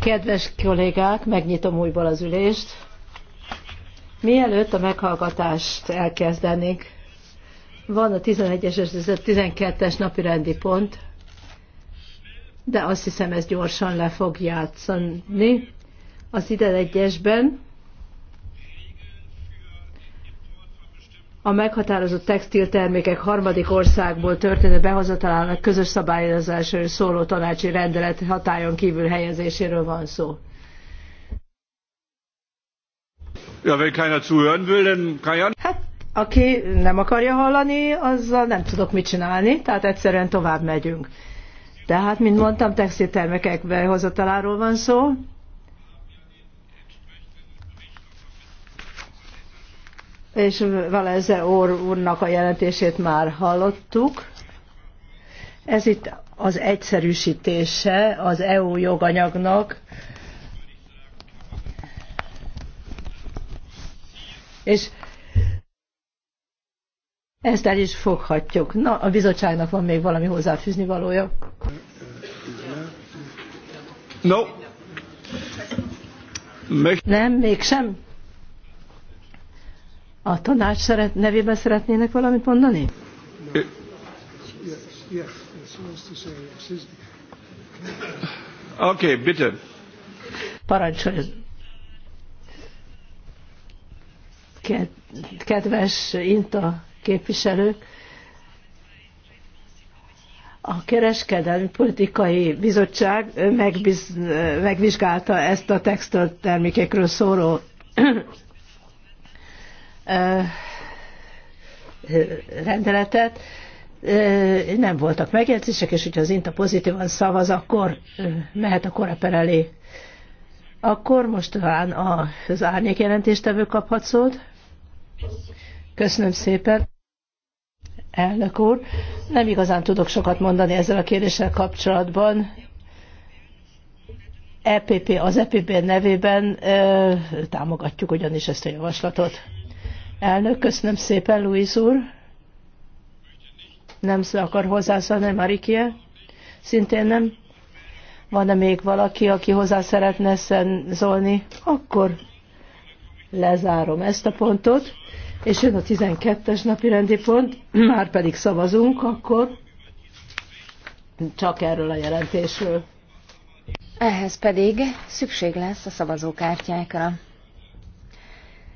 Kedves kollégák, megnyitom újból az ülést. Mielőtt a meghallgatást elkezdenénk, van a 11-es és a 12-es napi rendi pont, de azt hiszem ezt gyorsan le fog játszani. Az ide egyesben a meghatározott textiltermékek harmadik országból történő behozatalának közös szabályozásáról szóló tanácsi rendelet hatályon kívül helyezéséről van szó. Ja, wenn keiner zuhören will, dann kann ja... Hát, aki nem akarja hallani, azzal nem tudok mit csinálni, tehát egyszerűen tovább megyünk. Tehát, mint mondtam, textiltermékek behozataláról van szó, és Valeze Orr úrnak a jelentését már hallottuk. Ez itt az egyszerűsítése az EU joganyagnak, és ezt el is foghatjuk. Na, a bizottságnak van még valami hozzáfűzni valója? No. Nem, mégsem. A tanács szeret, nevében szeretnének valamit mondani? Oké, okay, bitte. Parancsoljon. Kedves Inta képviselők, a kereskedelmi politikai bizottság megbiz, megvizsgálta ezt a textiltermékekről szóló rendeletet, nem voltak megjegyzések, és hogyha az INTA pozitívan szavaz, akkor mehet a koreper elé. Akkor most talán az árnyék jelentéstevő kaphat szót. Köszönöm szépen. Elnök úr, nem igazán tudok sokat mondani ezzel a kérdéssel kapcsolatban. EPP, az EPP nevében ö, támogatjuk ugyanis ezt a javaslatot. Elnök, köszönöm szépen, Luis úr. Nem akar hozzászólni, Marikie? Szintén nem. Van-e még valaki, aki hozzá szeretne szólni? Akkor lezárom ezt a pontot, és jön a 12-es napi rendi pont, már pedig szavazunk, akkor csak erről a jelentésről. Ehhez pedig szükség lesz a szavazókártyákra.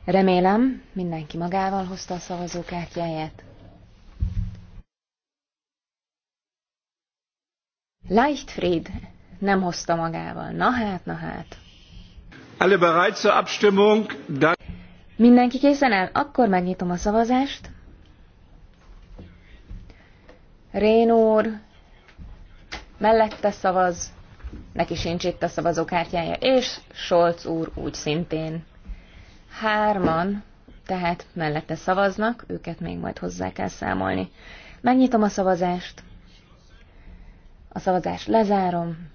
Remélem, mindenki magával hozta a szavazókártyáját. Leichtfried nem hozta magával. Na hát, na hát. Alle bereit zur Abstimmung? Dann... Mindenki készen el, Akkor megnyitom a szavazást. Rén mellette szavaz, neki sincs itt a szavazókártyája, és Solc úr úgy szintén. Hárman, tehát mellette szavaznak, őket még majd hozzá kell számolni. Megnyitom a szavazást. A szavazást lezárom.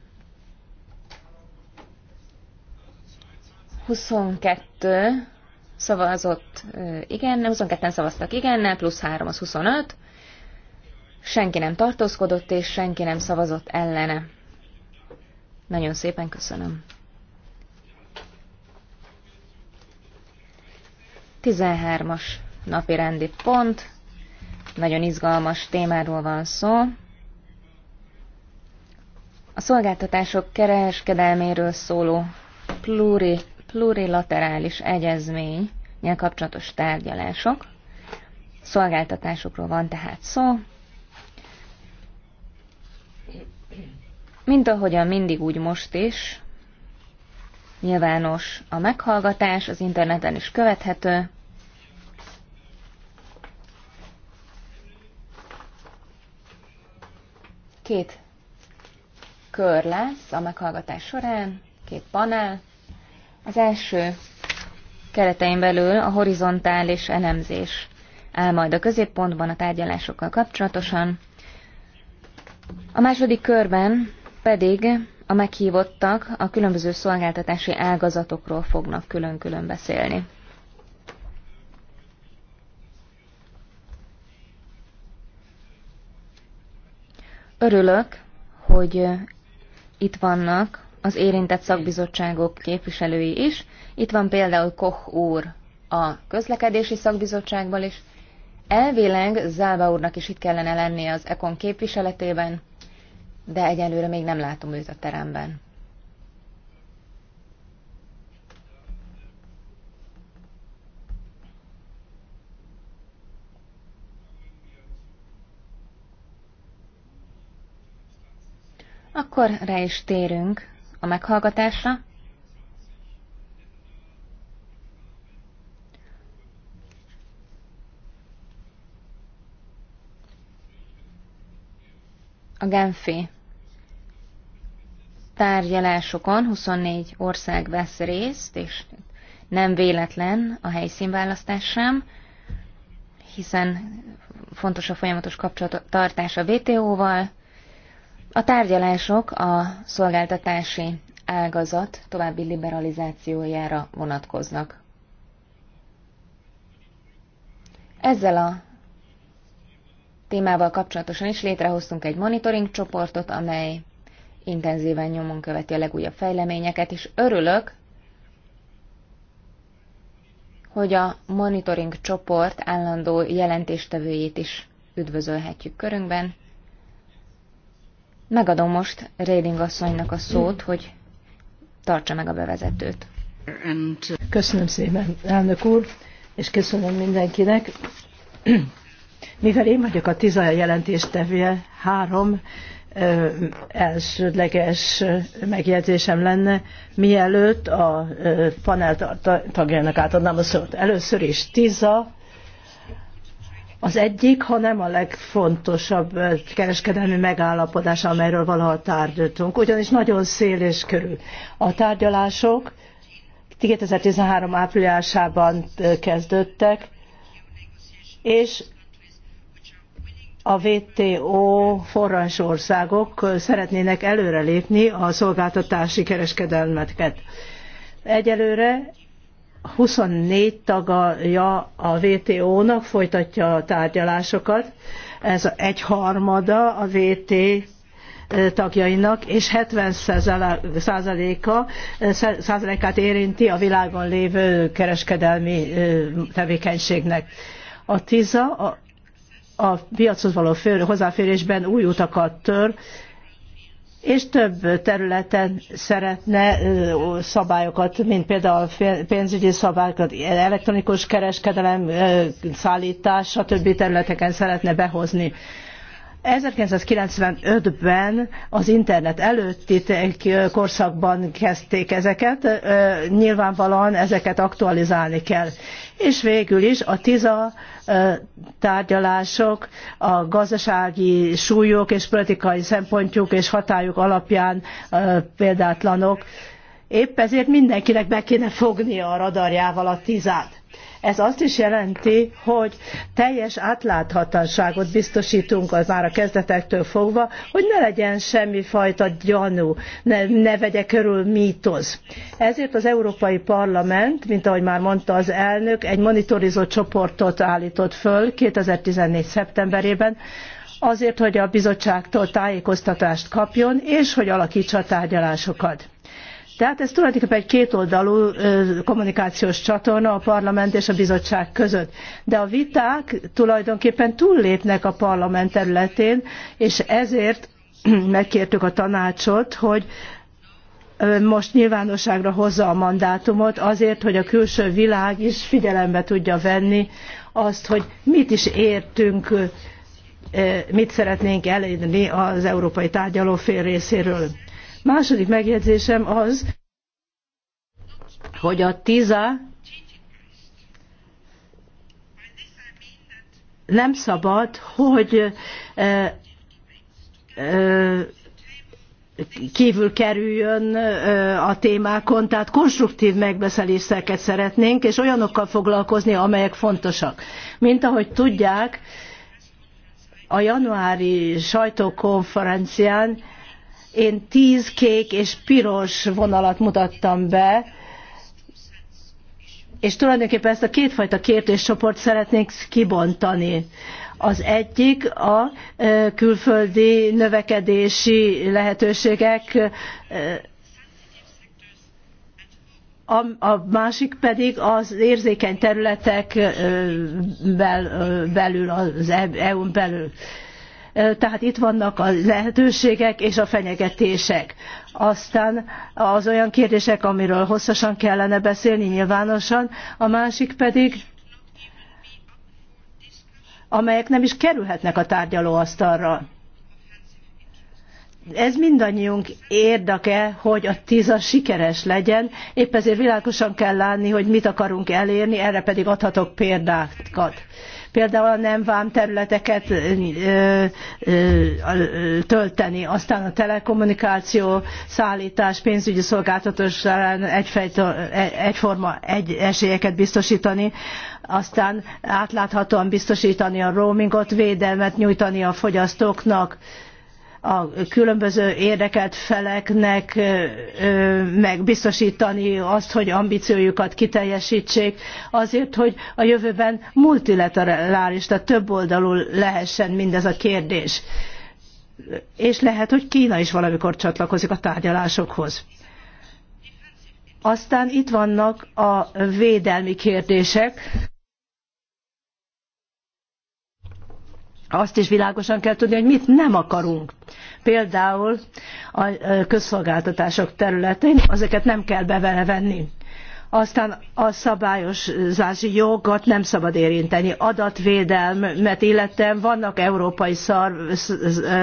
22 szavazott igen, 22-en szavaztak igennel, plusz 3 az 25. Senki nem tartózkodott, és senki nem szavazott ellene. Nagyon szépen köszönöm. 13-as napi rendi pont. Nagyon izgalmas témáról van szó. A szolgáltatások kereskedelméről szóló pluri, plurilaterális egyezménnyel kapcsolatos tárgyalások. Szolgáltatásokról van tehát szó. Mint ahogyan mindig úgy most is, Nyilvános a meghallgatás, az interneten is követhető. Két kör lesz a meghallgatás során, két panel. Az első keretein belül a horizontális elemzés áll majd a középpontban a tárgyalásokkal kapcsolatosan. A második körben pedig a meghívottak a különböző szolgáltatási ágazatokról fognak külön-külön beszélni. Örülök, hogy itt vannak az érintett szakbizottságok képviselői is. Itt van például Koch úr a közlekedési szakbizottságból is. Elvileg Zálba úrnak is itt kellene lennie az EKON képviseletében, de egyelőre még nem látom őt a teremben. Akkor rá is térünk a meghallgatásra. A Genfi tárgyalásokon 24 ország vesz részt, és nem véletlen a helyszínválasztás sem, hiszen fontos a folyamatos kapcsolattartás a WTO-val. A tárgyalások a szolgáltatási ágazat további liberalizációjára vonatkoznak. Ezzel a témával kapcsolatosan is létrehoztunk egy monitoring csoportot, amely intenzíven nyomon követi a legújabb fejleményeket, és örülök, hogy a monitoring csoport állandó jelentéstevőjét is üdvözölhetjük körünkben. Megadom most Réding asszonynak a szót, hogy tartsa meg a bevezetőt. Köszönöm szépen, elnök úr, és köszönöm mindenkinek. Mivel én vagyok a tizaja jelentéstevője, három elsődleges megjegyzésem lenne, mielőtt a panel tagjának átadnám a szót. Először is tiza, az egyik, ha nem a legfontosabb kereskedelmi megállapodás, amelyről valaha tárgyaltunk, ugyanis nagyon széles körül. A tárgyalások 2013 áprilisában kezdődtek, és a WTO forrásországok szeretnének előrelépni a szolgáltatási kereskedelmeket. Egyelőre 24 tagja a WTO-nak folytatja a tárgyalásokat, ez egy harmada a WTO tagjainak, és 70 százaléka, százalékát érinti a világon lévő kereskedelmi tevékenységnek. A TISA a piachoz való hozzáférésben új utakat tör, és több területen szeretne szabályokat, mint például pénzügyi szabályokat, elektronikus kereskedelem, szállítás, stb. területeken szeretne behozni. 1995-ben az internet előtti korszakban kezdték ezeket, nyilvánvalóan ezeket aktualizálni kell. És végül is a TISA tárgyalások a gazdasági súlyok és politikai szempontjuk és hatályuk alapján példátlanok. Épp ezért mindenkinek be kéne fognia a radarjával a tizát. Ez azt is jelenti, hogy teljes átláthatóságot biztosítunk az már a kezdetektől fogva, hogy ne legyen semmifajta gyanú, ne, ne vegye körül mítosz. Ezért az Európai Parlament, mint ahogy már mondta az elnök, egy monitorizó csoportot állított föl 2014. szeptemberében, azért, hogy a bizottságtól tájékoztatást kapjon, és hogy alakítsa tárgyalásokat tehát ez tulajdonképpen egy kétoldalú kommunikációs csatorna a parlament és a bizottság között. De a viták tulajdonképpen túllépnek a parlament területén, és ezért megkértük a tanácsot, hogy most nyilvánosságra hozza a mandátumot azért, hogy a külső világ is figyelembe tudja venni azt, hogy mit is értünk, mit szeretnénk elérni az európai fél részéről. Második megjegyzésem az, hogy a tiza nem szabad, hogy kívül kerüljön a témákon, tehát konstruktív megbeszéléseket szeretnénk, és olyanokkal foglalkozni, amelyek fontosak. Mint ahogy tudják, a januári sajtókonferencián én tíz kék és piros vonalat mutattam be, és tulajdonképpen ezt a kétfajta kérdéscsoport szeretnék kibontani. Az egyik a külföldi növekedési lehetőségek, a másik pedig az érzékeny területek belül, az EU-n e belül. Tehát itt vannak a lehetőségek és a fenyegetések. Aztán az olyan kérdések, amiről hosszasan kellene beszélni nyilvánosan, a másik pedig, amelyek nem is kerülhetnek a tárgyalóasztalra ez mindannyiunk érdeke, hogy a tíza sikeres legyen, épp ezért világosan kell látni, hogy mit akarunk elérni, erre pedig adhatok példákat például a nem vám területeket tölteni, aztán a telekommunikáció, szállítás, pénzügyi szolgáltatás e, egyforma egy esélyeket biztosítani, aztán átláthatóan biztosítani a roamingot, védelmet nyújtani a fogyasztóknak, a különböző érdekelt feleknek megbiztosítani azt, hogy ambíciójukat kiteljesítsék, azért, hogy a jövőben multilaterális, tehát többoldalú lehessen mindez a kérdés. És lehet, hogy Kína is valamikor csatlakozik a tárgyalásokhoz. Aztán itt vannak a védelmi kérdések. azt is világosan kell tudni, hogy mit nem akarunk. Például a közszolgáltatások területén ezeket nem kell bevenni. Aztán a szabályozási jogot nem szabad érinteni. Adatvédelmet illetően vannak európai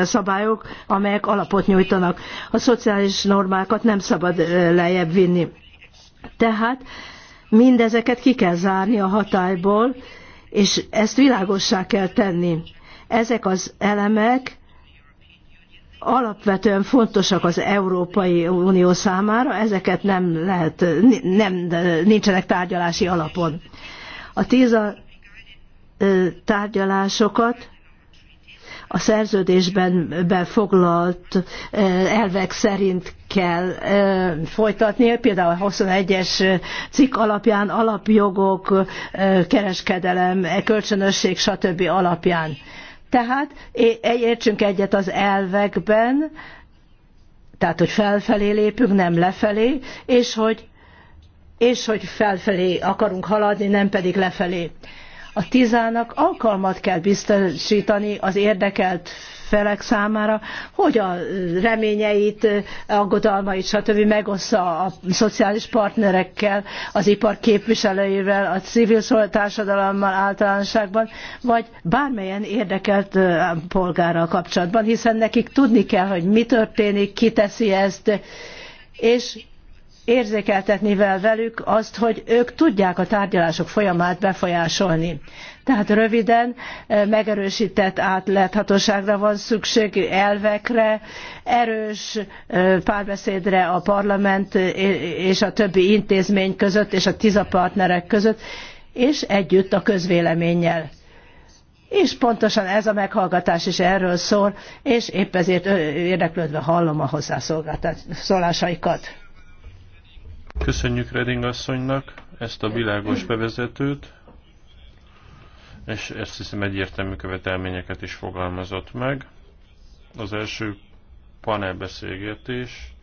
szabályok, amelyek alapot nyújtanak. A szociális normákat nem szabad lejjebb vinni. Tehát mindezeket ki kell zárni a hatályból, és ezt világossá kell tenni ezek az elemek alapvetően fontosak az Európai Unió számára, ezeket nem lehet, nem, nincsenek tárgyalási alapon. A TISA tárgyalásokat a szerződésben befoglalt elvek szerint kell folytatni, például a 21-es cikk alapján, alapjogok, kereskedelem, e, kölcsönösség, stb. alapján tehát értsünk egyet az elvekben, tehát hogy felfelé lépünk, nem lefelé, és hogy, és hogy felfelé akarunk haladni, nem pedig lefelé. A tizának alkalmat kell biztosítani az érdekelt felek számára, hogy a reményeit, aggodalmait, stb. megosza a szociális partnerekkel, az ipar képviselőivel, a civil társadalommal általánosságban, vagy bármelyen érdekelt polgárral kapcsolatban, hiszen nekik tudni kell, hogy mi történik, ki teszi ezt, és érzékeltetni velük azt, hogy ők tudják a tárgyalások folyamát befolyásolni. Tehát röviden eh, megerősített átláthatóságra van szükség, elvekre, erős eh, párbeszédre a parlament eh, és a többi intézmény között és a TISA partnerek között, és együtt a közvéleménnyel. És pontosan ez a meghallgatás is erről szól, és épp ezért érdeklődve hallom a hozzászólásaikat. Köszönjük Reding asszonynak ezt a világos bevezetőt és ezt hiszem egyértelmű követelményeket is fogalmazott meg. Az első panelbeszélgetés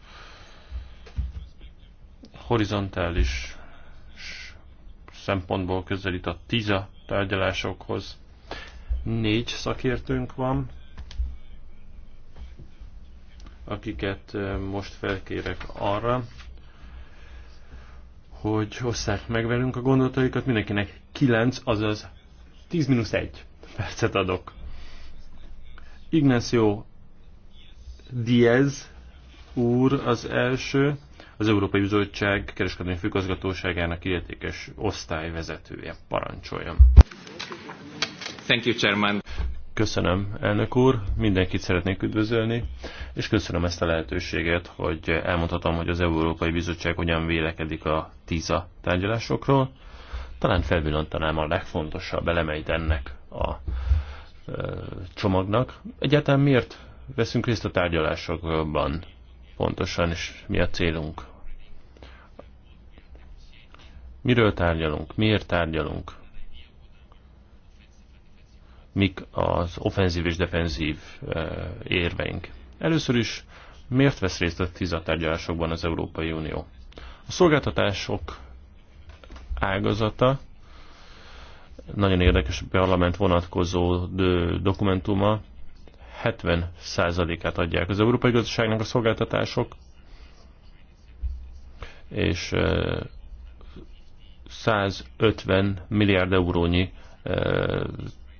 horizontális szempontból közelít a TISA tárgyalásokhoz. Négy szakértőnk van, akiket eh, most felkérek arra, hogy hozzák meg velünk a gondolataikat. Mindenkinek kilenc, azaz 10 minusz 1 percet adok. Ignacio Diaz úr az első, az Európai Bizottság kereskedelmi főgazgatóságának illetékes osztályvezetője. parancsolja. Thank you, Chairman. Köszönöm, elnök úr, mindenkit szeretnék üdvözölni, és köszönöm ezt a lehetőséget, hogy elmondhatom, hogy az Európai Bizottság hogyan vélekedik a TISA tárgyalásokról. Talán felvillantanám a legfontosabb elemeit ennek a csomagnak. Egyáltalán miért veszünk részt a tárgyalásokban pontosan, és mi a célunk? Miről tárgyalunk? Miért tárgyalunk? Mik az offenzív és defenzív érveink? Először is, miért vesz részt a TISA tárgyalásokban az Európai Unió? A szolgáltatások ágazata. Nagyon érdekes a parlament vonatkozó dokumentuma. 70%-át adják az európai gazdaságnak a szolgáltatások, és 150 milliárd eurónyi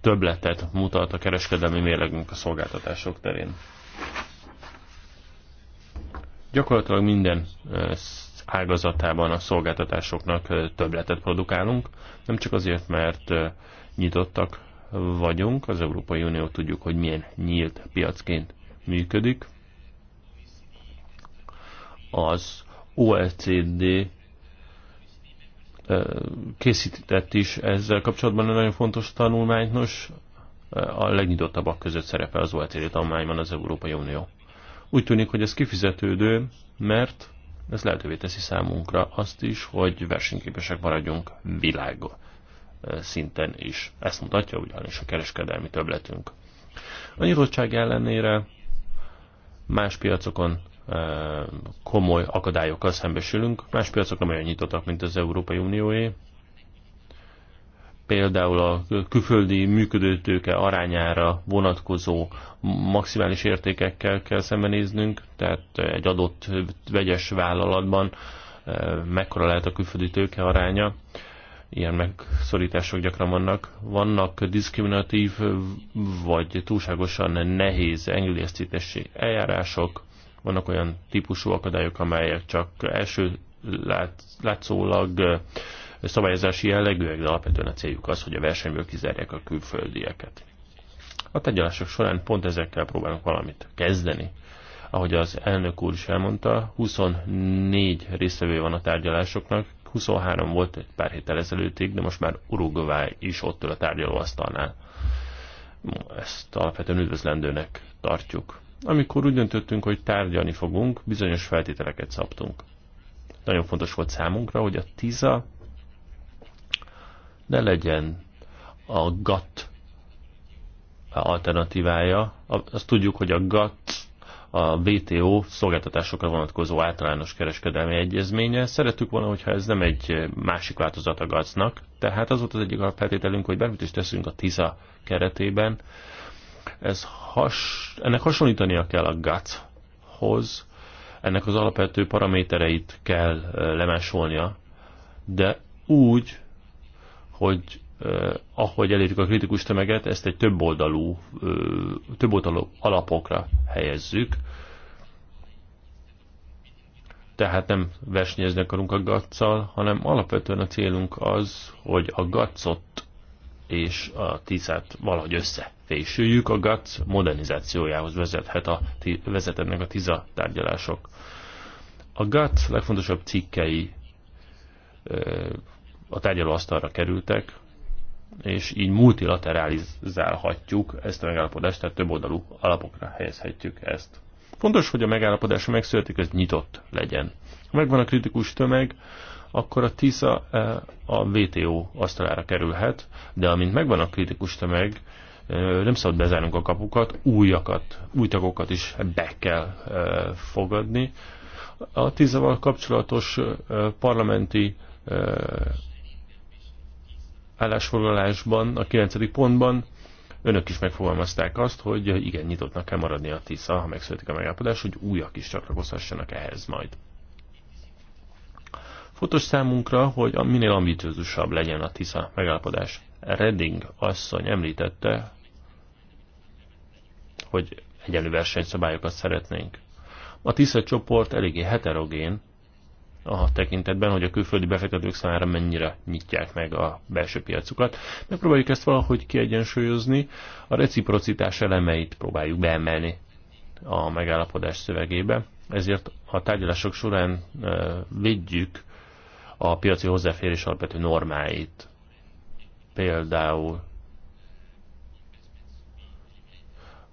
többletet mutat a kereskedelmi mérlegünk a szolgáltatások terén. Gyakorlatilag minden ágazatában a szolgáltatásoknak többletet produkálunk, nem csak azért, mert nyitottak vagyunk, az Európai Unió tudjuk, hogy milyen nyílt piacként működik. Az OECD készített is ezzel kapcsolatban egy nagyon fontos tanulmányt, nos a legnyitottabbak között szerepel az OECD tanulmányban az Európai Unió. Úgy tűnik, hogy ez kifizetődő, mert ez lehetővé teszi számunkra azt is, hogy versenyképesek maradjunk világ szinten is. Ezt mutatja ugyanis a kereskedelmi töbletünk. A nyitottság ellenére más piacokon komoly akadályokkal szembesülünk, más piacok nem olyan nyitottak, mint az Európai Unióé, például a külföldi működőtőke arányára vonatkozó maximális értékekkel kell szembenéznünk, tehát egy adott vegyes vállalatban eh, mekkora lehet a külföldi tőke aránya. Ilyen megszorítások gyakran vannak. Vannak diszkriminatív vagy túlságosan nehéz engedélyeztetésé eljárások, vannak olyan típusú akadályok, amelyek csak első lát, látszólag eh, szabályozási jellegűek, de alapvetően a céljuk az, hogy a versenyből kizárják a külföldieket. A tárgyalások során pont ezekkel próbálnak valamit kezdeni. Ahogy az elnök úr is elmondta, 24 részvevő van a tárgyalásoknak, 23 volt egy pár héttel ezelőttig, de most már Uruguay is ott ül a tárgyalóasztalnál. Ezt alapvetően üdvözlendőnek tartjuk. Amikor úgy döntöttünk, hogy tárgyalni fogunk, bizonyos feltételeket szabtunk. Nagyon fontos volt számunkra, hogy a TISA ne legyen a GATT alternatívája. Azt tudjuk, hogy a GATT a WTO szolgáltatásokra vonatkozó általános kereskedelmi egyezménye. Szerettük volna, hogyha ez nem egy másik változat a GATS-nak, tehát az volt az egyik alapfeltételünk, hogy bármit is teszünk a TISA keretében, ez has, ennek hasonlítania kell a GATS-hoz, ennek az alapvető paramétereit kell eh, lemásolnia, de úgy, hogy eh, ahogy elérjük a kritikus tömeget, ezt egy több oldalú, eh, több oldalú alapokra helyezzük. Tehát nem versenyezni akarunk a gatszal, hanem alapvetően a célunk az, hogy a gacot és a tiszát valahogy összefésüljük. A GATS modernizációjához vezethet a, vezetetnek a tiza tárgyalások. A GATS legfontosabb cikkei a tárgyalóasztalra kerültek, és így multilateralizálhatjuk ezt a megállapodást, tehát több oldalú alapokra helyezhetjük ezt. Fontos, hogy a megállapodás, megszületik, ez nyitott legyen. Ha megvan a kritikus tömeg, akkor a TISA eh, a WTO asztalára kerülhet, de amint megvan a kritikus tömeg, eh, nem szabad bezárnunk a kapukat, újakat, új tagokat is be kell eh, fogadni. A TISA-val kapcsolatos parlamenti állásfoglalásban, a 9. pontban önök is megfogalmazták azt, hogy igen, nyitottnak kell maradni a TISZA, ha megszületik a megállapodás, hogy újak is csatlakozhassanak ehhez majd. Fontos számunkra, hogy minél ambiciózusabb legyen a TISZA megállapodás. Redding asszony említette, hogy egyenlő versenyszabályokat szeretnénk. A TISZA csoport eléggé heterogén, a tekintetben, hogy a külföldi befektetők számára mennyire nyitják meg a belső piacukat. Megpróbáljuk ezt valahogy kiegyensúlyozni, a reciprocitás elemeit próbáljuk beemelni a megállapodás szövegébe, ezért a tárgyalások során védjük a piaci hozzáférés alapvető normáit. Például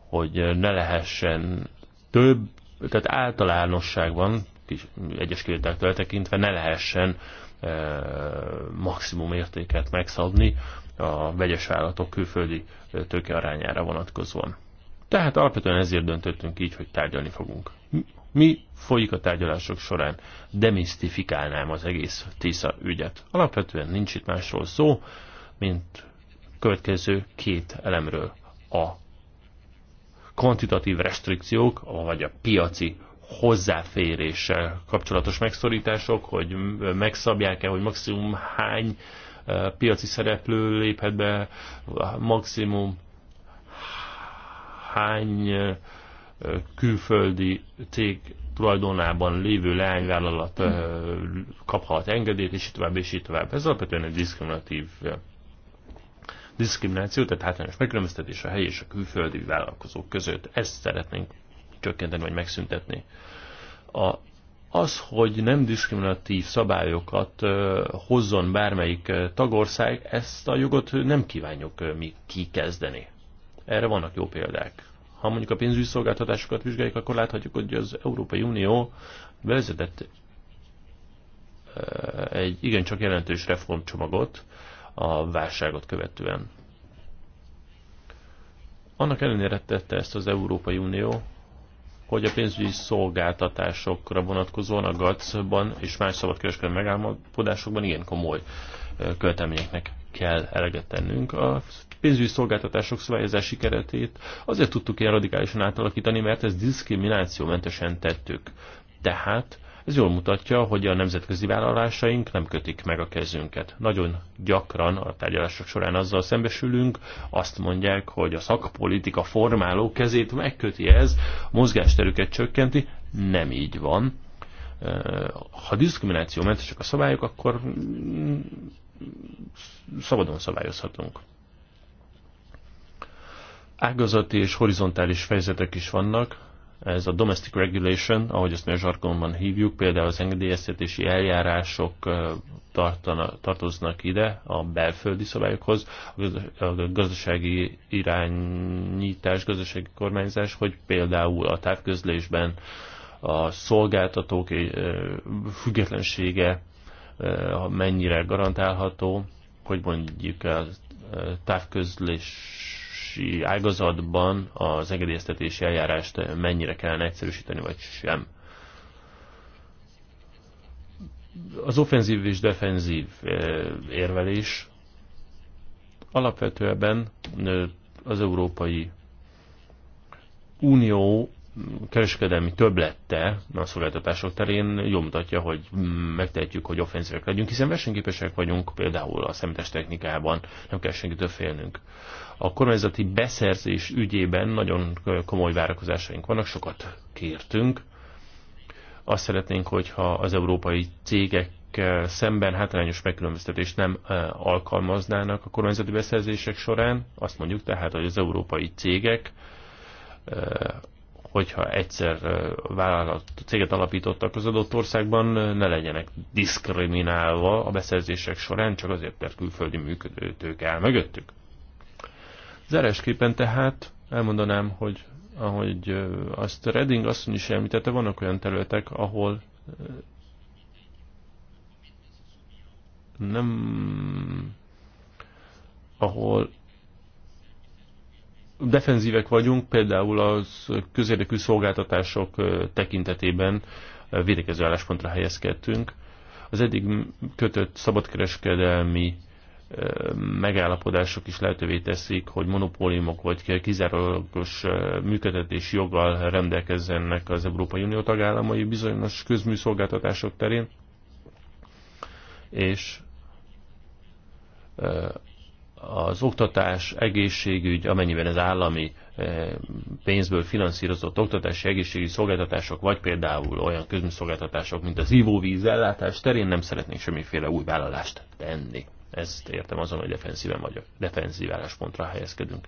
hogy ne lehessen több, tehát általánosságban kis, egyes kivételektől eltekintve ne lehessen e, maximum értéket megszabni a vegyes vállalatok külföldi e, tőke arányára vonatkozóan. Tehát alapvetően ezért döntöttünk így, hogy tárgyalni fogunk. Mi folyik a tárgyalások során? Demisztifikálnám az egész TISZA ügyet. Alapvetően nincs itt másról szó, mint következő két elemről. A kvantitatív restrikciók, vagy a piaci hozzáféréssel kapcsolatos megszorítások, hogy megszabják-e, hogy maximum hány eh, piaci szereplő léphet be, maximum hány eh, külföldi cég tulajdonában lévő leányvállalat eh, kaphat engedélyt, és így tovább, és így tovább. Ez alapvetően egy diszkriminatív diszkrimináció, tehát hátrányos megkülönböztetés a helyi és a külföldi vállalkozók között. Ezt szeretnénk csökkenteni vagy megszüntetni. A, az, hogy nem diszkriminatív szabályokat hozzon bármelyik tagország, ezt a jogot nem kívánjuk mi kikezdeni. Erre vannak jó példák. Ha mondjuk a pénzügyi szolgáltatásokat vizsgáljuk, akkor láthatjuk, hogy az Európai Unió vezetett egy igencsak jelentős reformcsomagot a válságot követően. Annak ellenére tette ezt az Európai Unió, hogy a pénzügyi szolgáltatásokra vonatkozóan a GATS-ban és más szabadkereskedelmi megállapodásokban ilyen komoly költeményeknek kell eleget tennünk. A pénzügyi szolgáltatások szabályozási keretét azért tudtuk ilyen radikálisan átalakítani, mert ezt diszkriminációmentesen tettük. Tehát ez jól mutatja, hogy a nemzetközi vállalásaink nem kötik meg a kezünket. Nagyon gyakran a tárgyalások során azzal szembesülünk, azt mondják, hogy a szakpolitika formáló kezét megköti ez, a mozgásterüket csökkenti. Nem így van. Ha diszkrimináció mentesek a szabályok, akkor mm, szabadon szabályozhatunk ágazati és horizontális fejezetek is vannak, ez a domestic regulation, ahogy ezt mi a zsargonban hívjuk, például az engedélyeztetési eljárások tartana, tartoznak ide a belföldi szabályokhoz, a gazdasági irányítás, gazdasági kormányzás, hogy például a távközlésben a szolgáltatók függetlensége mennyire garantálható, hogy mondjuk a távközlés engedélyeztetési ágazatban az engedélyeztetési eljárást mennyire kellene egyszerűsíteni, vagy sem. Az offenzív és defenzív eh, érvelés alapvetően eh, az Európai Unió kereskedelmi töblette a szolgáltatások terén jól mutatja, hogy megtehetjük, hogy offenzívek legyünk, hiszen versenyképesek vagyunk például a szemítes technikában, nem kell senkitől félnünk. A kormányzati beszerzés ügyében nagyon komoly várakozásaink vannak, sokat kértünk. Azt szeretnénk, hogyha az európai cégek szemben hátrányos megkülönböztetést nem e, alkalmaznának a kormányzati beszerzések során. Azt mondjuk tehát, hogy az európai cégek e, hogyha egyszer vállalat céget alapítottak az adott országban, ne legyenek diszkriminálva a beszerzések során, csak azért, mert külföldi működőtők el mögöttük. Zárásképpen tehát elmondanám, hogy ahogy azt Redding asszony is említette, vannak olyan területek, ahol nem ahol defenzívek vagyunk, például az közérdekű szolgáltatások tekintetében védekező álláspontra helyezkedtünk. Az eddig kötött szabadkereskedelmi megállapodások is lehetővé teszik, hogy monopóliumok vagy kizárólagos működtetési joggal rendelkezzenek az Európai Unió tagállamai bizonyos közműszolgáltatások terén, és az oktatás, egészségügy, amennyiben ez állami eh, pénzből finanszírozott oktatási, egészségügyi szolgáltatások, vagy például olyan közműszolgáltatások, mint az ivóvíz ellátás terén nem szeretnék semmiféle új vállalást tenni. Ezt értem azon, hogy defenzíven vagyok, defenzív álláspontra helyezkedünk.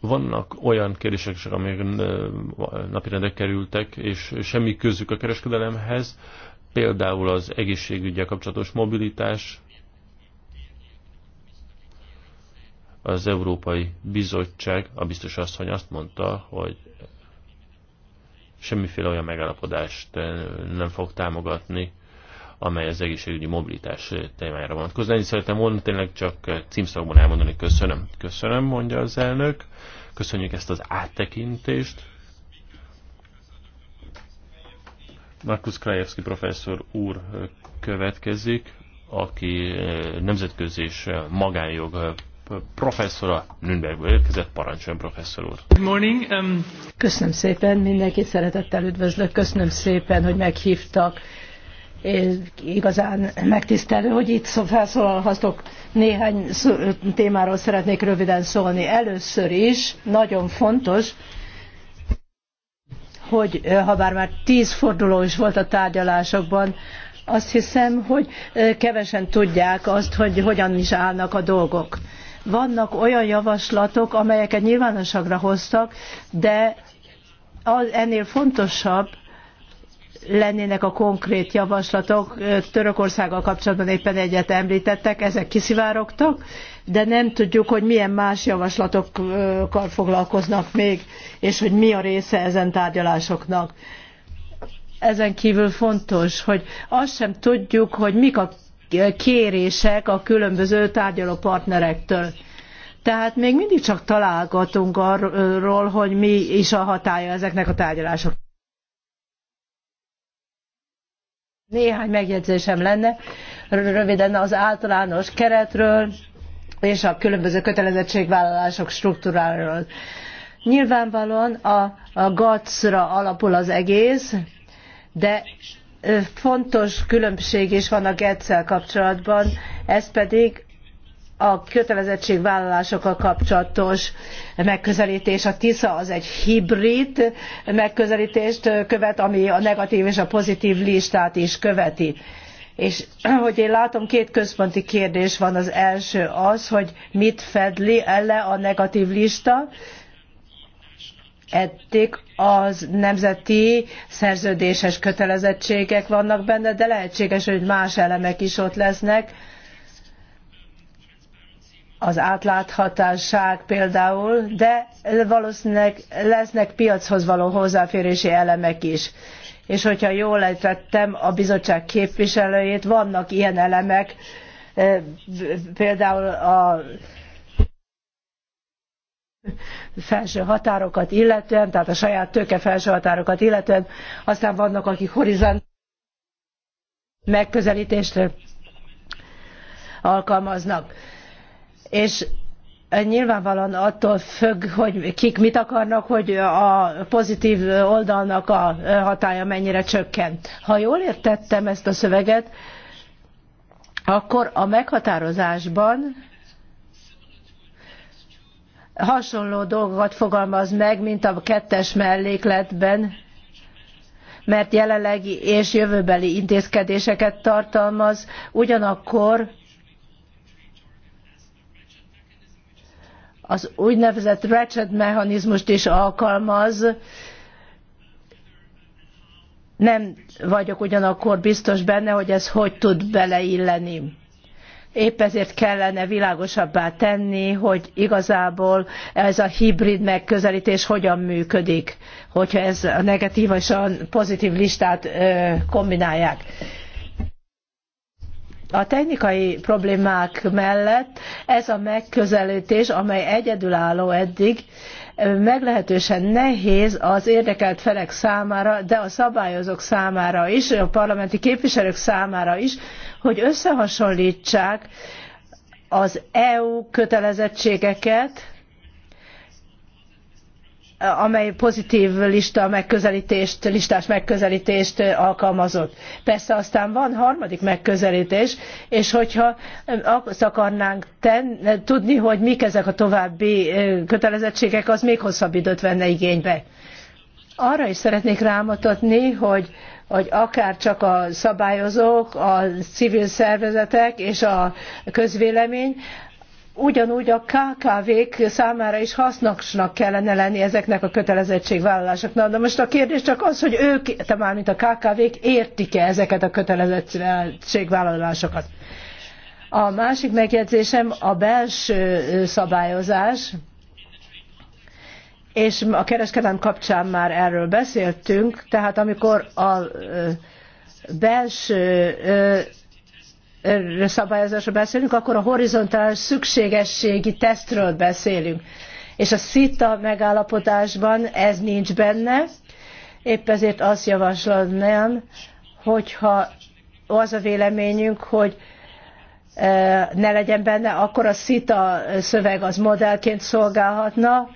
Vannak olyan kérdések, amik eh, napirendre kerültek, és semmi közük a kereskedelemhez, például az egészségügyel kapcsolatos mobilitás, Az Európai Bizottság, a biztos asszony azt mondta, hogy semmiféle olyan megállapodást eh, nem fog támogatni, amely az egészségügyi mobilitás eh, témájára vonatkozna. Ennyit szeretem volna tényleg csak eh, címszakban elmondani, köszönöm. Köszönöm, mondja az elnök. Köszönjük ezt az áttekintést. Markus Krajewski professzor úr következik, aki nemzetközi és magánjog professzora, Nürnbergből érkezett, parancsoljon professzor úr. Good morning. Um... Köszönöm szépen, mindenkit szeretettel üdvözlök, köszönöm szépen, hogy meghívtak. Én igazán megtisztelő, hogy itt felszólalhatok. Néhány témáról szeretnék röviden szólni. Először is nagyon fontos, hogy ha bár már tíz forduló is volt a tárgyalásokban, azt hiszem, hogy kevesen tudják azt, hogy hogyan is állnak a dolgok. Vannak olyan javaslatok, amelyeket nyilvánosságra hoztak, de ennél fontosabb, lennének a konkrét javaslatok. Törökországgal kapcsolatban éppen egyet említettek, ezek kiszivárogtak, de nem tudjuk, hogy milyen más javaslatokkal foglalkoznak még, és hogy mi a része ezen tárgyalásoknak. Ezen kívül fontos, hogy azt sem tudjuk, hogy mik a kérések a különböző tárgyalópartnerektől. Tehát még mindig csak találgatunk arról, hogy mi is a hatája ezeknek a tárgyalásoknak. Néhány megjegyzésem lenne, röviden az általános keretről és a különböző kötelezettségvállalások struktúráról. Nyilvánvalóan a, a GATS-ra alapul az egész, de fontos különbség is van a getszel kapcsolatban, ez pedig a kötelezettségvállalásokkal kapcsolatos megközelítés. A TISZA az egy hibrid megközelítést követ, ami a negatív és a pozitív listát is követi. És hogy én látom, két központi kérdés van. Az első az, hogy mit fed le a negatív lista, eddig az nemzeti szerződéses kötelezettségek vannak benne, de lehetséges, hogy más elemek is ott lesznek. Az átláthatóság például, de valószínűleg lesznek piachoz való hozzáférési elemek is. És hogyha jól értettem a bizottság képviselőjét, vannak ilyen elemek, eh, például a felső határokat illetően, tehát a saját tőke felső határokat illetően, aztán vannak, akik horizont megközelítést alkalmaznak. És eh, nyilvánvalóan attól függ, hogy kik mit akarnak, hogy a pozitív oldalnak a eh, hatája mennyire csökken. Ha jól értettem ezt a szöveget, akkor a meghatározásban hasonló dolgokat fogalmaz meg, mint a kettes mellékletben, mert jelenlegi és jövőbeli intézkedéseket tartalmaz, ugyanakkor az úgynevezett ratchet mechanizmust is alkalmaz. Nem vagyok ugyanakkor biztos benne, hogy ez hogy tud beleilleni épp ezért kellene világosabbá tenni, hogy igazából ez a hibrid megközelítés hogyan működik, hogyha ez a negatív és a pozitív listát kombinálják. A technikai problémák mellett ez a megközelítés, amely egyedülálló eddig, meglehetősen nehéz az érdekelt felek számára, de a szabályozók számára is, a parlamenti képviselők számára is, hogy összehasonlítsák az EU kötelezettségeket, amely pozitív lista megközelítést, listás megközelítést alkalmazott. Persze aztán van harmadik megközelítés, és hogyha azt akarnánk ten, tudni, hogy mik ezek a további kötelezettségek, az még hosszabb időt venne igénybe. Arra is szeretnék rámutatni, hogy hogy akár csak a szabályozók, a civil szervezetek és a közvélemény, ugyanúgy a KKV-k számára is hasznosnak kellene lenni ezeknek a kötelezettségvállalásoknak. De most a kérdés csak az, hogy ők, te már mint a KKV-k értik-e ezeket a kötelezettségvállalásokat. A másik megjegyzésem a belső szabályozás, és a kereskedelem kapcsán már erről beszéltünk, tehát amikor a belső szabályozásról beszélünk, akkor a horizontális szükségességi tesztről beszélünk. És a SZITA megállapodásban ez nincs benne, épp ezért azt javaslom, hogyha az a véleményünk, hogy ne legyen benne, akkor a SZITA szöveg az modellként szolgálhatna,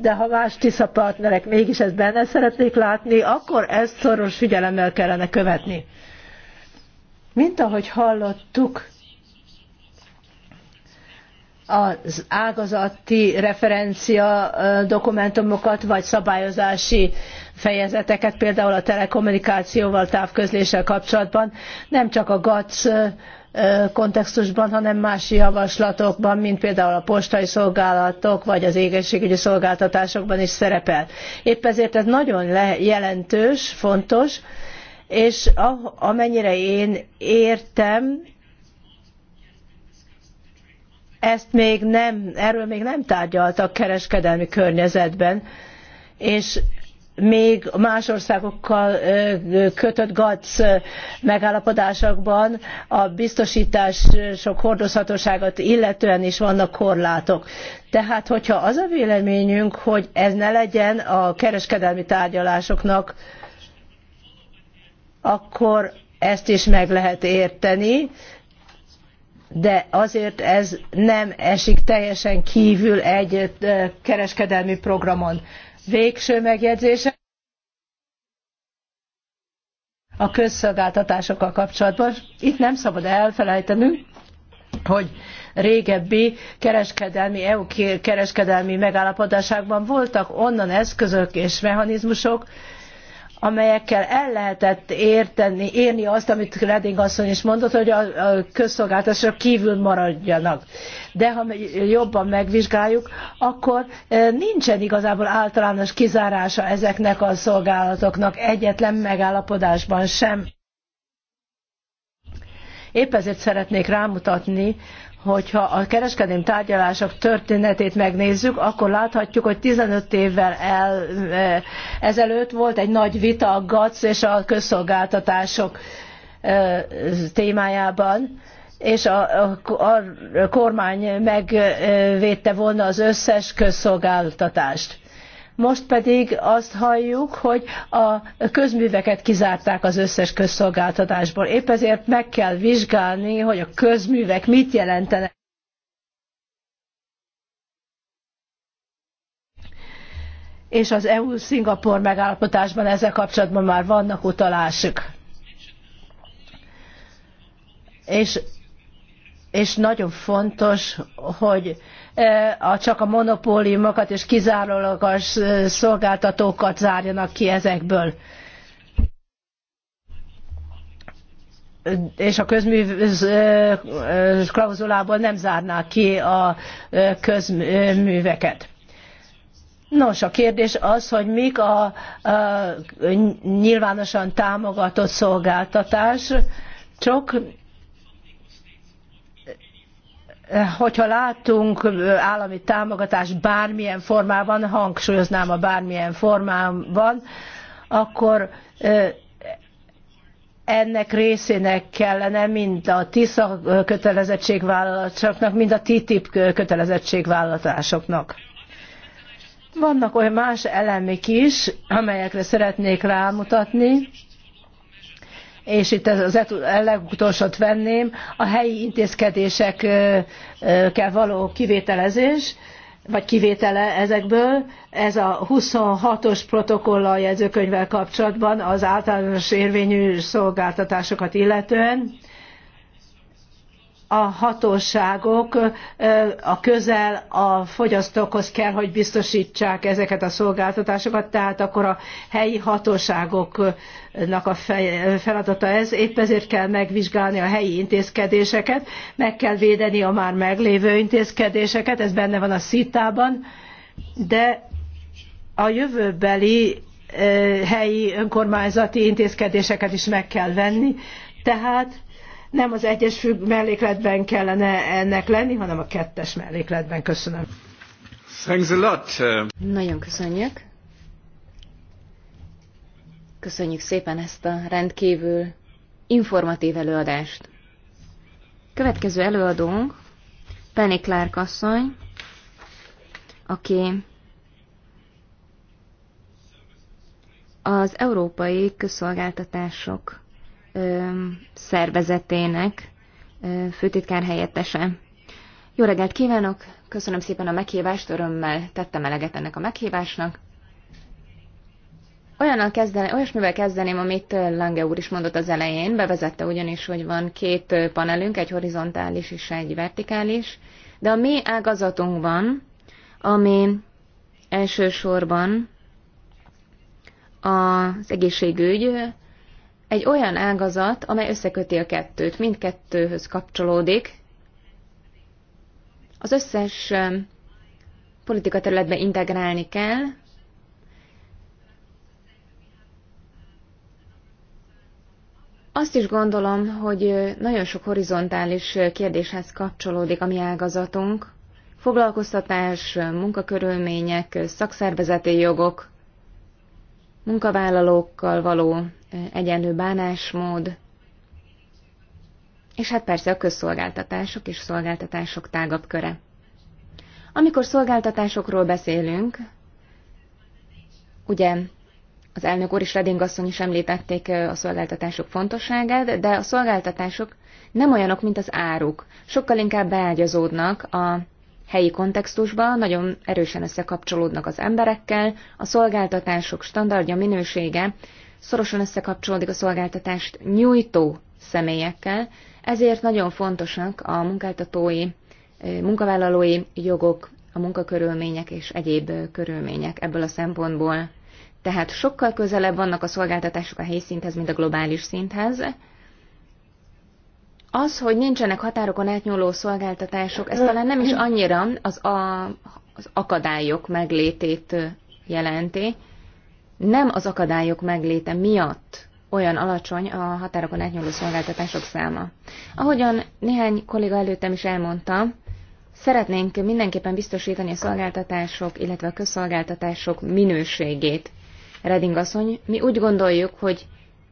de ha más TISZA partnerek mégis ezt benne szeretnék látni, akkor ezt szoros figyelemmel kellene követni. Mint ahogy hallottuk, az ágazati referencia dokumentumokat, vagy szabályozási fejezeteket, például a telekommunikációval, távközléssel kapcsolatban, nem csak a GATS kontextusban, hanem más javaslatokban, mint például a postai szolgálatok vagy az égességügyi szolgáltatásokban is szerepel. Épp ezért ez nagyon jelentős, fontos, és amennyire én értem, ezt még nem, erről még nem tárgyaltak kereskedelmi környezetben, és még más országokkal kötött GATS megállapodásokban a biztosítások hordozhatóságát illetően is vannak korlátok. Tehát, hogyha az a véleményünk, hogy ez ne legyen a kereskedelmi tárgyalásoknak, akkor ezt is meg lehet érteni, de azért ez nem esik teljesen kívül egy kereskedelmi programon Végső megjegyzése a közszolgáltatásokkal kapcsolatban. Itt nem szabad elfelejtenünk, hogy régebbi kereskedelmi, EU kereskedelmi megállapodásákban voltak onnan eszközök és mechanizmusok, amelyekkel el lehetett érteni, érni azt, amit Reding asszony is mondott, hogy a, a közszolgáltatások kívül maradjanak. De ha jobban megvizsgáljuk, akkor e, nincsen igazából általános kizárása ezeknek a szolgálatoknak egyetlen megállapodásban sem. Épp ezért szeretnék rámutatni, hogyha a kereskedelmi tárgyalások történetét megnézzük, akkor láthatjuk, hogy 15 évvel el, e, ezelőtt volt egy nagy vita a GATS és a közszolgáltatások e, témájában, és a, a, a kormány megvédte volna az összes közszolgáltatást most pedig azt halljuk, hogy a közműveket kizárták az összes közszolgáltatásból. Épp ezért meg kell vizsgálni, hogy a közművek mit jelentenek. és az EU-Szingapur megállapotásban ezzel kapcsolatban már vannak utalások. És, és nagyon fontos, hogy a, csak a monopóliumokat és kizárólagos szolgáltatókat zárjanak ki ezekből. és a közmű klauzulából nem zárnák ki a közműveket. Nos, a kérdés az, hogy mik a, a nyilvánosan támogatott szolgáltatás, csak hogyha látunk állami támogatást bármilyen formában, hangsúlyoznám a bármilyen formában, akkor ennek részének kellene mind a TISZA kötelezettségvállalatoknak, mind a TTIP kötelezettségvállalatásoknak. Vannak olyan más elemek is, amelyekre szeretnék rámutatni, és itt az legutolsót venném, a helyi intézkedésekkel való kivételezés, vagy kivétele ezekből, ez a 26-os protokoll a jegyzőkönyvvel kapcsolatban az általános érvényű szolgáltatásokat illetően, a hatóságok a közel a fogyasztókhoz kell, hogy biztosítsák ezeket a szolgáltatásokat, tehát akkor a helyi hatóságoknak a feladata ez. Épp ezért kell megvizsgálni a helyi intézkedéseket, meg kell védeni a már meglévő intézkedéseket, ez benne van a szitában, de a jövőbeli helyi önkormányzati intézkedéseket is meg kell venni, tehát nem az egyes függ mellékletben kellene ennek lenni, hanem a kettes mellékletben. Köszönöm. Thanks a lot. Uh, Nagyon köszönjük. Köszönjük szépen ezt a rendkívül informatív előadást. Következő előadónk Penny Clark asszony, aki az európai közszolgáltatások szervezetének főtitkár helyettese. Jó reggelt kívánok, köszönöm szépen a meghívást, örömmel tettem eleget ennek a meghívásnak. Olyannal kezdeném, olyasmivel kezdeném, amit Lange úr is mondott az elején, bevezette ugyanis, hogy van két panelünk, egy horizontális és egy vertikális, de a mi ágazatunkban, ami elsősorban az egészségügy, egy olyan ágazat, amely összeköti a kettőt, mindkettőhöz kapcsolódik. Az összes um, politika területbe integrálni kell, Azt is gondolom, hogy uh, nagyon sok horizontális uh, kérdéshez kapcsolódik a mi ágazatunk. Foglalkoztatás, uh, munkakörülmények, szakszervezeti jogok, munkavállalókkal való egyenlő bánásmód, és hát persze a közszolgáltatások és szolgáltatások tágabb köre. Amikor szolgáltatásokról beszélünk, ugye az elnök úr és Reding asszony is említették a szolgáltatások fontosságát, de a szolgáltatások nem olyanok, mint az áruk. Sokkal inkább beágyazódnak a helyi kontextusban nagyon erősen összekapcsolódnak az emberekkel, a szolgáltatások standardja, minősége szorosan összekapcsolódik a szolgáltatást nyújtó személyekkel, ezért nagyon fontosak a munkáltatói, munkavállalói jogok, a munkakörülmények és egyéb körülmények ebből a szempontból. Tehát sokkal közelebb vannak a szolgáltatások a helyi szinthez, mint a globális szinthez, az, hogy nincsenek határokon átnyúló szolgáltatások, ez talán nem is annyira az, a, az akadályok meglétét jelenti. Nem az akadályok megléte miatt olyan alacsony a határokon átnyúló szolgáltatások száma. Ahogyan néhány kolléga előttem is elmondta, szeretnénk mindenképpen biztosítani a szolgáltatások, illetve a közszolgáltatások minőségét. Reding asszony, mi úgy gondoljuk, hogy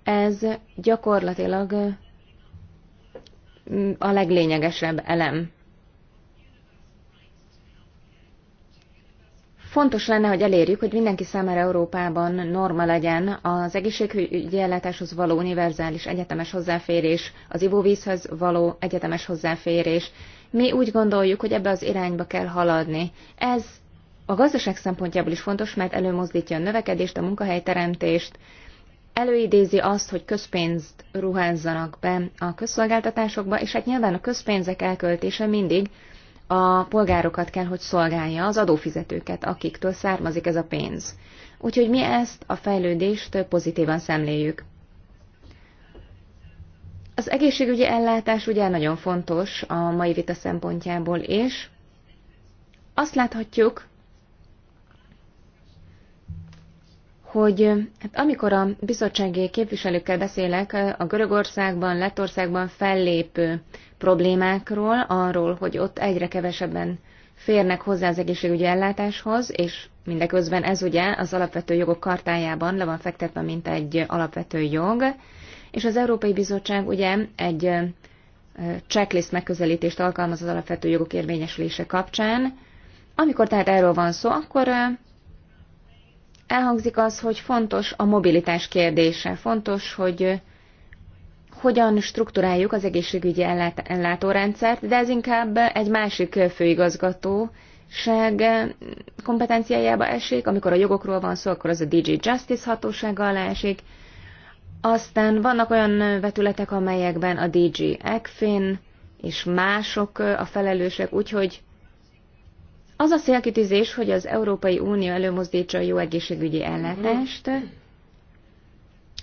ez gyakorlatilag a leglényegesebb elem. Fontos lenne, hogy elérjük, hogy mindenki számára Európában norma legyen az egészségügyi ellátáshoz való univerzális egyetemes hozzáférés, az ivóvízhez való egyetemes hozzáférés. Mi úgy gondoljuk, hogy ebbe az irányba kell haladni. Ez a gazdaság szempontjából is fontos, mert előmozdítja a növekedést, a munkahelyteremtést, előidézi azt, hogy közpénzt ruházzanak be a közszolgáltatásokba, és hát nyilván a közpénzek elköltése mindig a polgárokat kell, hogy szolgálja, az adófizetőket, akiktől származik ez a pénz. Úgyhogy mi ezt a fejlődést pozitívan szemléljük. Az egészségügyi ellátás ugye nagyon fontos a mai vita szempontjából, és azt láthatjuk, hogy hát amikor a bizottsági képviselőkkel beszélek a Görögországban, Lettországban fellépő problémákról, arról, hogy ott egyre kevesebben férnek hozzá az egészségügyi ellátáshoz, és mindeközben ez ugye az alapvető jogok kartájában le van fektetve, mint egy alapvető jog, és az Európai Bizottság ugye egy checklist megközelítést alkalmaz az alapvető jogok érvényesülése kapcsán. Amikor tehát erről van szó, akkor Elhangzik az, hogy fontos a mobilitás kérdése, fontos, hogy eh, hogyan strukturáljuk az egészségügyi ellátórendszert, de ez inkább egy másik főigazgató, eh, kompetenciájába esik, amikor a jogokról van szó, akkor az a DG Justice hatósága alá esik. Aztán vannak olyan vetületek, amelyekben a DG ECFIN és mások eh, a felelősek, úgyhogy az a célkitűzés, hogy az Európai Unió előmozdítsa a jó egészségügyi ellátást,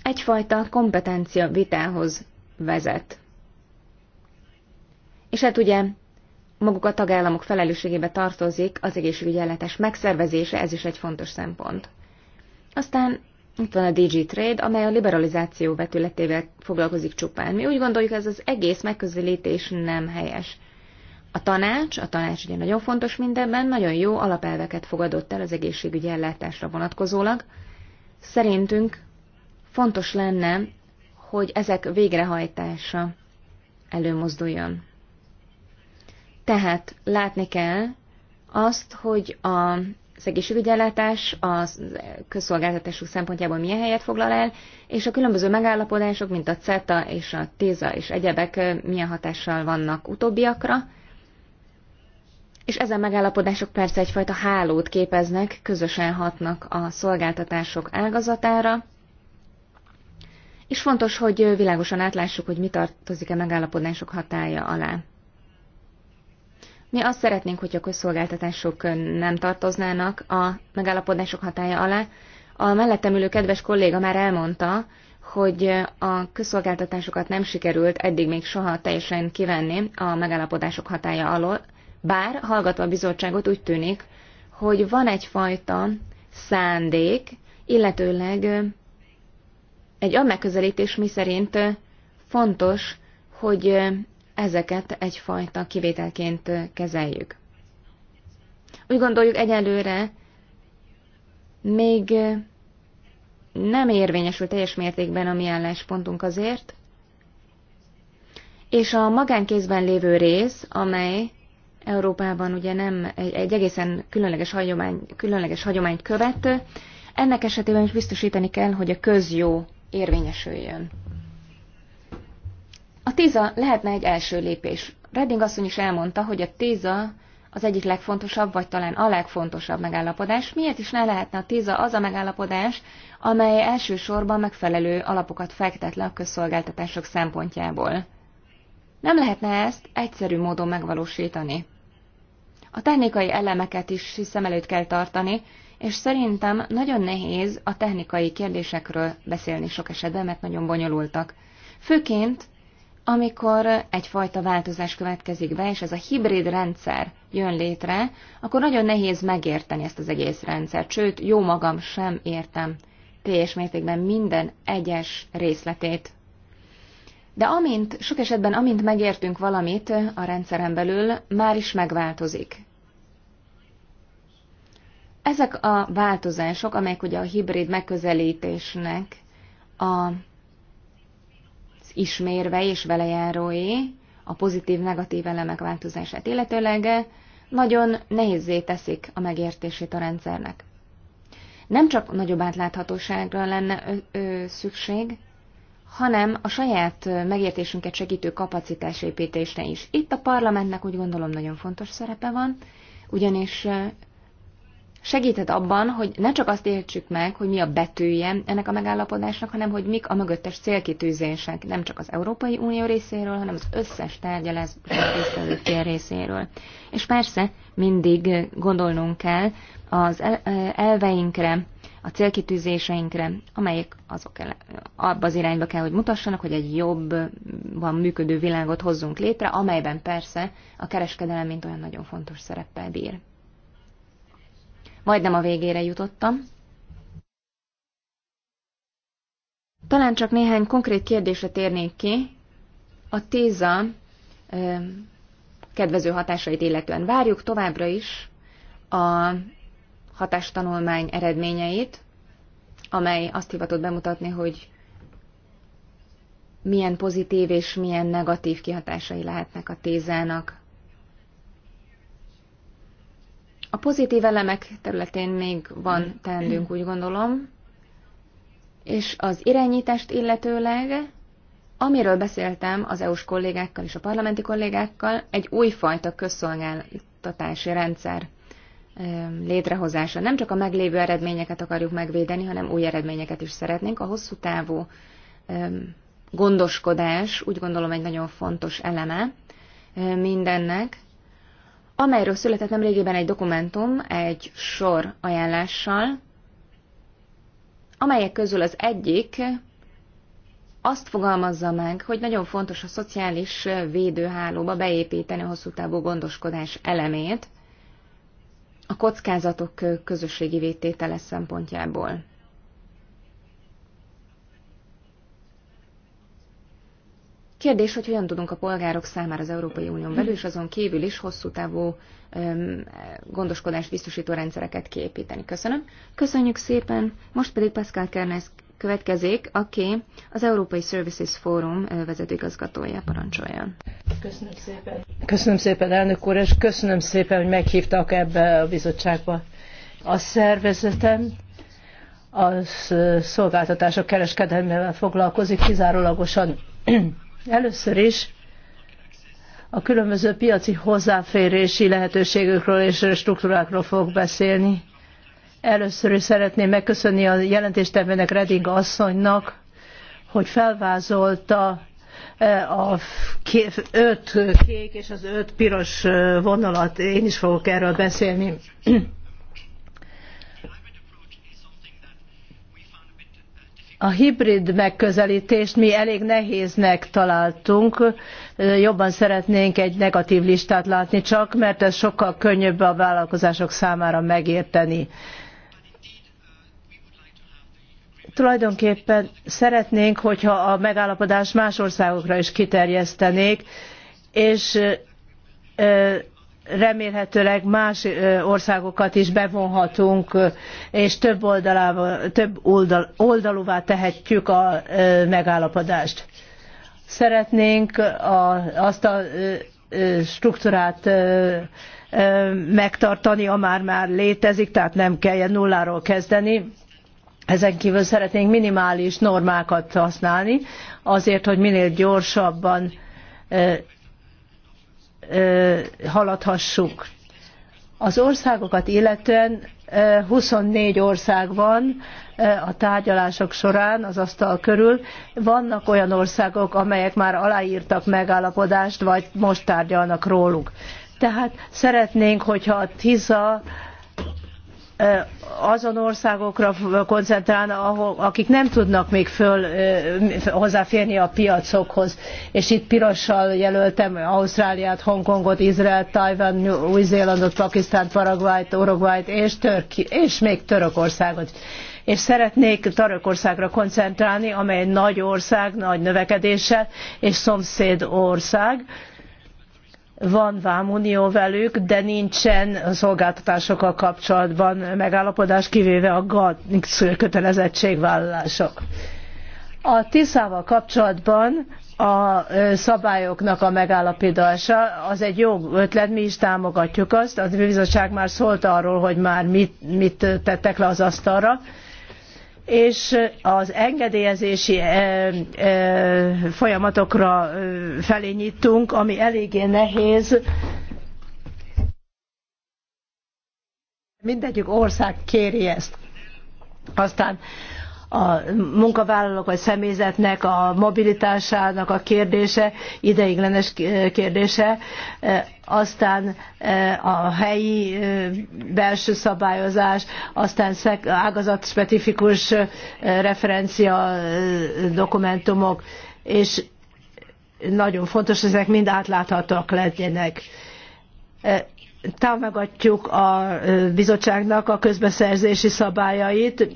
egyfajta kompetencia vitához vezet. És hát ugye maguk a tagállamok felelősségébe tartozik az egészségügyi ellátás megszervezése, ez is egy fontos szempont. Aztán itt van a DG Trade, amely a liberalizáció vetületével foglalkozik csupán. Mi úgy gondoljuk, ez az egész megközelítés nem helyes. A tanács, a tanács ugye nagyon fontos mindenben, nagyon jó alapelveket fogadott el az egészségügyi ellátásra vonatkozólag. Szerintünk fontos lenne, hogy ezek végrehajtása előmozduljon. Tehát látni kell azt, hogy a az ellátás a közszolgáltatások szempontjából milyen helyet foglal el, és a különböző megállapodások, mint a CETA és a TÉZA és egyebek milyen hatással vannak utóbbiakra, és ezen megállapodások persze egyfajta hálót képeznek, közösen hatnak a szolgáltatások ágazatára, és fontos, hogy világosan átlássuk, hogy mi tartozik a megállapodások hatája alá. Mi azt szeretnénk, hogy a közszolgáltatások nem tartoznának a megállapodások hatája alá. A mellettem ülő kedves kolléga már elmondta, hogy a közszolgáltatásokat nem sikerült eddig még soha teljesen kivenni a megállapodások hatája alól, bár hallgatva a bizottságot úgy tűnik, hogy van egyfajta szándék, illetőleg egy olyan megközelítés, mi szerint fontos, hogy ezeket egyfajta kivételként kezeljük. Úgy gondoljuk egyelőre még nem érvényesül teljes mértékben a mi álláspontunk azért, és a magánkézben lévő rész, amely Európában ugye nem egy, egy egészen különleges, hagyomány, különleges hagyományt követ, ennek esetében is biztosítani kell, hogy a közjó érvényesüljön. A TISA lehetne egy első lépés. Redding asszony is elmondta, hogy a TISA az egyik legfontosabb, vagy talán a legfontosabb megállapodás. Miért is ne lehetne a TISA az a megállapodás, amely elsősorban megfelelő alapokat fektet le a közszolgáltatások szempontjából? Nem lehetne ezt egyszerű módon megvalósítani. A technikai elemeket is szem előtt kell tartani, és szerintem nagyon nehéz a technikai kérdésekről beszélni sok esetben, mert nagyon bonyolultak. Főként, amikor egyfajta változás következik be, és ez a hibrid rendszer jön létre, akkor nagyon nehéz megérteni ezt az egész rendszert, sőt, jó magam sem értem teljes mértékben minden egyes részletét. De amint, sok esetben amint megértünk valamit a rendszeren belül, már is megváltozik. Ezek a változások, amelyek ugye a hibrid megközelítésnek a, az ismérve és velejárói, a pozitív-negatív elemek változását illetőleg nagyon nehézé teszik a megértését a rendszernek. Nem csak nagyobb átláthatóságra lenne ö, ö, szükség, hanem a saját megértésünket segítő kapacitásépítésre is. Itt a parlamentnek úgy gondolom nagyon fontos szerepe van, ugyanis segíthet abban, hogy ne csak azt értsük meg, hogy mi a betűje ennek a megállapodásnak, hanem hogy mik a mögöttes célkitűzések, nem csak az Európai Unió részéről, hanem az összes tárgyalás fél részéről. És persze mindig gondolnunk kell az elveinkre, a célkitűzéseinkre, amelyek azok el, abba az irányba kell, hogy mutassanak, hogy egy van működő világot hozzunk létre, amelyben persze a kereskedelem mint olyan nagyon fontos szereppel bír. Majdnem a végére jutottam. Talán csak néhány konkrét kérdésre térnék ki. A téza ö, kedvező hatásait illetően várjuk továbbra is a hatástanulmány eredményeit, amely azt hivatott bemutatni, hogy milyen pozitív és milyen negatív kihatásai lehetnek a tézának. A pozitív elemek területén még van tendünk, úgy gondolom, és az irányítást illetőleg, amiről beszéltem az EU-s kollégákkal és a parlamenti kollégákkal, egy újfajta közszolgáltatási rendszer létrehozása. Nem csak a meglévő eredményeket akarjuk megvédeni, hanem új eredményeket is szeretnénk. A hosszú távú gondoskodás úgy gondolom egy nagyon fontos eleme mindennek, amelyről született nem nemrégiben egy dokumentum egy sor ajánlással, amelyek közül az egyik azt fogalmazza meg, hogy nagyon fontos a szociális védőhálóba beépíteni a hosszú távú gondoskodás elemét a kockázatok közösségi vététele szempontjából. Kérdés, hogy hogyan tudunk a polgárok számára az Európai Unión belül és azon kívül is hosszú távú gondoskodást biztosító rendszereket kiépíteni. Köszönöm. Köszönjük szépen. Most pedig Pascal Kernes következik, aki az Európai Services Forum vezetőigazgatója parancsolja. Köszönöm szépen. Köszönöm szépen, elnök úr, és köszönöm szépen, hogy meghívtak ebbe a bizottságba. A szervezetem a szolgáltatások kereskedelmével foglalkozik kizárólagosan Először is a különböző piaci hozzáférési lehetőségekről és struktúrákról fogok beszélni. Először is szeretném megköszönni a jelentéstevőnek Reding asszonynak, hogy felvázolta e, a öt kék és az öt piros e, vonalat. Én is fogok erről beszélni. A hibrid megközelítést mi elég nehéznek találtunk, jobban szeretnénk egy negatív listát látni csak, mert ez sokkal könnyebb a vállalkozások számára megérteni. Tulajdonképpen szeretnénk, hogyha a megállapodást más országokra is kiterjesztenék, és remélhetőleg más országokat is bevonhatunk, és több, oldalával, több oldal, oldalúvá tehetjük a megállapodást. Szeretnénk a, azt a struktúrát megtartani, a már már létezik, tehát nem kelljen nulláról kezdeni. Ezen kívül szeretnénk minimális normákat használni, azért, hogy minél gyorsabban haladhassuk. Az országokat illetően 24 ország van a tárgyalások során az asztal körül. Vannak olyan országok, amelyek már aláírtak megállapodást, vagy most tárgyalnak róluk. Tehát szeretnénk, hogyha a TISA azon országokra koncentrálna, ahol, akik nem tudnak még föl, hozzáférni a piacokhoz. És itt pirossal jelöltem Ausztráliát, Hongkongot, Izraelt, Tajvan, Új-Zélandot, Pakisztánt, Paraguayt, Uruguayt és, Törki, és még Törökországot. És szeretnék Törökországra koncentrálni, amely egy nagy ország, nagy növekedéssel, és szomszéd ország van vámunió velük, de nincsen a szolgáltatásokkal kapcsolatban megállapodás, kivéve a GATT kötelezettségvállalások. A tisza val kapcsolatban a szabályoknak a megállapítása az egy jó ötlet, mi is támogatjuk azt. A bizottság már szólt arról, hogy már mit, mit tettek le az asztalra és az engedélyezési eh, eh, folyamatokra eh, felé nyitunk, ami eléggé nehéz. Mindegyik ország kéri ezt. Aztán a munkavállalók vagy személyzetnek a mobilitásának a kérdése, ideiglenes kérdése, e, aztán e, a helyi e, belső szabályozás, aztán ágazatspecifikus referencia dokumentumok, és nagyon fontos, hogy ezek mind átláthatóak legyenek támogatjuk a bizottságnak a közbeszerzési szabályait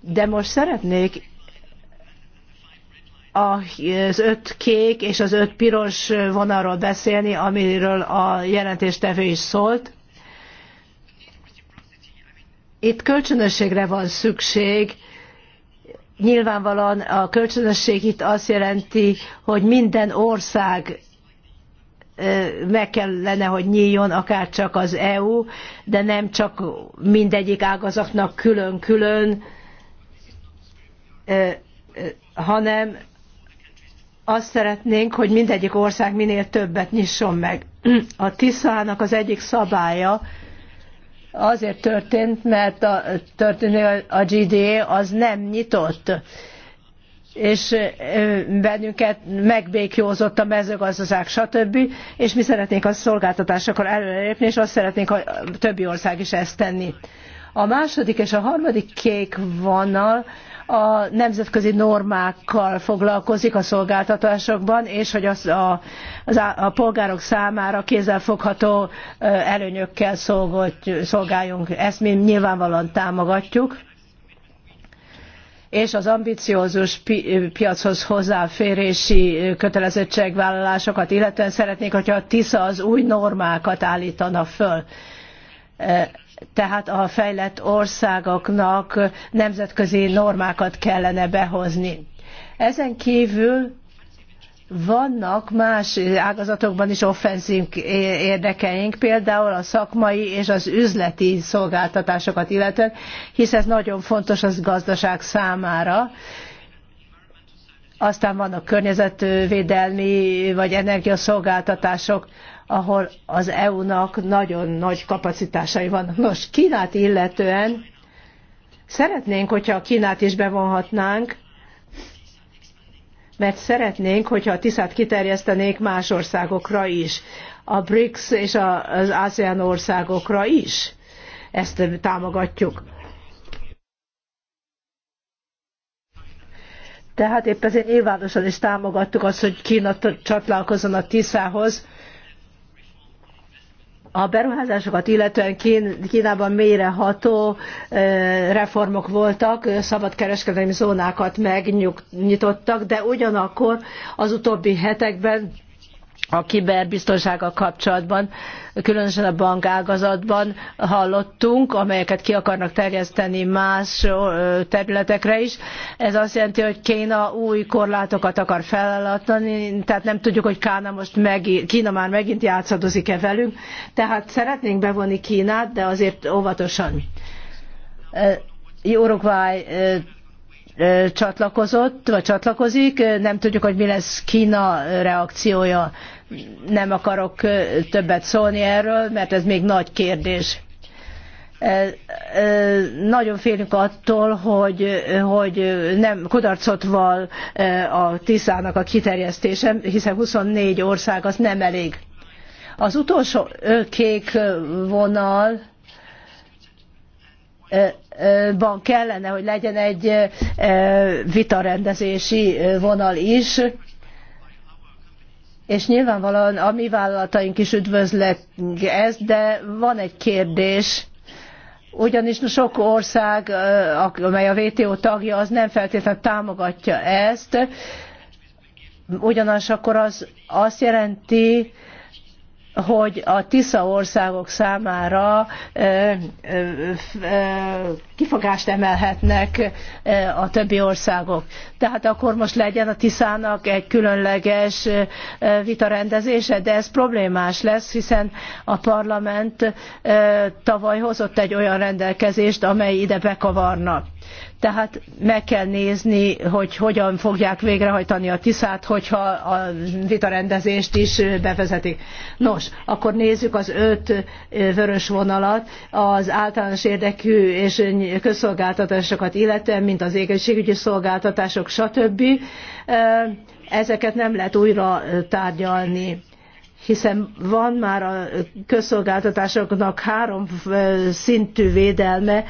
de most szeretnék az öt kék és az öt piros vonalról beszélni, amiről a jelentéstevő is szólt. Itt kölcsönösségre van szükség. Nyilvánvalóan a kölcsönösség itt azt jelenti, hogy minden ország meg kellene, hogy nyíljon akár csak az EU, de nem csak mindegyik ágazatnak külön-külön, hanem azt szeretnénk, hogy mindegyik ország minél többet nyisson meg. A Tiszának az egyik szabálya azért történt, mert a, történő a GDA az nem nyitott és bennünket megbékjózott a mezőgazdaság, stb. És mi szeretnénk a szolgáltatásokkal előrelépni, és azt szeretnénk, hogy a többi ország is ezt tenni. A második és a harmadik kék vonal a nemzetközi normákkal foglalkozik a szolgáltatásokban, és hogy az a, az a polgárok számára kézzelfogható előnyökkel szolgáljunk. Ezt mi nyilvánvalóan támogatjuk és az ambiciózus piachoz hozzáférési kötelezettségvállalásokat, illetően szeretnék, hogyha a TISZA az új normákat állítana föl tehát a fejlett országoknak nemzetközi normákat kellene behozni. Ezen kívül vannak más ágazatokban is offenzív érdekeink, például a szakmai és az üzleti szolgáltatásokat illetően, hisz ez nagyon fontos az gazdaság számára aztán vannak környezetvédelmi vagy energiaszolgáltatások, ahol az EU-nak nagyon nagy kapacitásai vannak. Nos, Kínát illetően szeretnénk, hogyha a Kínát is bevonhatnánk, mert szeretnénk, hogyha a tiszát kiterjesztenék más országokra is, a BRICS és az ASEAN országokra is. Ezt támogatjuk. Tehát épp ezért nyilvánosan is támogattuk azt, hogy Kína csatlakozzon a TISZÁhoz. A beruházásokat illetően Kín, Kínában mélyreható reformok voltak, szabadkereskedelmi zónákat megnyitottak, de ugyanakkor az utóbbi hetekben a kiberbiztonsággal kapcsolatban, különösen a bankágazatban hallottunk, amelyeket ki akarnak terjeszteni más területekre is. Ez azt jelenti, hogy Kína új korlátokat akar felállítani, tehát nem tudjuk, hogy Kána most megint, Kína már megint játszadozik-e velünk. Tehát szeretnénk bevonni Kínát, de azért óvatosan. Uruguay csatlakozott, vagy csatlakozik. Nem tudjuk, hogy mi lesz Kína reakciója. Nem akarok többet szólni erről, mert ez még nagy kérdés. Nagyon félünk attól, hogy, hogy nem kudarcot val a Tiszának a kiterjesztése, hiszen 24 ország az nem elég. Az utolsó kék vonal ban kellene, hogy legyen egy vitarendezési vonal is, és nyilvánvalóan a mi vállalataink is üdvözlet ezt, de van egy kérdés, ugyanis sok ország, amely a WTO tagja, az nem feltétlenül támogatja ezt, ugyanakkor az azt jelenti, hogy a TISZA országok számára kifogást emelhetnek a többi országok. Tehát akkor most legyen a TISZának egy különleges vitarendezése, de ez problémás lesz, hiszen a parlament tavaly hozott egy olyan rendelkezést, amely ide bekavarna tehát meg kell nézni, hogy hogyan fogják végrehajtani a tiszát, hogyha a vitarendezést is bevezetik. Nos, akkor nézzük az öt vörös vonalat az általános érdekű és közszolgáltatásokat illetően, mint az égegységügyi szolgáltatások, stb. Ezeket nem lehet újra tárgyalni hiszen van már a közszolgáltatásoknak három szintű védelme,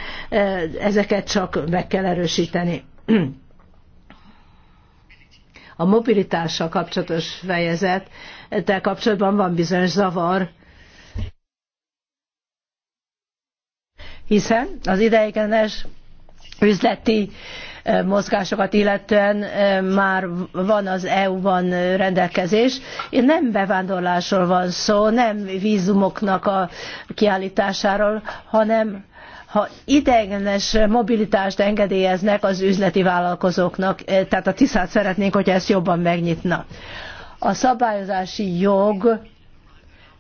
ezeket csak meg kell erősíteni. A mobilitással kapcsolatos fejezet, de kapcsolatban van bizonyos zavar, hiszen az ideiglenes üzleti mozgásokat illetően már van az EU-ban rendelkezés. Nem bevándorlásról van szó, nem vízumoknak a kiállításáról, hanem ha ideiglenes mobilitást engedélyeznek az üzleti vállalkozóknak, tehát a tisztát szeretnénk, hogyha ezt jobban megnyitna. A szabályozási jog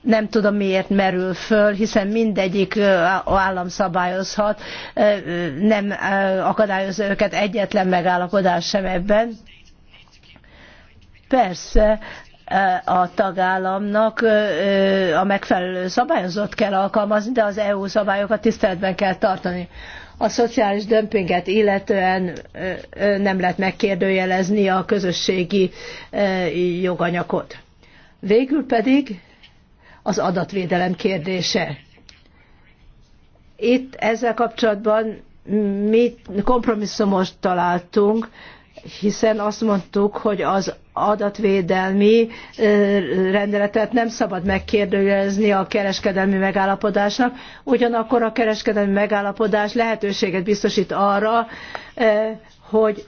nem tudom miért merül föl, hiszen mindegyik állam szabályozhat, nem akadályozza őket egyetlen megállapodás sem ebben. Persze, a tagállamnak a megfelelő szabályozót kell alkalmazni, de az EU szabályokat tiszteletben kell tartani. A szociális dömpinget illetően nem lehet megkérdőjelezni a közösségi joganyagot. Végül pedig az adatvédelem kérdése. Itt ezzel kapcsolatban mi kompromisszumot találtunk, hiszen azt mondtuk, hogy az adatvédelmi rendeletet nem szabad megkérdőjelezni a kereskedelmi megállapodásnak, ugyanakkor a kereskedelmi megállapodás lehetőséget biztosít arra, hogy,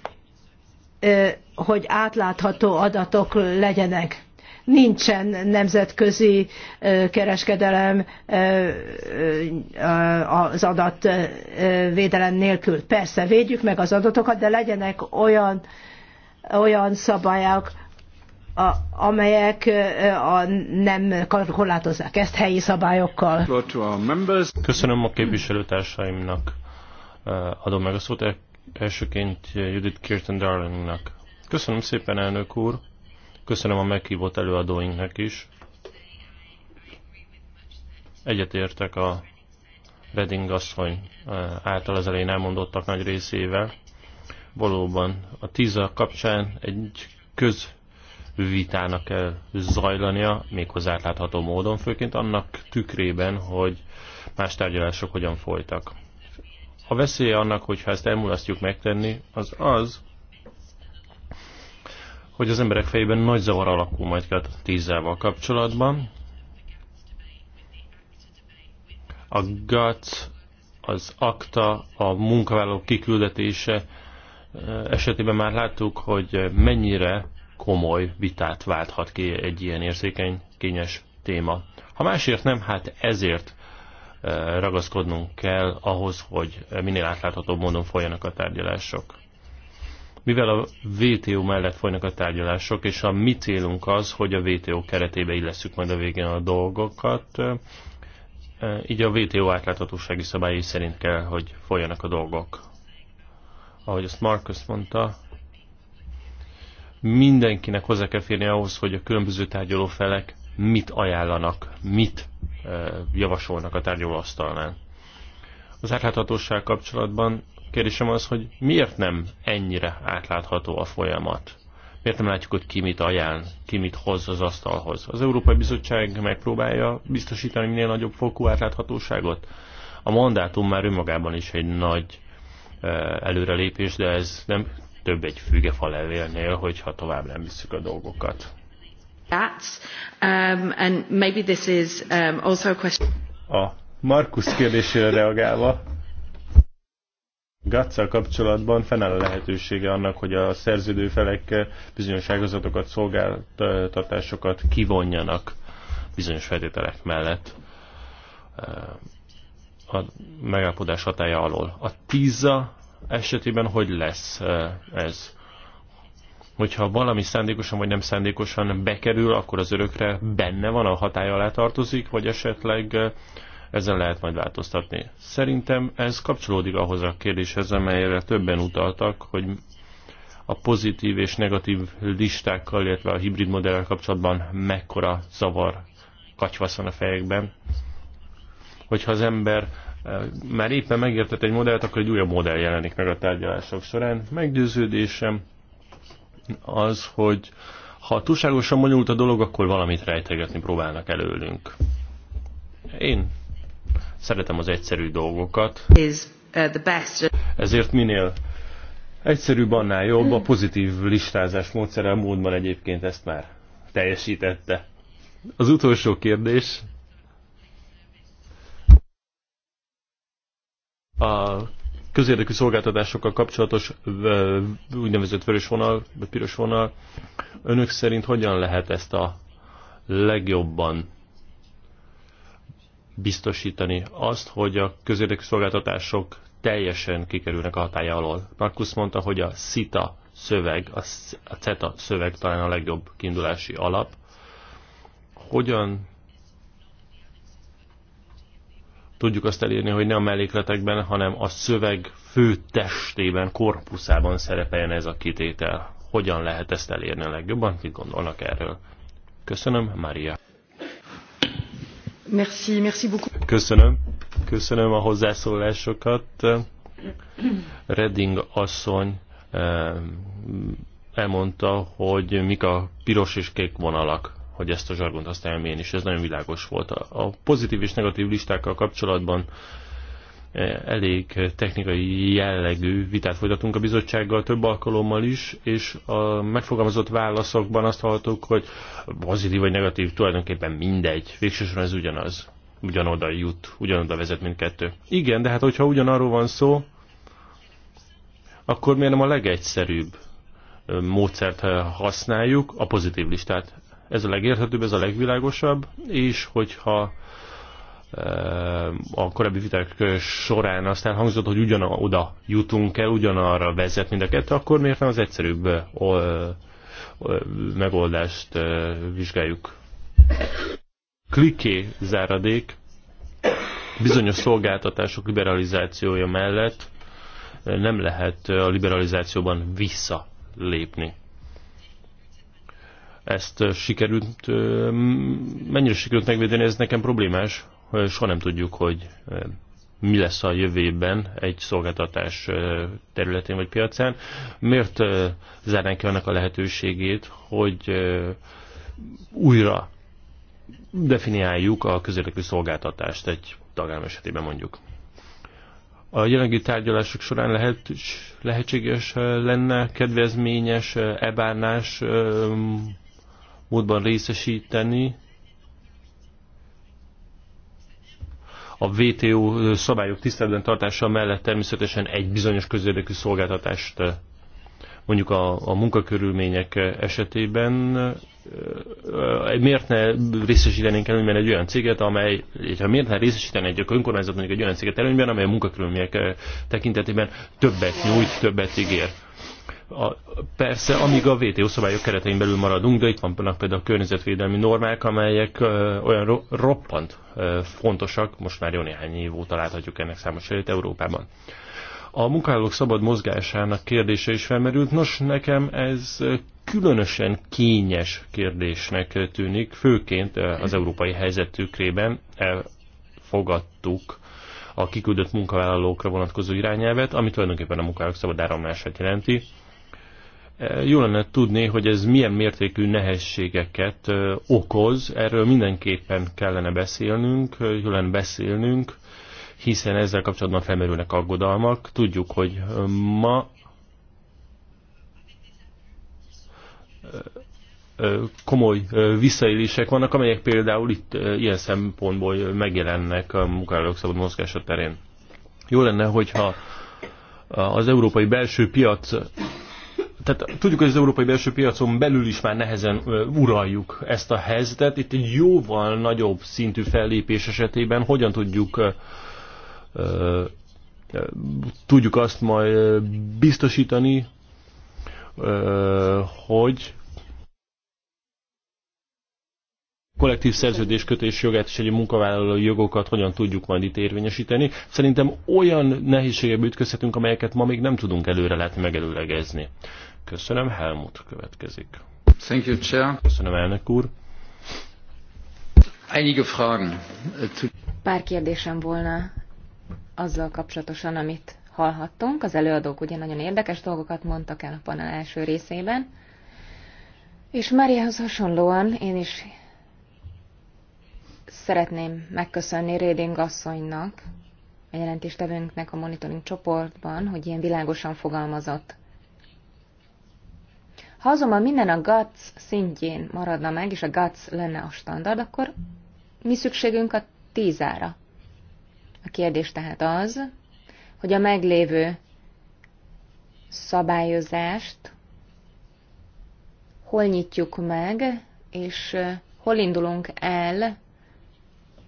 hogy átlátható adatok legyenek nincsen nemzetközi kereskedelem az adatvédelem nélkül. Persze, védjük meg az adatokat, de legyenek olyan, olyan szabályok, amelyek a nem korlátozzák ezt helyi szabályokkal. Köszönöm a képviselőtársaimnak. Adom meg a szót elsőként Judith Kirsten Darlingnak. Köszönöm szépen, elnök úr. Köszönöm a meghívott előadóinknak is. Egyetértek a Redding asszony eh, által az elején elmondottak nagy részével. Valóban a TISA kapcsán egy közvitának kell zajlania, méghozzá átlátható módon, főként annak tükrében, hogy más tárgyalások hogyan folytak. A veszélye annak, hogyha ezt elmulasztjuk megtenni, az az, hogy az emberek fejében nagy zavar alakul majd a tízával kapcsolatban. A GATS, az akta, a munkavállalók kiküldetése eh, esetében már láttuk, hogy mennyire komoly vitát válthat ki egy ilyen érzékeny, kényes téma. Ha másért nem, hát ezért eh, ragaszkodnunk kell ahhoz, hogy minél átláthatóbb módon folyjanak a tárgyalások. Mivel a WTO mellett folynak a tárgyalások, és a mi célunk az, hogy a WTO keretébe illesszük majd a végén a dolgokat, így a WTO átláthatósági szabályai szerint kell, hogy folyjanak a dolgok. Ahogy azt Marcus mondta, mindenkinek hozzá kell férni ahhoz, hogy a különböző tárgyalófelek mit ajánlanak, mit javasolnak a tárgyalóasztalnál. Az átláthatóság kapcsolatban Kérdésem az, hogy miért nem ennyire átlátható a folyamat? Miért nem látjuk, hogy ki mit ajánl, ki mit hoz az asztalhoz? Az Európai Bizottság megpróbálja biztosítani minél nagyobb fokú átláthatóságot? A mandátum már önmagában is egy nagy előrelépés, de ez nem több egy fügefa levélnél, hogyha tovább nem visszük a dolgokat. Um, um, a Markus kérdésére reagálva, Gatszal kapcsolatban fennáll a lehetősége annak, hogy a szerződő felek bizonyos ágazatokat, szolgáltatásokat kivonjanak bizonyos feltételek mellett a megállapodás hatája alól. A TISA esetében hogy lesz ez? Hogyha valami szándékosan vagy nem szándékosan bekerül, akkor az örökre benne van, a hatája alá tartozik, vagy esetleg ezen lehet majd változtatni. Szerintem ez kapcsolódik ahhoz a kérdéshez, amelyre többen utaltak, hogy a pozitív és negatív listákkal, illetve a hibrid modellel kapcsolatban mekkora zavar katyvasz van a fejekben. Hogyha az ember eh, már éppen megértett egy modellt, akkor egy újabb modell jelenik meg a tárgyalások során. Meggyőződésem az, hogy ha túlságosan bonyolult a dolog, akkor valamit rejtegetni próbálnak előlünk. Én Szeretem az egyszerű dolgokat. Uh, Ezért minél egyszerűbb, annál jobb. A pozitív listázás módszerrel módban egyébként ezt már teljesítette. Az utolsó kérdés. A közérdekű szolgáltatásokkal kapcsolatos úgynevezett vörös vonal, vagy piros vonal. Önök szerint hogyan lehet ezt a legjobban biztosítani azt, hogy a közérdekű szolgáltatások teljesen kikerülnek a hatája alól. Markus mondta, hogy a SITA szöveg, a CETA szöveg talán a legjobb kiindulási alap. Hogyan tudjuk azt elérni, hogy ne a mellékletekben, hanem a szöveg fő testében, korpuszában szerepeljen ez a kitétel. Hogyan lehet ezt elérni a legjobban? Mit gondolnak erről? Köszönöm, Maria. Merci, merci beaucoup. Köszönöm. Köszönöm a hozzászólásokat. Redding asszony elmondta, hogy mik a piros és kék vonalak, hogy ezt a zsargont használjam én is. Ez nagyon világos volt. A pozitív és negatív listákkal kapcsolatban elég technikai jellegű vitát folytatunk a bizottsággal több alkalommal is, és a megfogalmazott válaszokban azt hallottuk, hogy pozitív vagy negatív tulajdonképpen mindegy, végsősorban ez ugyanaz, ugyanoda jut, ugyanoda vezet mindkettő. Igen, de hát hogyha ugyanarról van szó, akkor miért nem a legegyszerűbb módszert használjuk, a pozitív listát. Ez a legérthetőbb, ez a legvilágosabb, és hogyha a korábbi viták során aztán hangzott, hogy ugyanoda jutunk el, ugyanarra vezet mind a kettő, akkor miért nem az egyszerűbb megoldást vizsgáljuk? Kliké záradék bizonyos szolgáltatások liberalizációja mellett nem lehet a liberalizációban visszalépni ezt sikerült, mennyire sikerült megvédeni, ez nekem problémás soha nem tudjuk, hogy mi lesz a jövőben egy szolgáltatás területén vagy piacán. Miért zárnánk ki annak a lehetőségét, hogy újra definiáljuk a közérdekű szolgáltatást egy tagállam esetében mondjuk. A jelenlegi tárgyalások során lehet, lehetséges lenne kedvezményes elbánás módban részesíteni a WTO szabályok tiszteletben tartása mellett természetesen egy bizonyos közérdekű szolgáltatást mondjuk a, a munkakörülmények esetében miért ne részesítenénk előnyben egy olyan céget, amely, ha miért ne részesíteni egy önkormányzat mondjuk egy olyan céget előnyben, amely a munkakörülmények tekintetében többet nyújt, többet ígér. A, persze, amíg a WTO szabályok keretein belül maradunk, de itt vannak például a környezetvédelmi normák, amelyek ö, olyan ro, roppant ö, fontosak, most már jó néhány év óta láthatjuk ennek számos előtt Európában. A munkavállalók szabad mozgásának kérdése is felmerült. Nos, nekem ez különösen kényes kérdésnek tűnik, főként az európai helyzet tükrében elfogadtuk a kiküldött munkavállalókra vonatkozó irányelvet, ami tulajdonképpen a munkavállalók szabad áramlását jelenti. Jó lenne tudni, hogy ez milyen mértékű nehézségeket okoz, erről mindenképpen kellene beszélnünk, jó lenne beszélnünk, hiszen ezzel kapcsolatban felmerülnek aggodalmak. Tudjuk, hogy ma komoly visszaélések vannak, amelyek például itt ilyen szempontból megjelennek a munkavállalók szabad mozgása terén. Jó lenne, hogyha az európai belső piac tehát tudjuk, hogy az európai belső piacon belül is már nehezen uraljuk ezt a helyzetet. Itt egy jóval nagyobb szintű fellépés esetében hogyan tudjuk tudjuk azt majd biztosítani, hogy kollektív szerződéskötés jogát és egy munkavállalói jogokat hogyan tudjuk majd itt érvényesíteni. Szerintem olyan nehézségebb ütközhetünk, amelyeket ma még nem tudunk előre látni, megelőlegezni. Köszönöm, Helmut következik. Thank you, Chair. Köszönöm, elnök úr. Einige Fragen. Äh, Pár kérdésem volna azzal kapcsolatosan, amit hallhattunk. Az előadók ugye nagyon érdekes dolgokat mondtak el a panel első részében. És Máriához hasonlóan én is szeretném megköszönni Réding asszonynak, a jelentéstevőnknek a monitoring csoportban, hogy ilyen világosan fogalmazott. Ha azonban minden a GATS szintjén maradna meg, és a GATS lenne a standard, akkor mi szükségünk a tízára? A kérdés tehát az, hogy a meglévő szabályozást hol nyitjuk meg, és hol indulunk el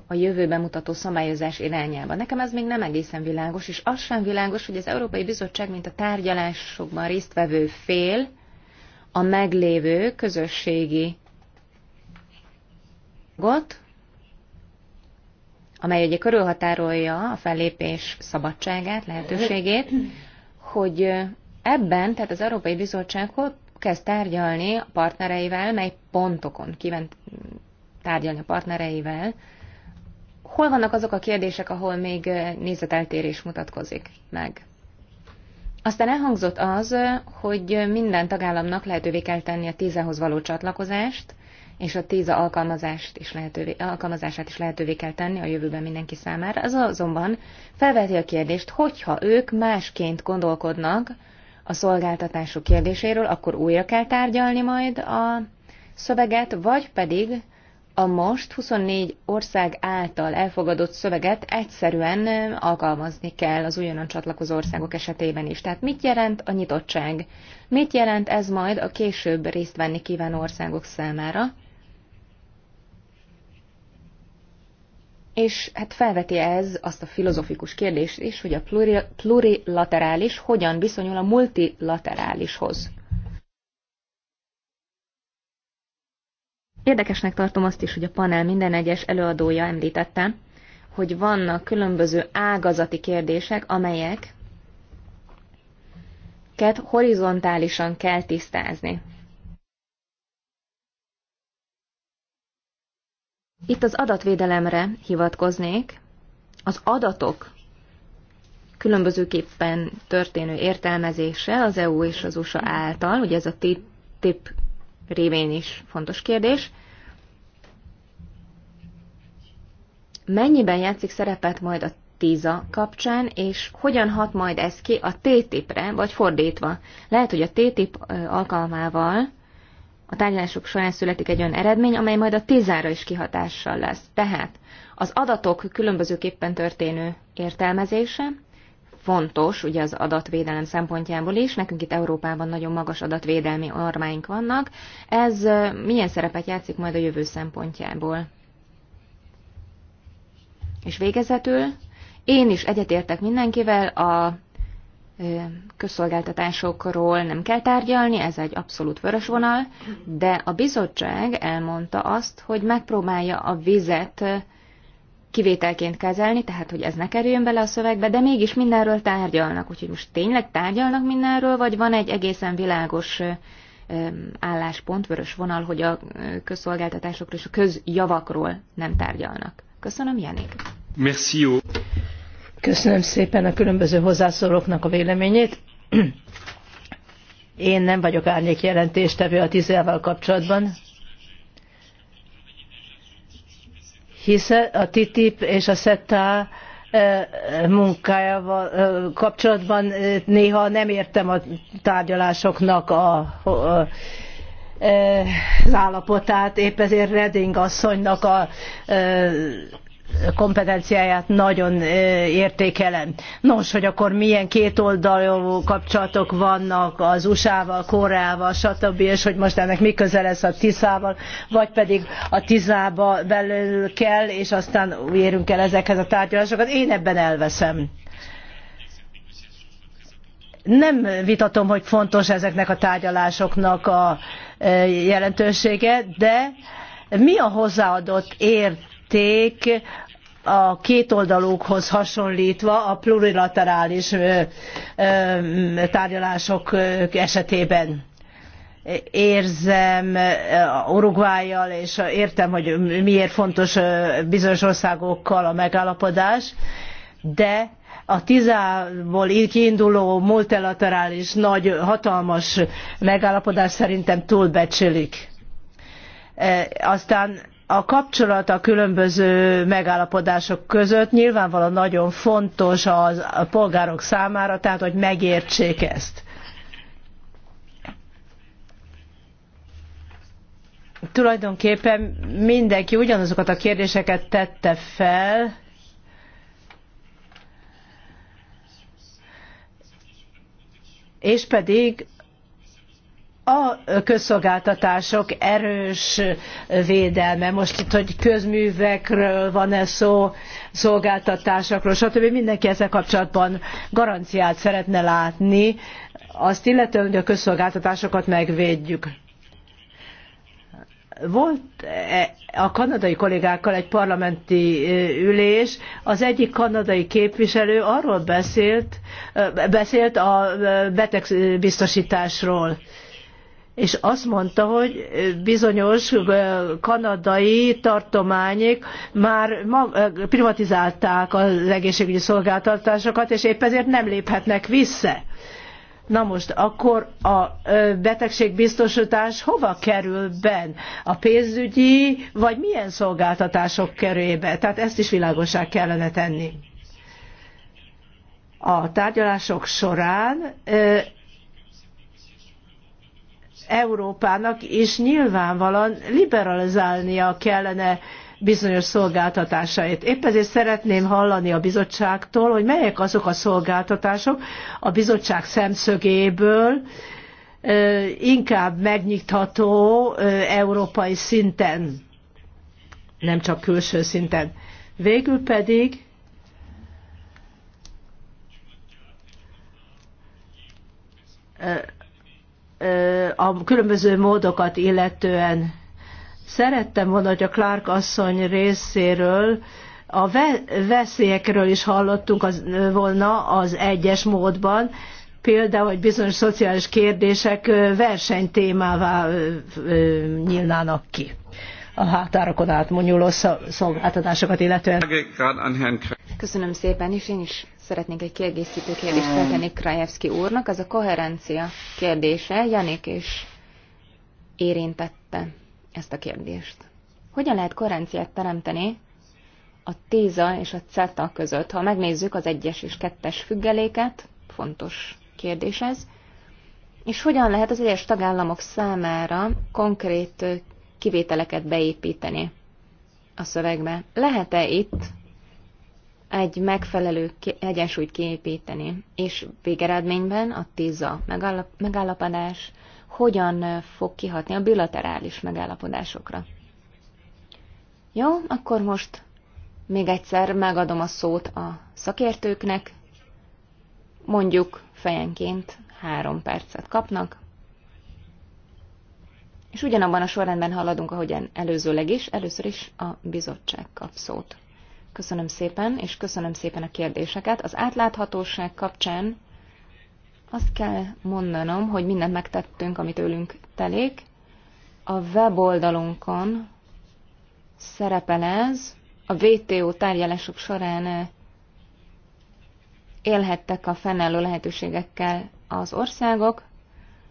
a jövőben mutató szabályozás irányába. Nekem ez még nem egészen világos, és az sem világos, hogy az Európai Bizottság, mint a tárgyalásokban résztvevő fél, a meglévő közösségi gott, amely ugye körülhatárolja a fellépés szabadságát, lehetőségét, hogy ebben, tehát az Európai Bizottság hol kezd tárgyalni a partnereivel, mely pontokon kívánt tárgyalni a partnereivel, hol vannak azok a kérdések, ahol még nézeteltérés mutatkozik meg. Aztán elhangzott az, hogy minden tagállamnak lehetővé kell tenni a TISA-hoz való csatlakozást, és a TISA alkalmazást is lehetővé, alkalmazását is lehetővé kell tenni a jövőben mindenki számára. Az azonban felveti a kérdést, hogyha ők másként gondolkodnak a szolgáltatások kérdéséről, akkor újra kell tárgyalni majd a szöveget, vagy pedig a most 24 ország által elfogadott szöveget egyszerűen alkalmazni kell az újonnan csatlakozó országok esetében is. Tehát mit jelent a nyitottság? Mit jelent ez majd a később részt venni kívánó országok számára? És hát felveti ez azt a filozofikus kérdést is, hogy a plurilaterális hogyan viszonyul a multilaterálishoz. Érdekesnek tartom azt is, hogy a panel minden egyes előadója említette, hogy vannak különböző ágazati kérdések, amelyek horizontálisan kell tisztázni. Itt az adatvédelemre hivatkoznék, az adatok különbözőképpen történő értelmezése az EU és az USA által, ugye ez a TIP révén is fontos kérdés. Mennyiben játszik szerepet majd a TISA kapcsán, és hogyan hat majd ez ki a TTIP-re, vagy fordítva? Lehet, hogy a TTIP alkalmával a tárgyalások során születik egy olyan eredmény, amely majd a TISA-ra is kihatással lesz. Tehát az adatok különbözőképpen történő értelmezése, fontos, ugye az adatvédelem szempontjából is. Nekünk itt Európában nagyon magas adatvédelmi normáink vannak. Ez milyen szerepet játszik majd a jövő szempontjából? És végezetül, én is egyetértek mindenkivel, a közszolgáltatásokról nem kell tárgyalni, ez egy abszolút vörös vonal, de a bizottság elmondta azt, hogy megpróbálja a vizet kivételként kezelni, tehát hogy ez ne kerüljön bele a szövegbe, de mégis mindenről tárgyalnak. Úgyhogy most tényleg tárgyalnak mindenről, vagy van egy egészen világos álláspont, vörös vonal, hogy a közszolgáltatásokról és a közjavakról nem tárgyalnak. Köszönöm, Jenik. Merci. Köszönöm szépen a különböző hozzászólóknak a véleményét. Én nem vagyok árnyék jelentéstevő a tízelvel kapcsolatban, hiszen a TTIP és a SETA munkájával kapcsolatban néha nem értem a tárgyalásoknak a, a az állapotát, épp ezért Reding asszonynak a, kompetenciáját nagyon értékelem. Nos, hogy akkor milyen kétoldalú kapcsolatok vannak az USA-val, Koreával, stb., és hogy most ennek mi köze lesz a Tiszával, vagy pedig a Tiszába belül kell, és aztán érünk el ezekhez a tárgyalásokat. Én ebben elveszem. Nem vitatom, hogy fontos ezeknek a tárgyalásoknak a jelentősége, de mi a hozzáadott ért mérték a kétoldalúkhoz hasonlítva a plurilaterális tárgyalások esetében érzem Uruguayjal, és értem, hogy miért fontos bizonyos országokkal a megállapodás, de a tizából kiinduló multilaterális nagy hatalmas megállapodás szerintem túlbecsülik. Aztán a kapcsolat a különböző megállapodások között nyilvánvalóan nagyon fontos a polgárok számára, tehát hogy megértsék ezt. Tulajdonképpen mindenki ugyanazokat a kérdéseket tette fel, és pedig a közszolgáltatások erős védelme, most itt, hogy közművekről van-e szó, szolgáltatásokról, stb. mindenki ezzel kapcsolatban garanciát szeretne látni, azt illetően, hogy a közszolgáltatásokat megvédjük. Volt e, a kanadai kollégákkal egy parlamenti e, ülés, az egyik kanadai képviselő arról beszélt, e, beszélt a betegbiztosításról és azt mondta, hogy bizonyos kanadai tartományok már privatizálták az egészségügyi szolgáltatásokat, és épp ezért nem léphetnek vissza. Na most akkor a betegségbiztosítás hova kerül ben? A pénzügyi, vagy milyen szolgáltatások körébe? Tehát ezt is világosá kellene tenni. A tárgyalások során Európának is nyilvánvalóan liberalizálnia kellene bizonyos szolgáltatásait. Épp ezért szeretném hallani a bizottságtól, hogy melyek azok a szolgáltatások a bizottság szemszögéből inkább megnyitható európai szinten, nem csak külső szinten. Végül pedig a különböző módokat illetően. Szerettem volna, hogy a Clark asszony részéről a veszélyekről is hallottunk az, volna az egyes módban, például, hogy bizonyos szociális kérdések versenytémává nyílnának ki a határokon átmonyuló szolgáltatásokat illetően. Köszönöm szépen, és én is Szeretnék egy kiegészítő kérdést feltenni Krajewski úrnak, az a koherencia kérdése, Janik is érintette ezt a kérdést. Hogyan lehet koherenciát teremteni a téza és a CETA között? Ha megnézzük az egyes és kettes függeléket, fontos kérdés ez, és hogyan lehet az egyes tagállamok számára konkrét kivételeket beépíteni a szövegbe? Lehet-e itt egy megfelelő egyensúlyt kiépíteni, és végeredményben a TISA megállapodás hogyan fog kihatni a bilaterális megállapodásokra. Jó, akkor most még egyszer megadom a szót a szakértőknek, mondjuk fejenként három percet kapnak, és ugyanabban a sorrendben haladunk, ahogyan előzőleg is, először is a bizottság kap szót. Köszönöm szépen, és köszönöm szépen a kérdéseket. Az átláthatóság kapcsán azt kell mondanom, hogy mindent megtettünk, amit tőlünk telik. A weboldalunkon szerepel ez. A VTO tárgyalások során élhettek a fennálló lehetőségekkel az országok.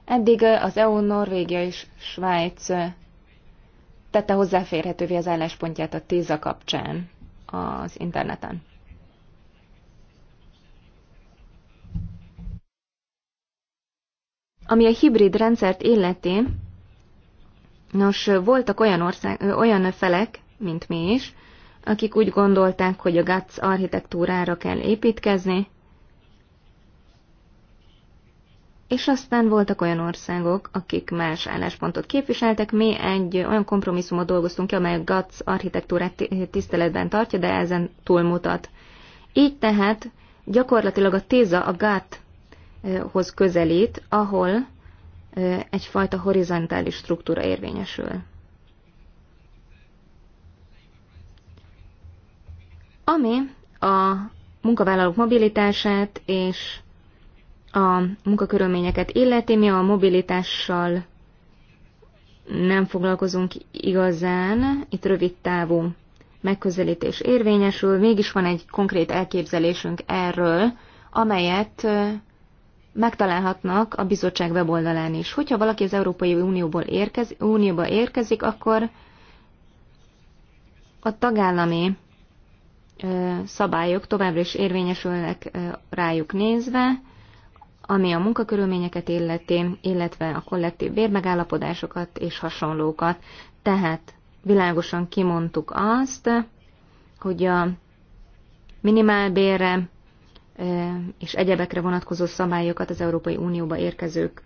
Eddig az EU, Norvégia és Svájc tette hozzáférhetővé az álláspontját a TISA kapcsán az interneten. Ami a hibrid rendszert illeti, nos, voltak olyan, ország, olyan felek, mint mi is, akik úgy gondolták, hogy a GATS architektúrára kell építkezni, és aztán voltak olyan országok, akik más álláspontot képviseltek. Mi egy olyan kompromisszumot dolgoztunk ki, amely a GATS architektúrát tiszteletben tartja, de ezen túlmutat. Így tehát gyakorlatilag a TÉZA a GATT-hoz közelít, ahol egyfajta horizontális struktúra érvényesül. Ami a munkavállalók mobilitását és a munkakörülményeket illeti, mi a mobilitással nem foglalkozunk igazán, itt rövid távú megközelítés érvényesül, mégis van egy konkrét elképzelésünk erről, amelyet megtalálhatnak a bizottság weboldalán is. Hogyha valaki az Európai Unióból érkez, Unióba érkezik, akkor a tagállami szabályok továbbra is érvényesülnek rájuk nézve, ami a munkakörülményeket illeti, illetve a kollektív bérmegállapodásokat és hasonlókat. Tehát világosan kimondtuk azt, hogy a minimálbérre és egyebekre vonatkozó szabályokat az Európai Unióba érkezők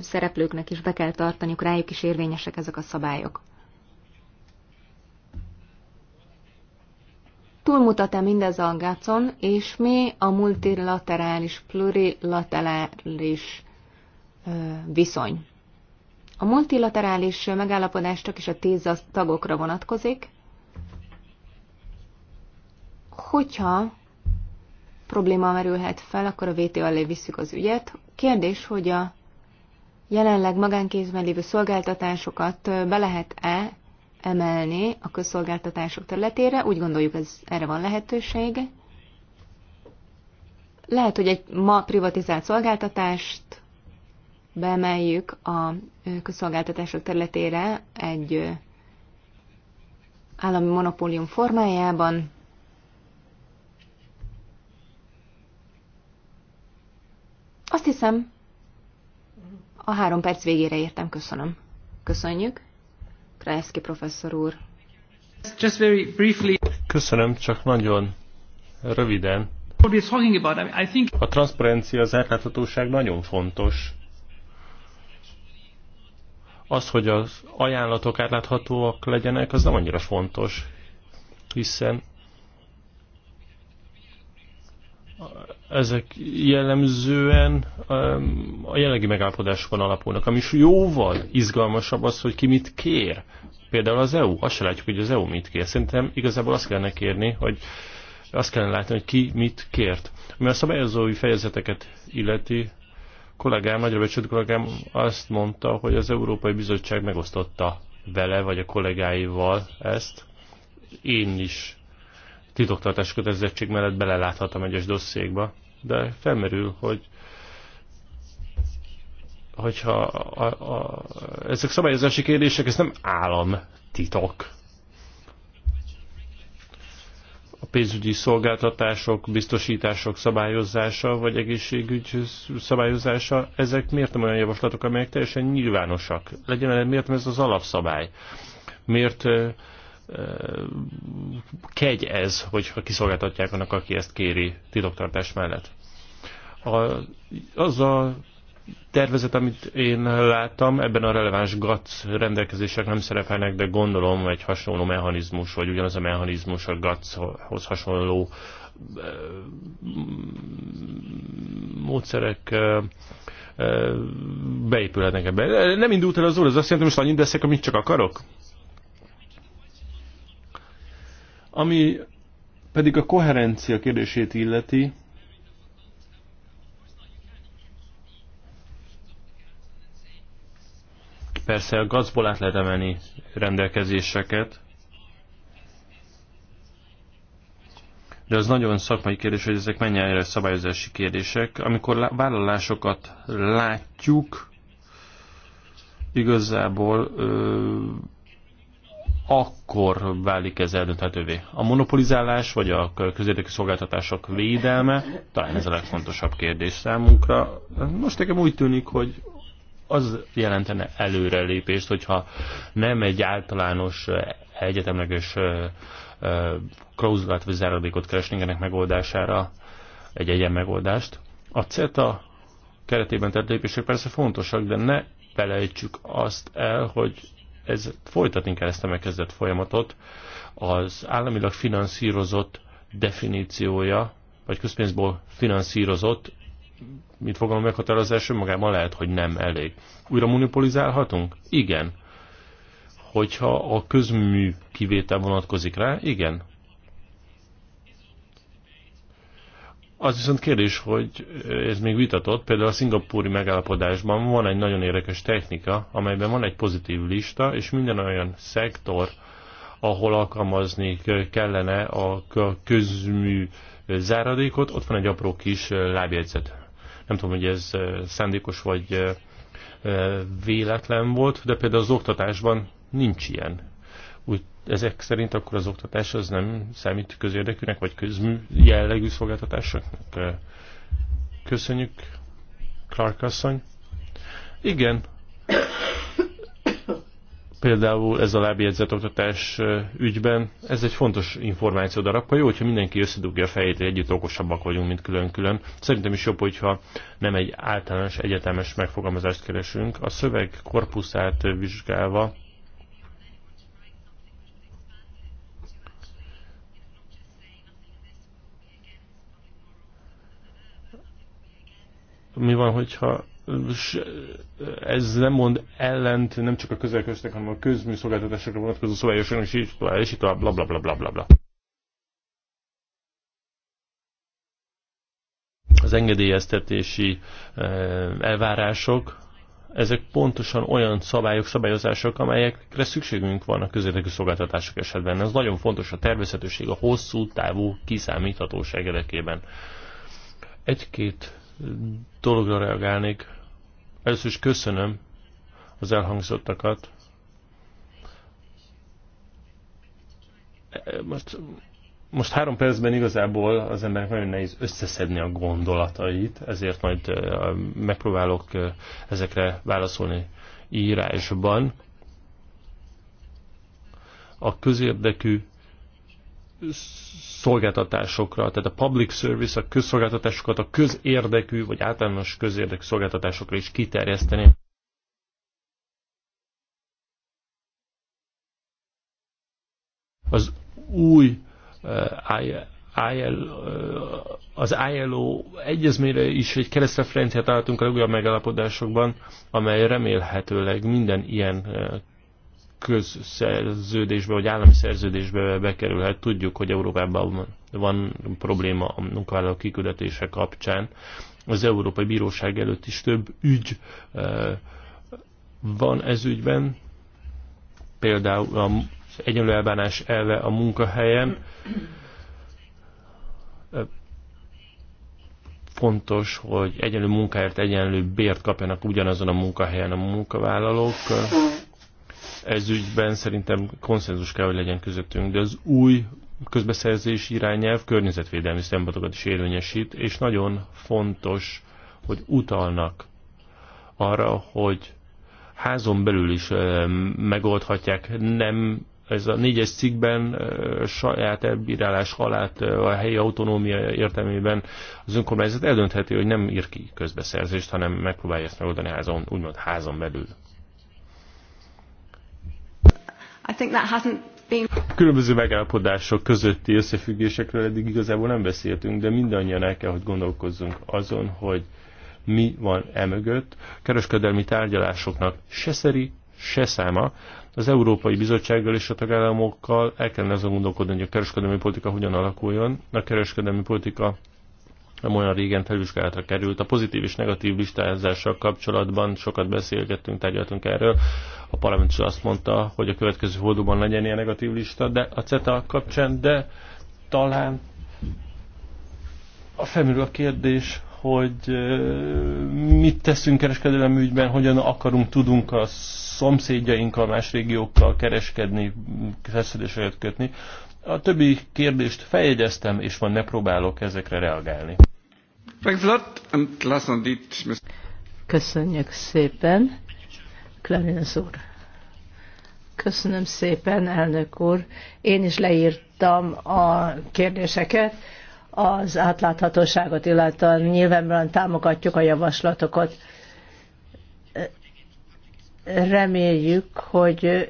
szereplőknek is be kell tartaniuk, rájuk is érvényesek ezek a szabályok. túlmutat-e mindez a gácon, és mi a multilaterális, plurilaterális viszony. A multilaterális megállapodás csak is a tíz tagokra vonatkozik, hogyha probléma merülhet fel, akkor a VT alé visszük az ügyet. Kérdés, hogy a jelenleg magánkézben lévő szolgáltatásokat be lehet-e emelni a közszolgáltatások területére, úgy gondoljuk, ez erre van lehetőség. Lehet, hogy egy ma privatizált szolgáltatást beemeljük a közszolgáltatások területére egy állami monopólium formájában, Azt hiszem, a három perc végére értem, köszönöm. Köszönjük. Krajewski professzor úr. Just very briefly. Köszönöm, csak nagyon röviden. A transzparencia, az átláthatóság nagyon fontos. Az, hogy az ajánlatok átláthatóak legyenek, az nem annyira fontos, hiszen ezek jellemzően um, a jelenlegi megállapodásokon alapulnak, ami is jóval izgalmasabb az, hogy ki mit kér. Például az EU, azt se látjuk, hogy az EU mit kér. Szerintem igazából azt kellene kérni, hogy azt kellene látni, hogy ki mit kért. Ami a szabályozói fejezeteket illeti, kollégám, nagyra becsült kollégám azt mondta, hogy az Európai Bizottság megosztotta vele, vagy a kollégáival ezt. Én is titoktartás kötelezettség mellett beleláthatom egyes dosszékba, de felmerül, hogy hogyha a, a, a, ezek szabályozási kérdések, ez nem állam titok. A pénzügyi szolgáltatások, biztosítások szabályozása, vagy egészségügy szabályozása, ezek miért nem olyan javaslatok, amelyek teljesen nyilvánosak? Legyen miért nem ez az alapszabály? Miért eh, kegy ez, hogyha kiszolgáltatják annak, aki ezt kéri titoktartás mellett. A, az a tervezet, amit én láttam, ebben a releváns GATS rendelkezések nem szerepelnek, de gondolom egy hasonló mechanizmus, vagy ugyanaz a mechanizmus a GATS-hoz hasonló módszerek beépülhetnek ebbe. Nem indult el az úr, az azt jelenti, most annyit teszek, amit csak akarok? Ami pedig a koherencia kérdését illeti, persze a gazból át lehet emelni rendelkezéseket, de az nagyon szakmai kérdés, hogy ezek mennyire szabályozási kérdések. Amikor vállalásokat látjuk, igazából ö, akkor válik ez eldönthetővé. A monopolizálás vagy a közérdekű szolgáltatások védelme, talán ez a legfontosabb kérdés számunkra. Most nekem úgy tűnik, hogy az jelentene előrelépést, hogyha nem egy általános egyetemleges klauzulát vagy záradékot keresnénk ennek megoldására, egy egyen megoldást. A CETA keretében tett lépések persze fontosak, de ne felejtsük azt el, hogy ez, folytatni kell ezt a megkezdett folyamatot. Az államilag finanszírozott definíciója, vagy közpénzból finanszírozott, mint fogalom meghatározás önmagában lehet, hogy nem elég. Újra monopolizálhatunk? Igen. Hogyha a közmű kivétel vonatkozik rá, igen. Az viszont kérdés, hogy ez még vitatott, például a szingapúri megállapodásban van egy nagyon érdekes technika, amelyben van egy pozitív lista, és minden olyan szektor, ahol alkalmazni kellene a közmű záradékot, ott van egy apró kis lábjegyzet. Nem tudom, hogy ez eh, szándékos vagy eh, eh, véletlen volt, de például az oktatásban nincs ilyen ezek szerint akkor az oktatás az nem számít közérdekűnek, vagy közmű jellegű szolgáltatásoknak? Köszönjük, Clark asszony. Igen, például ez a lábjegyzett oktatás ügyben, ez egy fontos információ darab, hogy jó, hogyha mindenki összedugja a fejét, hogy együtt okosabbak vagyunk, mint külön-külön. Szerintem is jobb, hogyha nem egy általános, egyetemes megfogalmazást keresünk. A szöveg korpuszát vizsgálva Mi van, hogyha ez nem mond ellent nem csak a közelköztek, hanem a közműszolgáltatásokra vonatkozó szabályosoknak is így tovább, és így tovább, bla bla bla bla bla bla. Az engedélyeztetési eh, elvárások, ezek pontosan olyan szabályok, szabályozások, amelyekre szükségünk van a közérdekű szolgáltatások esetben. Ez nagyon fontos a tervezhetőség, a hosszú távú kiszámíthatóság érdekében. Egy-két dologra reagálnék. Először is köszönöm az elhangzottakat. Most, most három percben igazából az embernek nagyon nehéz összeszedni a gondolatait, ezért majd megpróbálok ezekre válaszolni írásban. A közérdekű szolgáltatásokra, tehát a public service, a közszolgáltatásokat a közérdekű vagy általános közérdekű szolgáltatásokra is kiterjeszteni. Az új uh, eh, IL, eh, az ILO egyezményre is egy keresztreferenciát álltunk a legújabb megállapodásokban, amely remélhetőleg minden ilyen eh, közszerződésbe vagy állami szerződésbe bekerülhet. Tudjuk, hogy Európában van probléma a munkavállalók kiküldetése kapcsán. Az Európai Bíróság előtt is több ügy eh, van ez ügyben, például az egyenlő elbánás elve a munkahelyen. Eh, fontos, hogy egyenlő munkáért egyenlő bért kapjanak ugyanazon a munkahelyen a munkavállalók ez ügyben szerintem konszenzus kell, hogy legyen közöttünk, de az új közbeszerzés irányelv környezetvédelmi szempontokat is érvényesít, és nagyon fontos, hogy utalnak arra, hogy házon belül is megoldhatják, nem ez a négyes cikkben saját elbírálás halát a helyi autonómia értelmében az önkormányzat eldöntheti, hogy nem ír ki közbeszerzést, hanem megpróbálja ezt megoldani házon, úgymond házon belül. I think that hasn't been... Különböző megállapodások közötti összefüggésekről eddig igazából nem beszéltünk, de mindannyian el kell, hogy gondolkozzunk azon, hogy mi van emögött. Kereskedelmi tárgyalásoknak se szeri, se száma. Az Európai Bizottsággal és a tagállamokkal el kellene azon gondolkodni, hogy a kereskedelmi politika hogyan alakuljon. A kereskedelmi politika nem olyan régen felvizsgálatra került. A pozitív és negatív listázással kapcsolatban sokat beszélgettünk, tárgyaltunk erről. A parlament is azt mondta, hogy a következő hódóban legyen ilyen negatív lista de a CETA kapcsán, de talán a felmerül a kérdés, hogy mit teszünk kereskedelem ügyben, hogyan akarunk, tudunk a szomszédjainkkal, más régiókkal kereskedni, feszedéseket kötni. A többi kérdést feljegyeztem, és van ne próbálok ezekre reagálni. Köszönjük szépen. Clarence úr. Köszönöm szépen, elnök úr. Én is leírtam a kérdéseket. Az átláthatóságot, illetve nyilvánvalóan támogatjuk a javaslatokat. Reméljük, hogy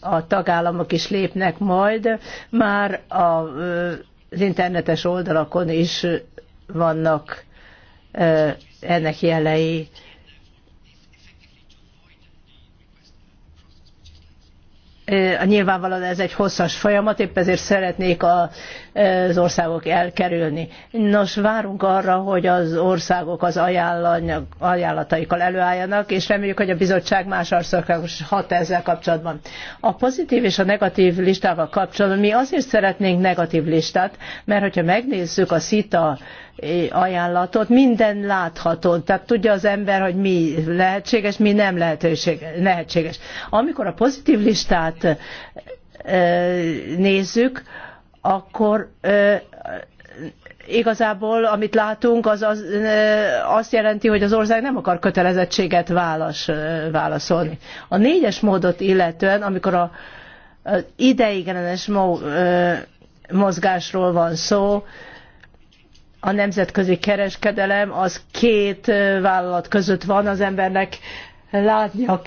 a tagállamok is lépnek majd. Már az internetes oldalakon is vannak ennek jelei. Nyilvánvalóan ez egy hosszas folyamat, épp ezért szeretnék az országok elkerülni. Nos, várunk arra, hogy az országok az ajánlataikkal előálljanak, és reméljük, hogy a bizottság más országokra hat ezzel kapcsolatban. A pozitív és a negatív listával kapcsolatban mi azért szeretnénk negatív listát, mert hogyha megnézzük a szita ajánlatot, minden látható, tehát tudja az ember, hogy mi lehetséges, mi nem lehetséges. Amikor a pozitív listát nézzük, akkor igazából amit látunk, az, az azt jelenti, hogy az ország nem akar kötelezettséget válasz, válaszolni. A négyes módot illetően, amikor a, az ideiglenes mozgásról van szó, a nemzetközi kereskedelem az két vállalat között van, az embernek látnia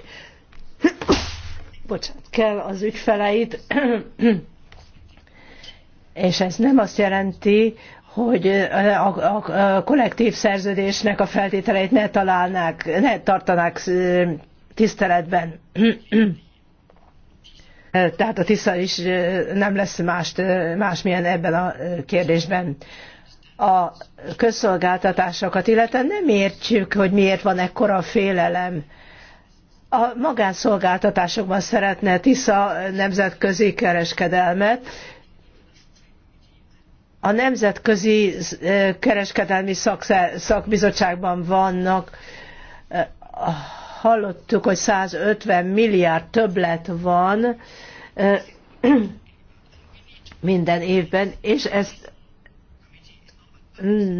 bocsánat, kell az ügyfeleit, és ez nem azt jelenti, hogy a, a, a kollektív szerződésnek a feltételeit ne találnák, ne tartanák tiszteletben. Tehát a TISZA is nem lesz más, másmilyen ebben a kérdésben a közszolgáltatásokat, illetve nem értjük, hogy miért van ekkora félelem. A magánszolgáltatásokban szeretne Tisza nemzetközi kereskedelmet, a Nemzetközi eh, Kereskedelmi Szakbizottságban vannak, eh, hallottuk, hogy 150 milliárd többlet van eh, minden évben, és ezt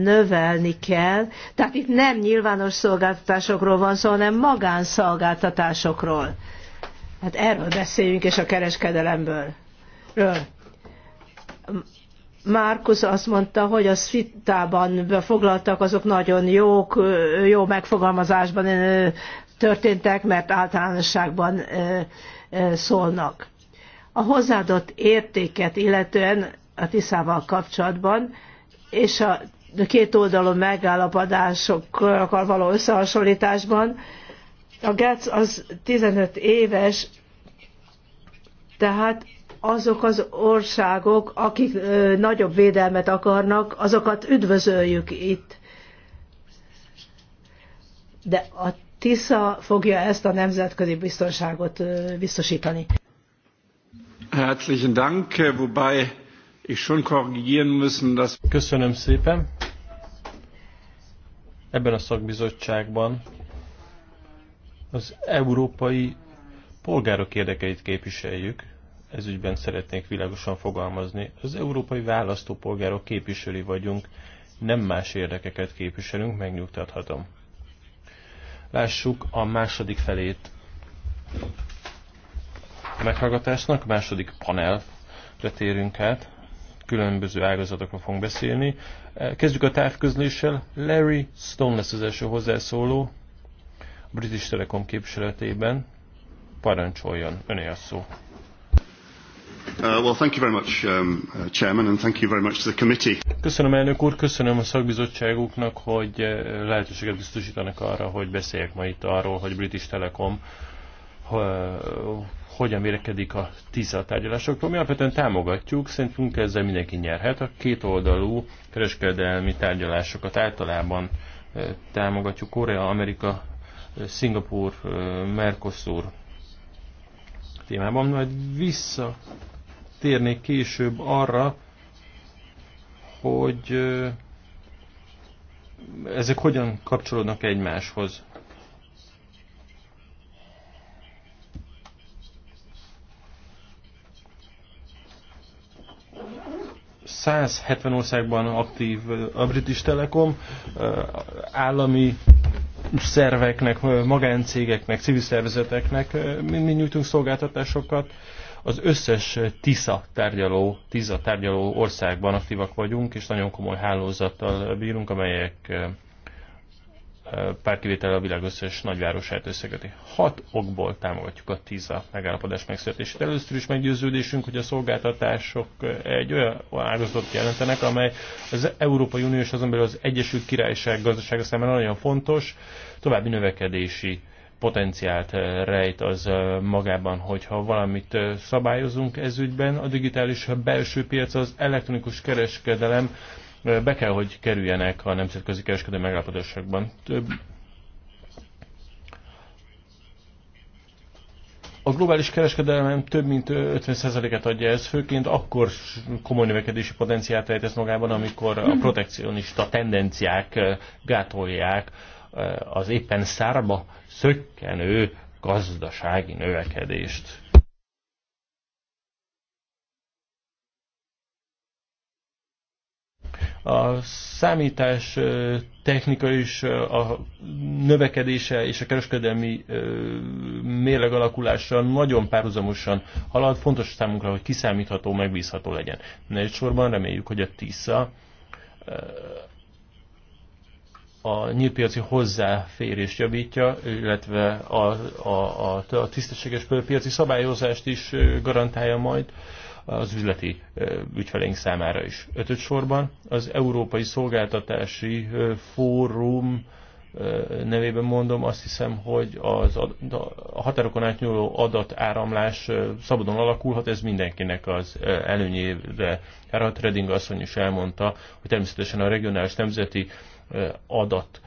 növelni kell. Tehát itt nem nyilvános szolgáltatásokról van szó, hanem magánszolgáltatásokról. Hát erről beszéljünk, és a kereskedelemből. Ről. Márkusz azt mondta, hogy a szitában foglaltak, azok nagyon jók, jó megfogalmazásban történtek, mert általánosságban szólnak. A hozzáadott értéket illetően a Tiszával kapcsolatban és a két oldalon megállapodásokkal való összehasonlításban a Gec az 15 éves, tehát azok az országok, akik nagyobb védelmet akarnak, azokat üdvözöljük itt. De a TISZA fogja ezt a nemzetközi biztonságot biztosítani. Herzlichen Dank, wobei és schon korrigieren müssen, dass... Köszönöm szépen. Ebben a szakbizottságban az európai polgárok érdekeit képviseljük. Ez ügyben szeretnék világosan fogalmazni. Az európai választópolgárok képviselői vagyunk, nem más érdekeket képviselünk, megnyugtathatom. Lássuk a második felét a meghallgatásnak, a második panelre térünk át különböző ágazatokról fogunk beszélni. Kezdjük a távközléssel. Larry Stone lesz az első hozzászóló a British Telecom képviseletében. Parancsoljon, öné a szó. Köszönöm elnök úr, köszönöm a szakbizottságuknak, hogy uh, lehetőséget biztosítanak arra, hogy beszéljek ma itt arról, hogy British Telecom uh, hogyan vélekedik a TISZA tárgyalásokról. Mi alapvetően támogatjuk, szerintünk ezzel mindenki nyerhet. A kétoldalú kereskedelmi tárgyalásokat általában támogatjuk. Korea, Amerika, Szingapur, Mercosur témában. Majd visszatérnék később arra, hogy ezek hogyan kapcsolódnak egymáshoz. 170 országban aktív a British Telekom, állami szerveknek, magáncégeknek, civil szervezeteknek mind, mi nyújtunk szolgáltatásokat. Az összes TISA tárgyaló, TISA tárgyaló országban aktívak vagyunk, és nagyon komoly hálózattal bírunk, amelyek pár kivétel a világ összes nagyvárosát összeköti. Hat okból támogatjuk a TISA megállapodás megszületését. Először is meggyőződésünk, hogy a szolgáltatások egy olyan ágazatot jelentenek, amely az Európai Unió és azon belül az Egyesült Királyság gazdasága számára nagyon fontos, további növekedési potenciált rejt az magában, hogyha valamit szabályozunk ez ügyben. A digitális belső piac, az elektronikus kereskedelem, be kell, hogy kerüljenek a nemzetközi kereskedő megállapodásokban. Több A globális kereskedelem több mint 50%-et adja ez, főként akkor komoly növekedési potenciált rejtesz magában, amikor a protekcionista tendenciák eh, gátolják eh, az éppen szárba szökkenő gazdasági növekedést. A számítás technika is a növekedése és a kereskedelmi mérleg alakulása nagyon párhuzamosan halad. Fontos számunkra, hogy kiszámítható, megbízható legyen. Negyedsorban reméljük, hogy a TISZA a nyílpiaci hozzáférést javítja, illetve a, a, a, a tisztességes piaci szabályozást is garantálja majd az üzleti ügyfeleink számára is. Ötöd sorban az Európai Szolgáltatási Fórum nevében mondom, azt hiszem, hogy az a határokon átnyúló adatáramlás szabadon alakulhat, ez mindenkinek az előnyére. Harold Redding asszony is elmondta, hogy természetesen a regionális nemzeti adat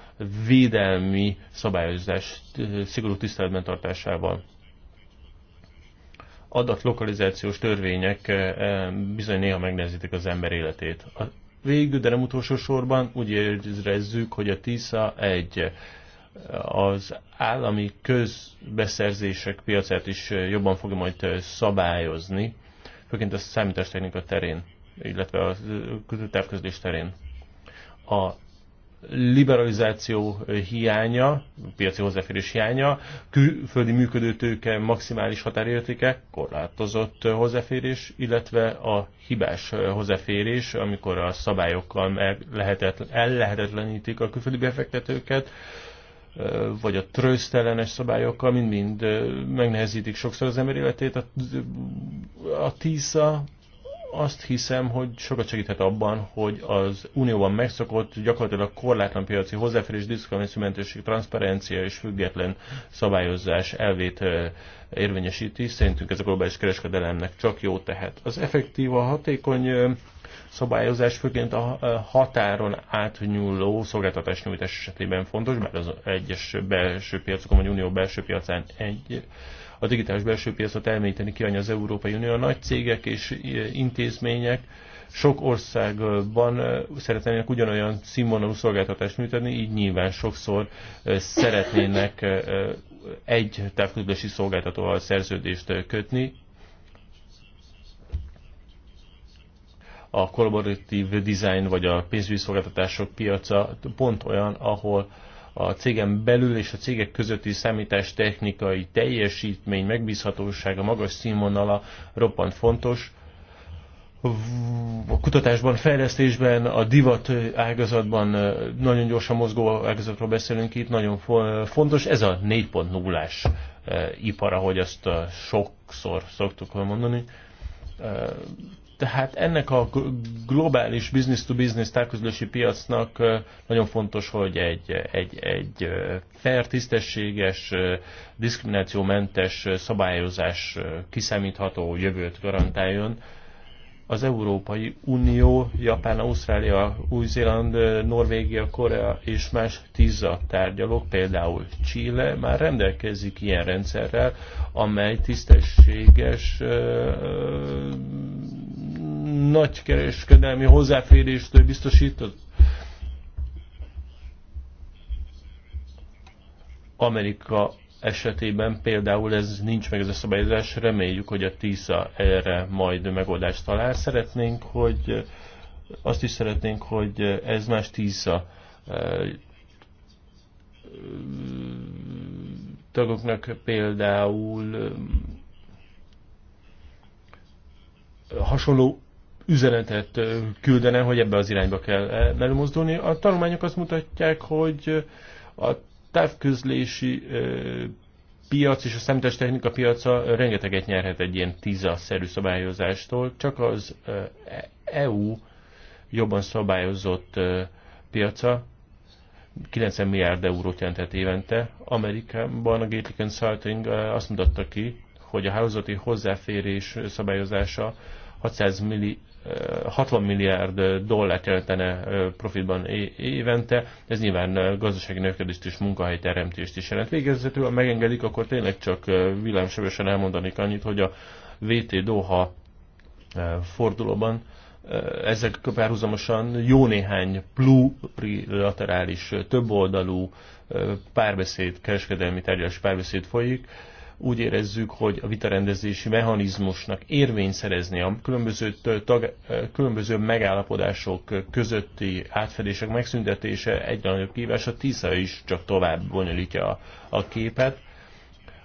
védelmi szabályozás szigorú tiszteletben tartásával adatlokalizációs törvények eh, eh, bizony néha megnehezítik az ember életét. A végül, de nem utolsó sorban úgy érezzük, hogy a TISA egy eh, az állami közbeszerzések piacát is jobban fogja majd szabályozni, főként a számítástechnika terén, illetve a távközlés terén. A liberalizáció hiánya, piaci hozzáférés hiánya, külföldi működőtőke maximális határértéke, korlátozott hozzáférés, illetve a hibás hozzáférés, amikor a szabályokkal ellehetetlenítik a külföldi befektetőket, vagy a trösztelenes szabályokkal mind-mind megnehezítik sokszor az ember életét. A, a TISA azt hiszem, hogy sokat segíthet abban, hogy az Unióban megszokott, gyakorlatilag korlátlan piaci hozzáférés, diszkriminációmentesség, transzparencia és független szabályozás elvét érvényesíti. Szerintünk ez a globális kereskedelemnek csak jó tehet. Az effektív, a hatékony szabályozás főként a határon átnyúló szolgáltatás nyújtás esetében fontos, mert az egyes belső piacokon, vagy unió belső piacán egy a digitális belső piacot elmélyíteni kívánja az Európai Unió. A nagy cégek és e, intézmények sok országban e, szeretnének ugyanolyan színvonalú szolgáltatást nyújtani, így nyilván sokszor e, szeretnének egy távközlési szolgáltatóval szerződést kötni, a kollaboratív design vagy a pénzügyi szolgáltatások piaca pont olyan, ahol a cégen belül és a cégek közötti technikai teljesítmény megbízhatósága, magas színvonala roppant fontos. A kutatásban, fejlesztésben, a divat ágazatban nagyon gyorsan mozgó ágazatról beszélünk itt, nagyon fontos. Ez a 4.0-ás ipar, ahogy azt sokszor szoktuk mondani tehát ennek a globális business-to-business tárközlési piacnak nagyon fontos, hogy egy, egy, egy fair, tisztességes, diszkriminációmentes szabályozás kiszámítható jövőt garantáljon. Az Európai Unió, Japán, Ausztrália, Új-Zéland, Norvégia, Korea és más tízza tárgyalók, például Chile már rendelkezik ilyen rendszerrel, amely tisztességes nagy kereskedelmi hozzáférést biztosított? Amerika esetében például ez nincs meg ez a szabályozás, reméljük, hogy a TISA erre majd megoldást talál. Szeretnénk, hogy azt is szeretnénk, hogy ez más TISA eh, tagoknak például eh, hasonló üzenetet küldene, hogy ebbe az irányba kell elmozdulni. A tanulmányok azt mutatják, hogy a távközlési piac és a technika piaca rengeteget nyerhet egy ilyen tízaszerű szabályozástól, csak az EU jobban szabályozott piaca 90 milliárd eurót jelentett évente. Amerikában a Gately Consulting azt mutatta ki, hogy a hálózati hozzáférés szabályozása 600 milli, 60 milliárd dollárt jelentene profitban évente, ez nyilván gazdasági növekedést és munkahelyteremtést is jelent. Végezetül, ha megengedik, akkor tényleg csak villámsebesen elmondanék annyit, hogy a VT Doha fordulóban ezek párhuzamosan jó néhány plurilaterális, többoldalú párbeszéd, kereskedelmi tárgyalási párbeszéd folyik, úgy érezzük, hogy a vitarendezési mechanizmusnak érvény szerezni a különböző, tag, különböző megállapodások közötti átfedések megszüntetése egy nagyobb kívás, a TISZA is csak tovább bonyolítja a, a képet.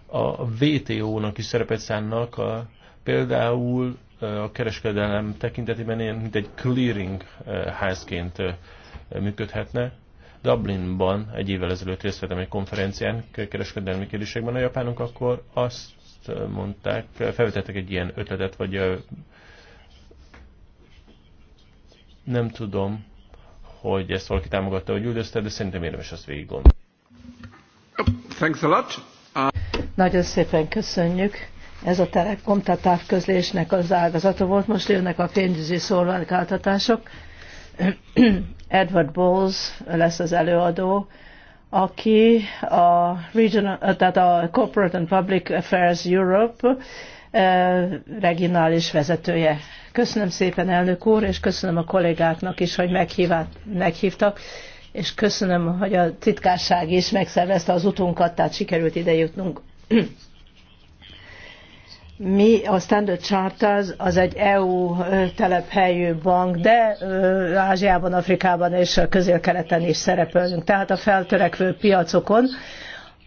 A VTO-nak is szerepet szánnak, a, például a kereskedelem tekintetében ilyen, mint egy clearing házként működhetne. Dublinban egy évvel ezelőtt részt vettem egy konferencián kereskedelmi kérdésekben a japánok, akkor azt mondták, felvetettek egy ilyen ötletet, vagy nem tudom, hogy ezt valaki támogatta, vagy üldözte, de szerintem érdemes azt végig Thanks a lot. Nagyon szépen köszönjük. Ez a Telekom, tehát távközlésnek az ágazata volt, most jönnek a pénzügyi szolgáltatások. Edward Bowles lesz az előadó, aki a, regional, tehát a Corporate and Public Affairs Europe regionális vezetője. Köszönöm szépen, elnök úr, és köszönöm a kollégáknak is, hogy meghívát, meghívtak, és köszönöm, hogy a titkárság is megszervezte az utunkat, tehát sikerült ide jutnunk. Mi a Standard Charters az egy EU telephelyű bank, de Ázsiában, Afrikában és a közél-keleten is szerepelünk. Tehát a feltörekvő piacokon,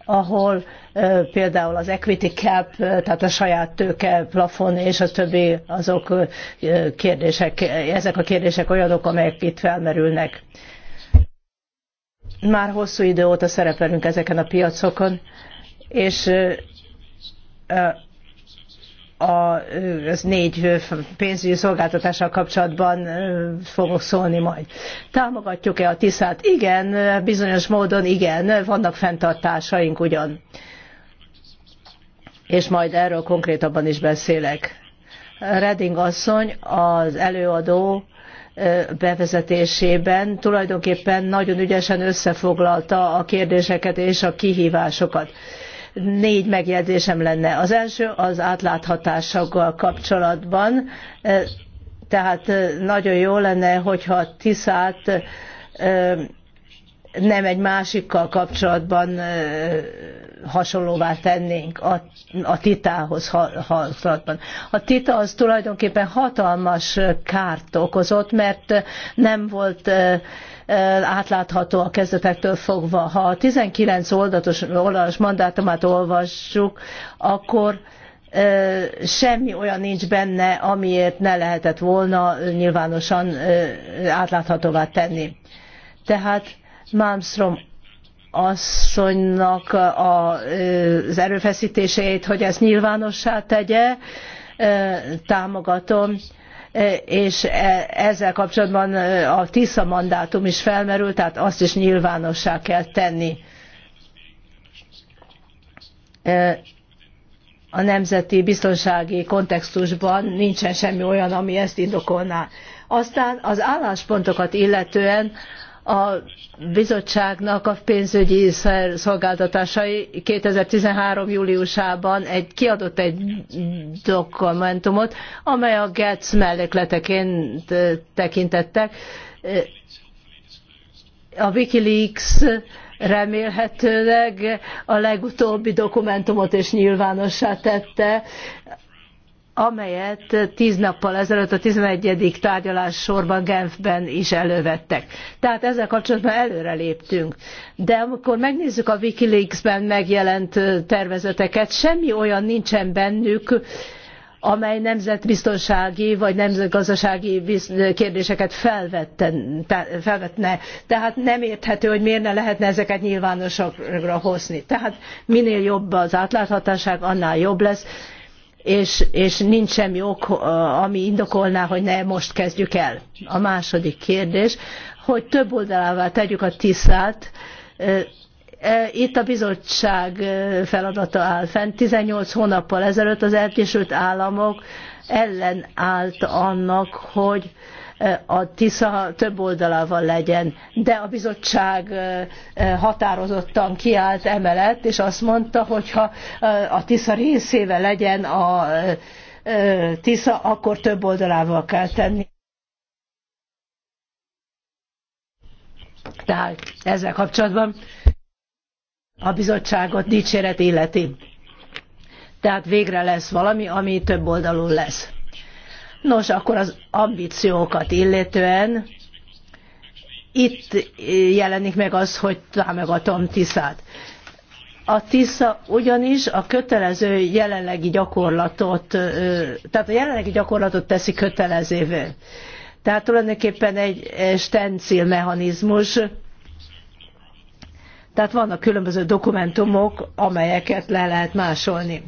ahol például az equity cap, tehát a saját tőke plafon és a többi azok kérdések, ezek a kérdések olyanok, amelyek itt felmerülnek. Már hosszú idő óta szerepelünk ezeken a piacokon, és a az négy pénzügyi szolgáltatással kapcsolatban fogok szólni majd. Támogatjuk-e a Tiszát? Igen, bizonyos módon igen, vannak fenntartásaink ugyan. És majd erről konkrétabban is beszélek. Reding asszony, az előadó bevezetésében tulajdonképpen nagyon ügyesen összefoglalta a kérdéseket és a kihívásokat négy megjegyzésem lenne. Az első az átláthatásokkal kapcsolatban, tehát nagyon jó lenne, hogyha Tiszát nem egy másikkal kapcsolatban hasonlóvá tennénk a, a titához hasonlatban. A tita az tulajdonképpen hatalmas kárt okozott, mert nem volt átlátható a kezdetektől fogva. Ha a 19 oldatos, oldalas mandátumát olvassuk, akkor semmi olyan nincs benne, amiért ne lehetett volna nyilvánosan átláthatóvá tenni. Tehát Malmström asszonynak az erőfeszítéseit, hogy ezt nyilvánossá tegye, támogatom, E, és e, ezzel kapcsolatban e, a TISZA mandátum is felmerült, tehát azt is nyilvánossá kell tenni. A nemzeti biztonsági kontextusban nincsen semmi olyan, ami ezt indokolná. Aztán az álláspontokat illetően a bizottságnak a pénzügyi szolgáltatásai 2013. júliusában egy, kiadott egy dokumentumot, amely a GETS mellékleteként tekintettek. A Wikileaks remélhetőleg a legutóbbi dokumentumot is nyilvánossá tette, amelyet tíz nappal ezelőtt a 11. tárgyalás sorban Genfben is elővettek. Tehát ezzel kapcsolatban előre léptünk. De amikor megnézzük a Wikileaks-ben megjelent tervezeteket, semmi olyan nincsen bennük, amely nemzetbiztonsági vagy nemzetgazdasági kérdéseket felvetne. Tehát nem érthető, hogy miért ne lehetne ezeket nyilvánosakra hozni. Tehát minél jobb az átláthatóság, annál jobb lesz és, és nincs semmi ok, ami indokolná, hogy ne most kezdjük el. A második kérdés, hogy több oldalává tegyük a tiszát, itt a bizottság feladata áll fent. 18 hónappal ezelőtt az Egyesült Államok ellenállt annak, hogy a TISZA több oldalával legyen. De a bizottság határozottan kiállt emelet, és azt mondta, hogy ha a TISZA részéve legyen a TISZA, akkor több oldalával kell tenni. Tehát ezzel kapcsolatban a bizottságot dicséret illeti. Tehát végre lesz valami, ami több oldalú lesz. Nos, akkor az ambíciókat illetően itt jelenik meg az, hogy támogatom Tiszát. A Tisza ugyanis a kötelező jelenlegi gyakorlatot, tehát a jelenlegi gyakorlatot teszi kötelezővé. Tehát tulajdonképpen egy stencil mechanizmus, tehát vannak különböző dokumentumok, amelyeket le lehet másolni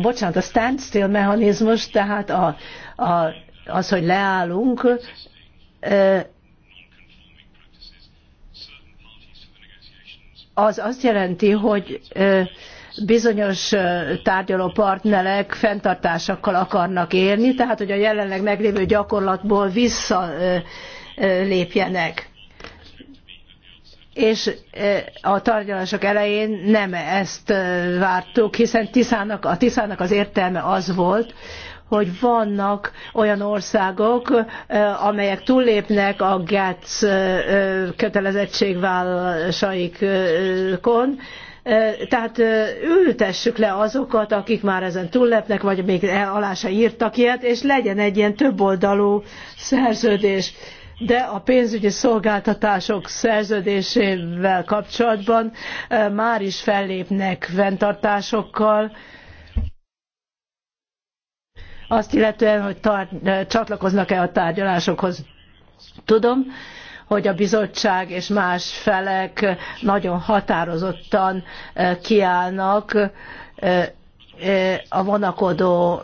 bocsánat, a standstill mechanizmus, tehát a, a, az, hogy leállunk, az azt jelenti, hogy bizonyos tárgyaló partnerek fenntartásakkal akarnak élni, tehát hogy a jelenleg meglévő gyakorlatból visszalépjenek és e, a tárgyalások elején nem ezt e, vártuk, hiszen Tiszának, a Tiszának az értelme az volt, hogy vannak olyan országok, e, amelyek túllépnek a GATS kötelezettségvállalásaikon, tehát ültessük le azokat, akik már ezen túllepnek, vagy még alá se írtak ilyet, és legyen egy ilyen többoldalú szerződés de a pénzügyi szolgáltatások szerződésével kapcsolatban már is fellépnek fenntartásokkal, azt illetően, hogy csatlakoznak-e a tárgyalásokhoz. Tudom, hogy a bizottság és más felek nagyon határozottan kiállnak a vonakodó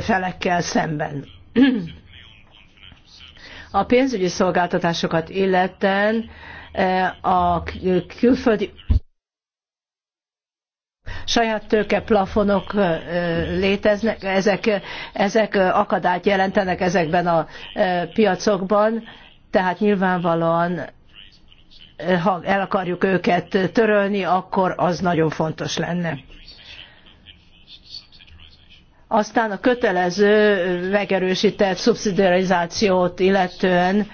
felekkel szemben. A pénzügyi szolgáltatásokat illeten e, a külföldi saját tőke plafonok e, léteznek, ezek, ezek akadályt jelentenek ezekben a e, piacokban, tehát nyilvánvalóan ha el akarjuk őket törölni, akkor az nagyon fontos lenne. Aztán a kötelező megerősített szubszidiarizációt illetően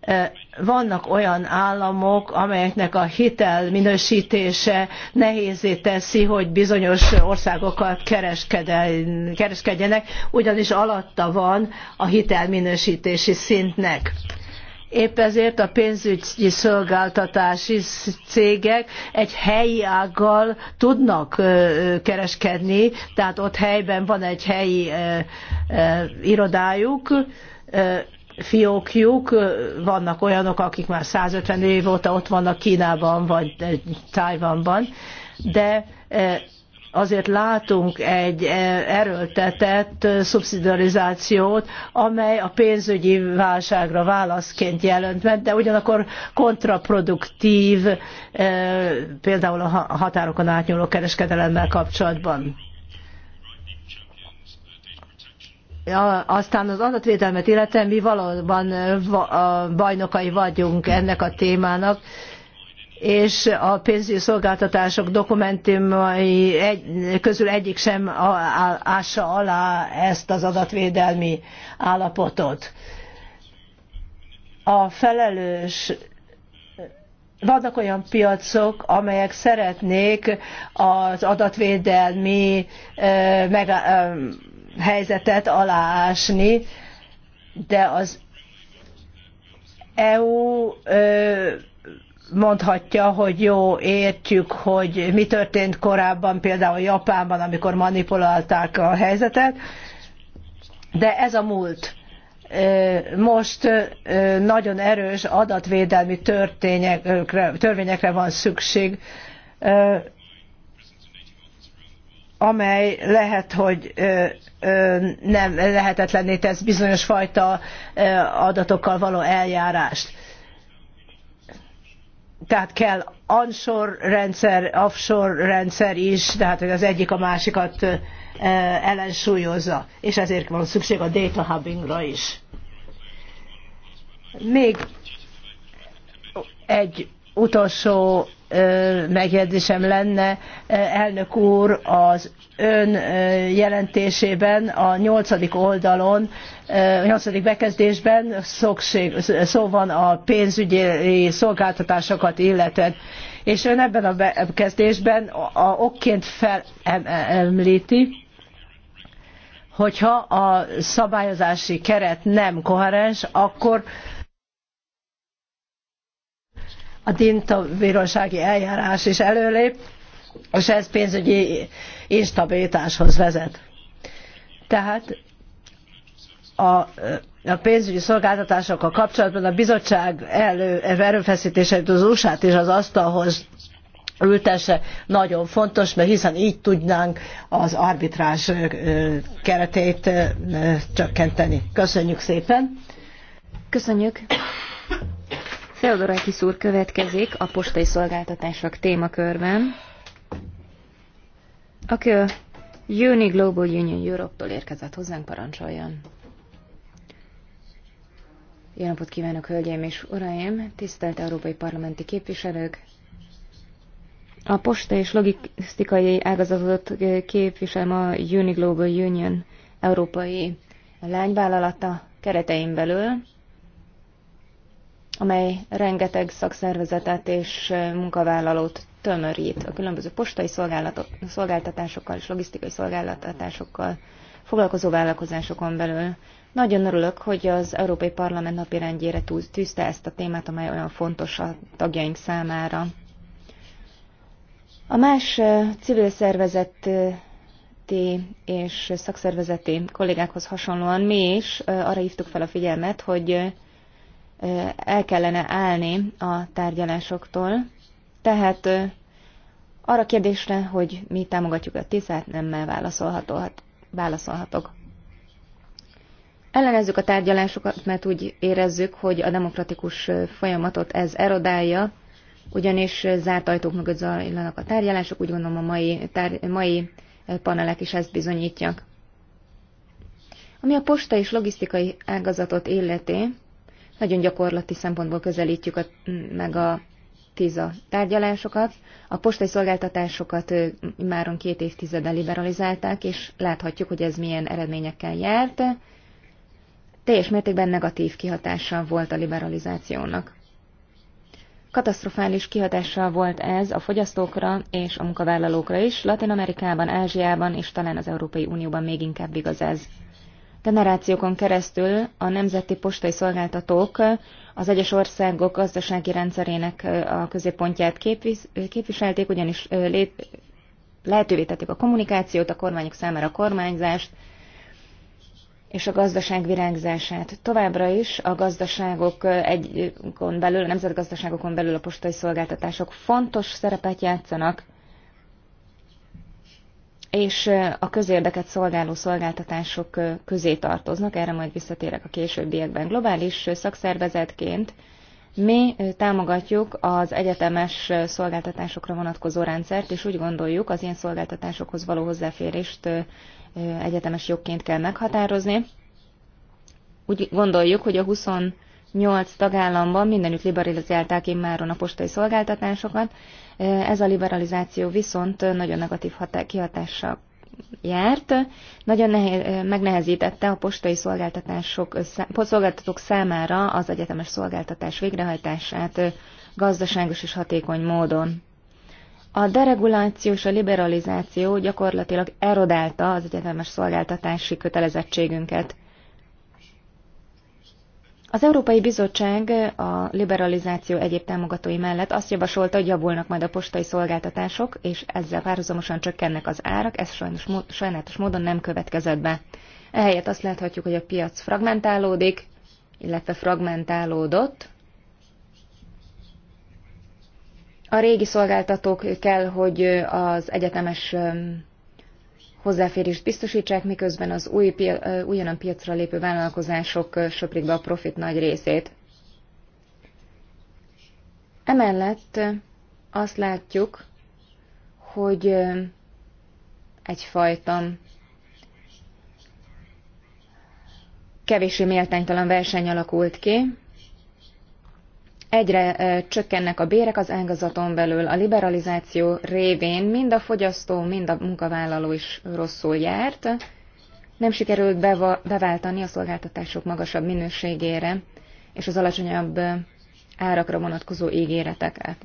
eh, vannak olyan államok, amelyeknek a hitel minősítése nehézé teszi, hogy bizonyos országokkal kereskedjenek, ugyanis alatta van a hitel minősítési szintnek Épp ezért a pénzügyi szolgáltatási cégek egy helyi ággal tudnak kereskedni, tehát ott helyben van egy helyi irodájuk, fiókjuk, vannak olyanok, akik már 150 év óta ott vannak Kínában vagy Tájvanban, de azért látunk egy e, erőltetett e, szubszidiarizációt, amely a pénzügyi válságra válaszként jelent meg, de ugyanakkor kontraproduktív e, például a határokon átnyúló kereskedelemmel kapcsolatban. Aztán az adatvédelmet illetően mi valóban bajnokai vagyunk ennek a témának, és a pénzügyi szolgáltatások dokumentumai egy, közül egyik sem ássa alá ezt az adatvédelmi állapotot. A felelős vannak olyan piacok, amelyek szeretnék az adatvédelmi helyzetet aláásni, de az EU mondhatja, hogy jó, értjük, hogy mi történt korábban, például Japánban, amikor manipulálták a helyzetet, de ez a múlt. Most nagyon erős adatvédelmi törvényekre van szükség, amely lehet, hogy nem lehetetlenné tesz bizonyos fajta adatokkal való eljárást tehát kell onshore rendszer, offshore rendszer is, tehát hogy az egyik a másikat ellensúlyozza, és ezért van szükség a data hubbingra is. Még egy utolsó megjegyzésem lenne, elnök úr, az ön jelentésében a nyolcadik oldalon, a nyolcadik bekezdésben szokség, szó van a pénzügyi szolgáltatásokat illetően. És ön ebben a bekezdésben a, okként felemlíti, hogyha a szabályozási keret nem koherens, akkor a DINTA bírósági eljárás is előlép, és ez pénzügyi instabilitáshoz vezet. Tehát a, a pénzügyi szolgáltatásokkal kapcsolatban a bizottság elő, erőfeszítéseit az usa is az asztalhoz ültesse nagyon fontos, mert hiszen így tudnánk az arbitrás keretét csökkenteni. Köszönjük szépen! Köszönjük! Theodorakis úr következik a postai szolgáltatások témakörben, aki a Uni Global Union Europe-tól érkezett hozzánk, parancsoljon. Jó napot kívánok, hölgyeim és uraim, tisztelt európai parlamenti képviselők! A posta és logisztikai ágazatot képvisel a Uni Global Union európai lányvállalata keretein belül, amely rengeteg szakszervezetet és munkavállalót tömörít a különböző postai szolgáltatásokkal és logisztikai szolgáltatásokkal foglalkozó vállalkozásokon belül. Nagyon örülök, hogy az Európai Parlament napirendjére tűzte ezt a témát, amely olyan fontos a tagjaink számára. A más civil szervezeti és szakszervezeti kollégákhoz hasonlóan mi is arra hívtuk fel a figyelmet, hogy el kellene állni a tárgyalásoktól. Tehát arra kérdésre, hogy mi támogatjuk a TISZ-át, nemmel válaszolhatóhat, válaszolhatok. Ellenezzük a tárgyalásokat, mert úgy érezzük, hogy a demokratikus folyamatot ez erodálja, ugyanis zárt ajtók mögött zajlanak a tárgyalások, úgy gondolom a mai, tár- mai panelek is ezt bizonyítják. Ami a posta és logisztikai ágazatot illeti, nagyon gyakorlati szempontból közelítjük a, meg a TISA tárgyalásokat. A postai szolgáltatásokat máron két évtizede liberalizálták, és láthatjuk, hogy ez milyen eredményekkel járt. Teljes mértékben negatív kihatással volt a liberalizációnak. Katasztrofális kihatással volt ez a fogyasztókra és a munkavállalókra is, Latin Amerikában, Ázsiában és talán az Európai Unióban még inkább igaz ez. Generációkon keresztül a nemzeti postai szolgáltatók az egyes országok gazdasági rendszerének a középpontját képviselték, ugyanis lét, lehetővé tették a kommunikációt, a kormányok számára a kormányzást, és a gazdaság virágzását. Továbbra is a gazdaságok egyikon belül, a nemzetgazdaságokon belül a postai szolgáltatások fontos szerepet játszanak és a közérdeket szolgáló szolgáltatások közé tartoznak, erre majd visszatérek a későbbiekben. Globális szakszervezetként mi támogatjuk az egyetemes szolgáltatásokra vonatkozó rendszert, és úgy gondoljuk, az ilyen szolgáltatásokhoz való hozzáférést egyetemes jogként kell meghatározni. Úgy gondoljuk, hogy a 20 nyolc tagállamban mindenütt liberalizálták immáron a postai szolgáltatásokat. Ez a liberalizáció viszont nagyon negatív hatá- kihatással járt, nagyon nehéz, megnehezítette a postai szolgáltatások, szolgáltatók számára az egyetemes szolgáltatás végrehajtását gazdaságos és hatékony módon. A dereguláció és a liberalizáció gyakorlatilag erodálta az egyetemes szolgáltatási kötelezettségünket. Az Európai Bizottság a liberalizáció egyéb támogatói mellett azt javasolta, hogy javulnak majd a postai szolgáltatások, és ezzel párhuzamosan csökkennek az árak, ez sajnos, sajnálatos módon nem következett be. Ehelyett azt láthatjuk, hogy a piac fragmentálódik, illetve fragmentálódott. A régi szolgáltatók kell, hogy az egyetemes hozzáférést biztosítsák, miközben az új, újonnan piacra lépő vállalkozások söprik be a profit nagy részét. Emellett azt látjuk, hogy egyfajta kevésbé méltánytalan verseny alakult ki, Egyre csökkennek a bérek az ágazaton belül, a liberalizáció révén mind a fogyasztó, mind a munkavállaló is rosszul járt. Nem sikerült beváltani a szolgáltatások magasabb minőségére és az alacsonyabb árakra vonatkozó ígéreteket.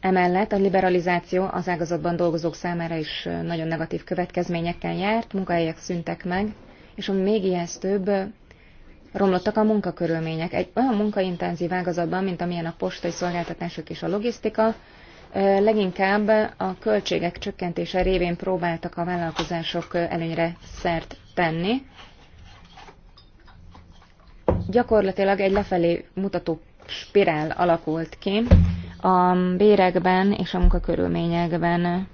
Emellett a liberalizáció az ágazatban dolgozók számára is nagyon negatív következményekkel járt, munkahelyek szűntek meg, és ami még ijesztőbb, romlottak a munkakörülmények. Egy olyan munkaintenzív ágazatban, mint amilyen a postai szolgáltatások és a logisztika, leginkább a költségek csökkentése révén próbáltak a vállalkozások előnyre szert tenni. Gyakorlatilag egy lefelé mutató spirál alakult ki a bérekben és a munkakörülményekben.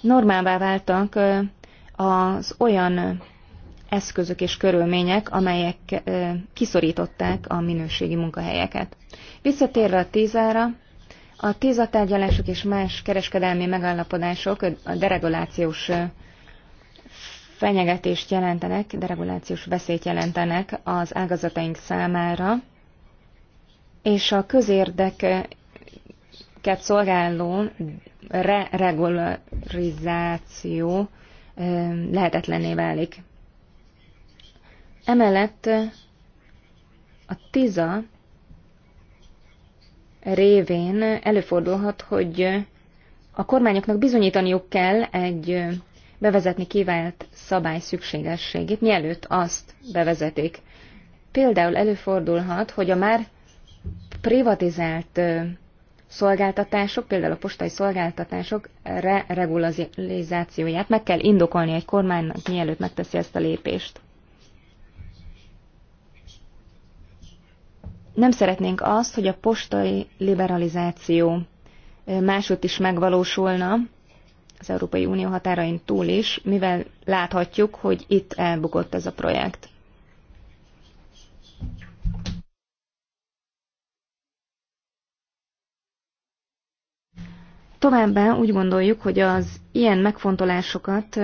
Normálvá váltak az olyan eszközök és körülmények, amelyek kiszorították a minőségi munkahelyeket. Visszatérve a tízára, a tízatárgyalások és más kereskedelmi megállapodások a deregulációs fenyegetést jelentenek, deregulációs veszélyt jelentenek az ágazataink számára, és a közérdeket szolgáló re-regularizáció lehetetlenné válik. Emellett a tiza révén előfordulhat, hogy a kormányoknak bizonyítaniuk kell egy bevezetni kívánt szabály szükségességét, mielőtt azt bevezetik. Például előfordulhat, hogy a már privatizált szolgáltatások, például a postai szolgáltatások regularizációját meg kell indokolni egy kormánynak, mielőtt megteszi ezt a lépést. Nem szeretnénk azt, hogy a postai liberalizáció másút is megvalósulna, az Európai Unió határain túl is, mivel láthatjuk, hogy itt elbukott ez a projekt. Továbbá úgy gondoljuk, hogy az ilyen megfontolásokat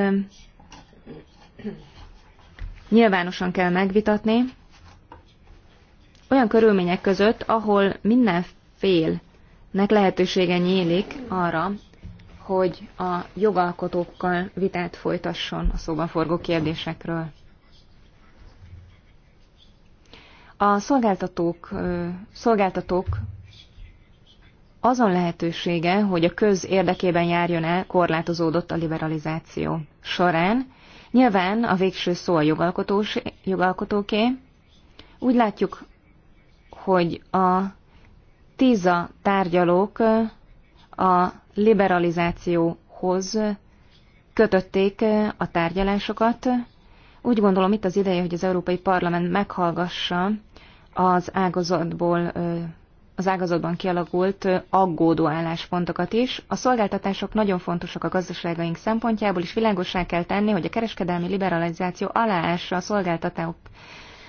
nyilvánosan kell megvitatni, olyan körülmények között, ahol minden félnek lehetősége nyílik arra, hogy a jogalkotókkal vitát folytasson a szóban forgó kérdésekről. A szolgáltatók, szolgáltatók azon lehetősége, hogy a köz érdekében járjon el, korlátozódott a liberalizáció során. Nyilván a végső szó a jogalkotós, jogalkotóké. Úgy látjuk, hogy a tíza tárgyalók a liberalizációhoz kötötték a tárgyalásokat. Úgy gondolom itt az ideje, hogy az Európai Parlament meghallgassa az ágazatból az ágazatban kialakult aggódó álláspontokat is. A szolgáltatások nagyon fontosak a gazdaságaink szempontjából, és világosá kell tenni, hogy a kereskedelmi liberalizáció aláássa a szolgáltatók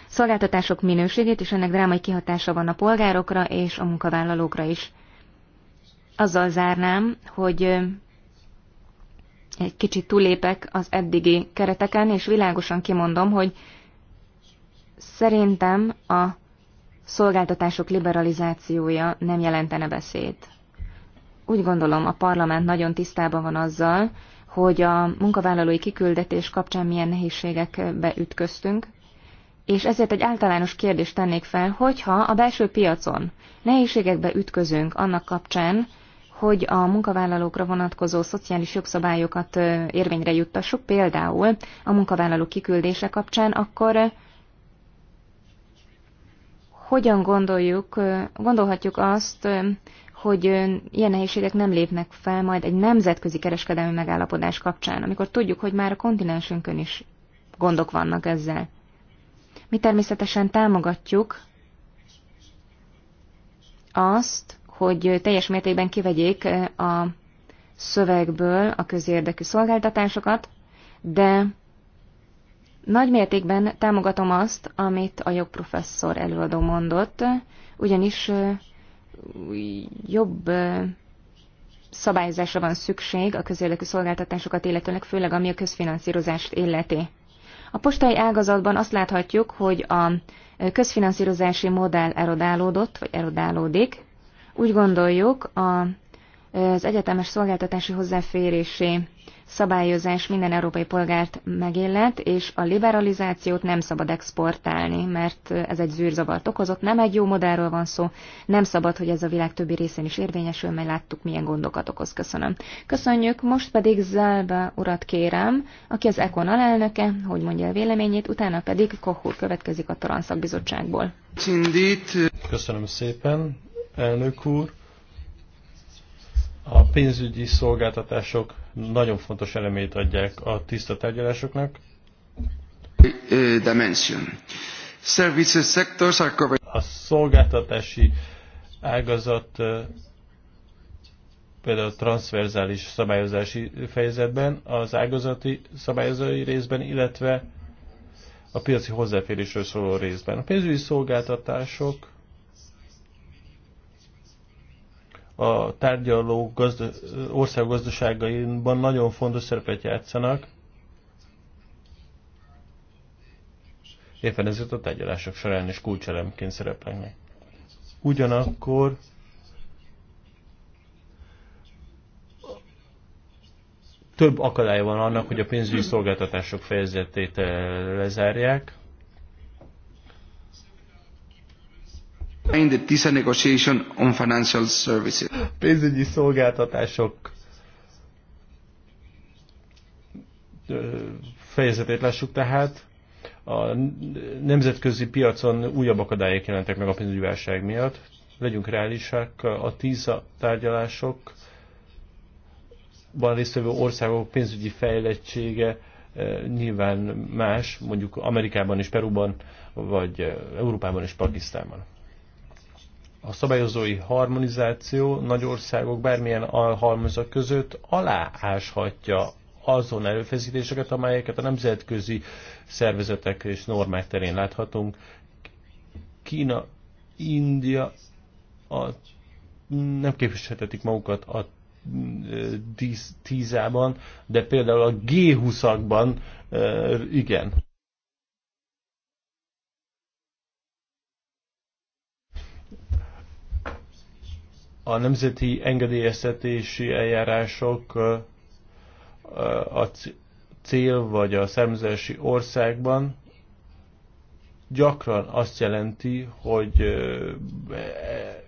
szolgáltatások minőségét, és ennek drámai kihatása van a polgárokra és a munkavállalókra is. Azzal zárnám, hogy egy kicsit túlépek az eddigi kereteken, és világosan kimondom, hogy szerintem a szolgáltatások liberalizációja nem jelentene beszéd. Úgy gondolom, a parlament nagyon tisztában van azzal, hogy a munkavállalói kiküldetés kapcsán milyen nehézségekbe ütköztünk, és ezért egy általános kérdést tennék fel, hogyha a belső piacon nehézségekbe ütközünk annak kapcsán, hogy a munkavállalókra vonatkozó szociális jogszabályokat érvényre juttassuk, például a munkavállalók kiküldése kapcsán, akkor hogyan gondoljuk, gondolhatjuk azt, hogy ilyen nehézségek nem lépnek fel majd egy nemzetközi kereskedelmi megállapodás kapcsán, amikor tudjuk, hogy már a kontinensünkön is gondok vannak ezzel. Mi természetesen támogatjuk azt, hogy teljes mértékben kivegyék a szövegből a közérdekű szolgáltatásokat, de nagy mértékben támogatom azt, amit a jogprofesszor előadó mondott, ugyanis jobb szabályozásra van szükség a közérdekű szolgáltatásokat illetőleg, főleg ami a közfinanszírozást illeti. A postai ágazatban azt láthatjuk, hogy a közfinanszírozási modell erodálódott, vagy erodálódik. Úgy gondoljuk, a, az egyetemes szolgáltatási hozzáférési szabályozás minden európai polgárt megillet, és a liberalizációt nem szabad exportálni, mert ez egy zűrzavart okozott, nem egy jó modellről van szó, nem szabad, hogy ez a világ többi részén is érvényesül, mert láttuk, milyen gondokat okoz. Köszönöm. Köszönjük, most pedig Zálba urat kérem, aki az Econ alelnöke, hogy mondja a véleményét, utána pedig Kohul következik a Toranszakbizottságból. Köszönöm szépen, elnök úr. A pénzügyi szolgáltatások nagyon fontos elemét adják a tiszta tárgyalásoknak. Dimension. Services sectors are covered. A szolgáltatási ágazat például a transzverzális szabályozási fejezetben, az ágazati szabályozói részben, illetve a piaci hozzáférésről szóló részben. A pénzügyi szolgáltatások a tárgyaló gazda, ország gazdaságainban nagyon fontos szerepet játszanak, éppen ezért a tárgyalások során is kulcselemként szerepelnek. Ugyanakkor több akadály van annak, hogy a pénzügyi szolgáltatások fejezetét eh, lezárják. in the TISA negotiation on financial services. Pénzügyi szolgáltatások fejezetét lássuk tehát. A nemzetközi piacon újabb akadályok jelentek meg a pénzügyi válság miatt. Legyünk reálisak, a TISA tárgyalások ban résztvevő országok pénzügyi fejlettsége nyilván más, mondjuk Amerikában és Perúban, vagy Európában és Pakisztánban a szabályozói harmonizáció nagy országok bármilyen halmozak között alááshatja azon erőfeszítéseket, amelyeket a nemzetközi szervezetek és normák terén láthatunk. Kína, India a, nem képviselhetik magukat a tízában, de például a G20-akban igen. a nemzeti engedélyeztetési eljárások a cél vagy a származási országban gyakran azt jelenti, hogy e,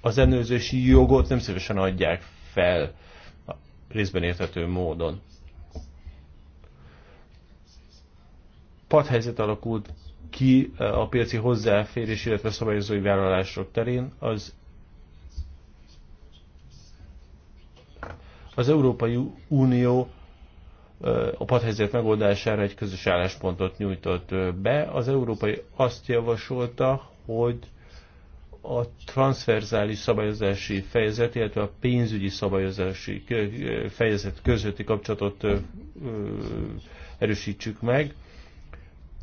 az ellenőrzési jogot nem szívesen adják fel részben érthető módon. Padhelyzet alakult ki eh, a piaci hozzáférés, illetve szabályozói vállalások terén, az az Európai Unió eh, a padhelyzet megoldására egy közös álláspontot nyújtott eh, be. Az európai azt javasolta, hogy a transferzális szabályozási fejezet, illetve a pénzügyi szabályozási fejezet közötti kapcsolatot erősítsük meg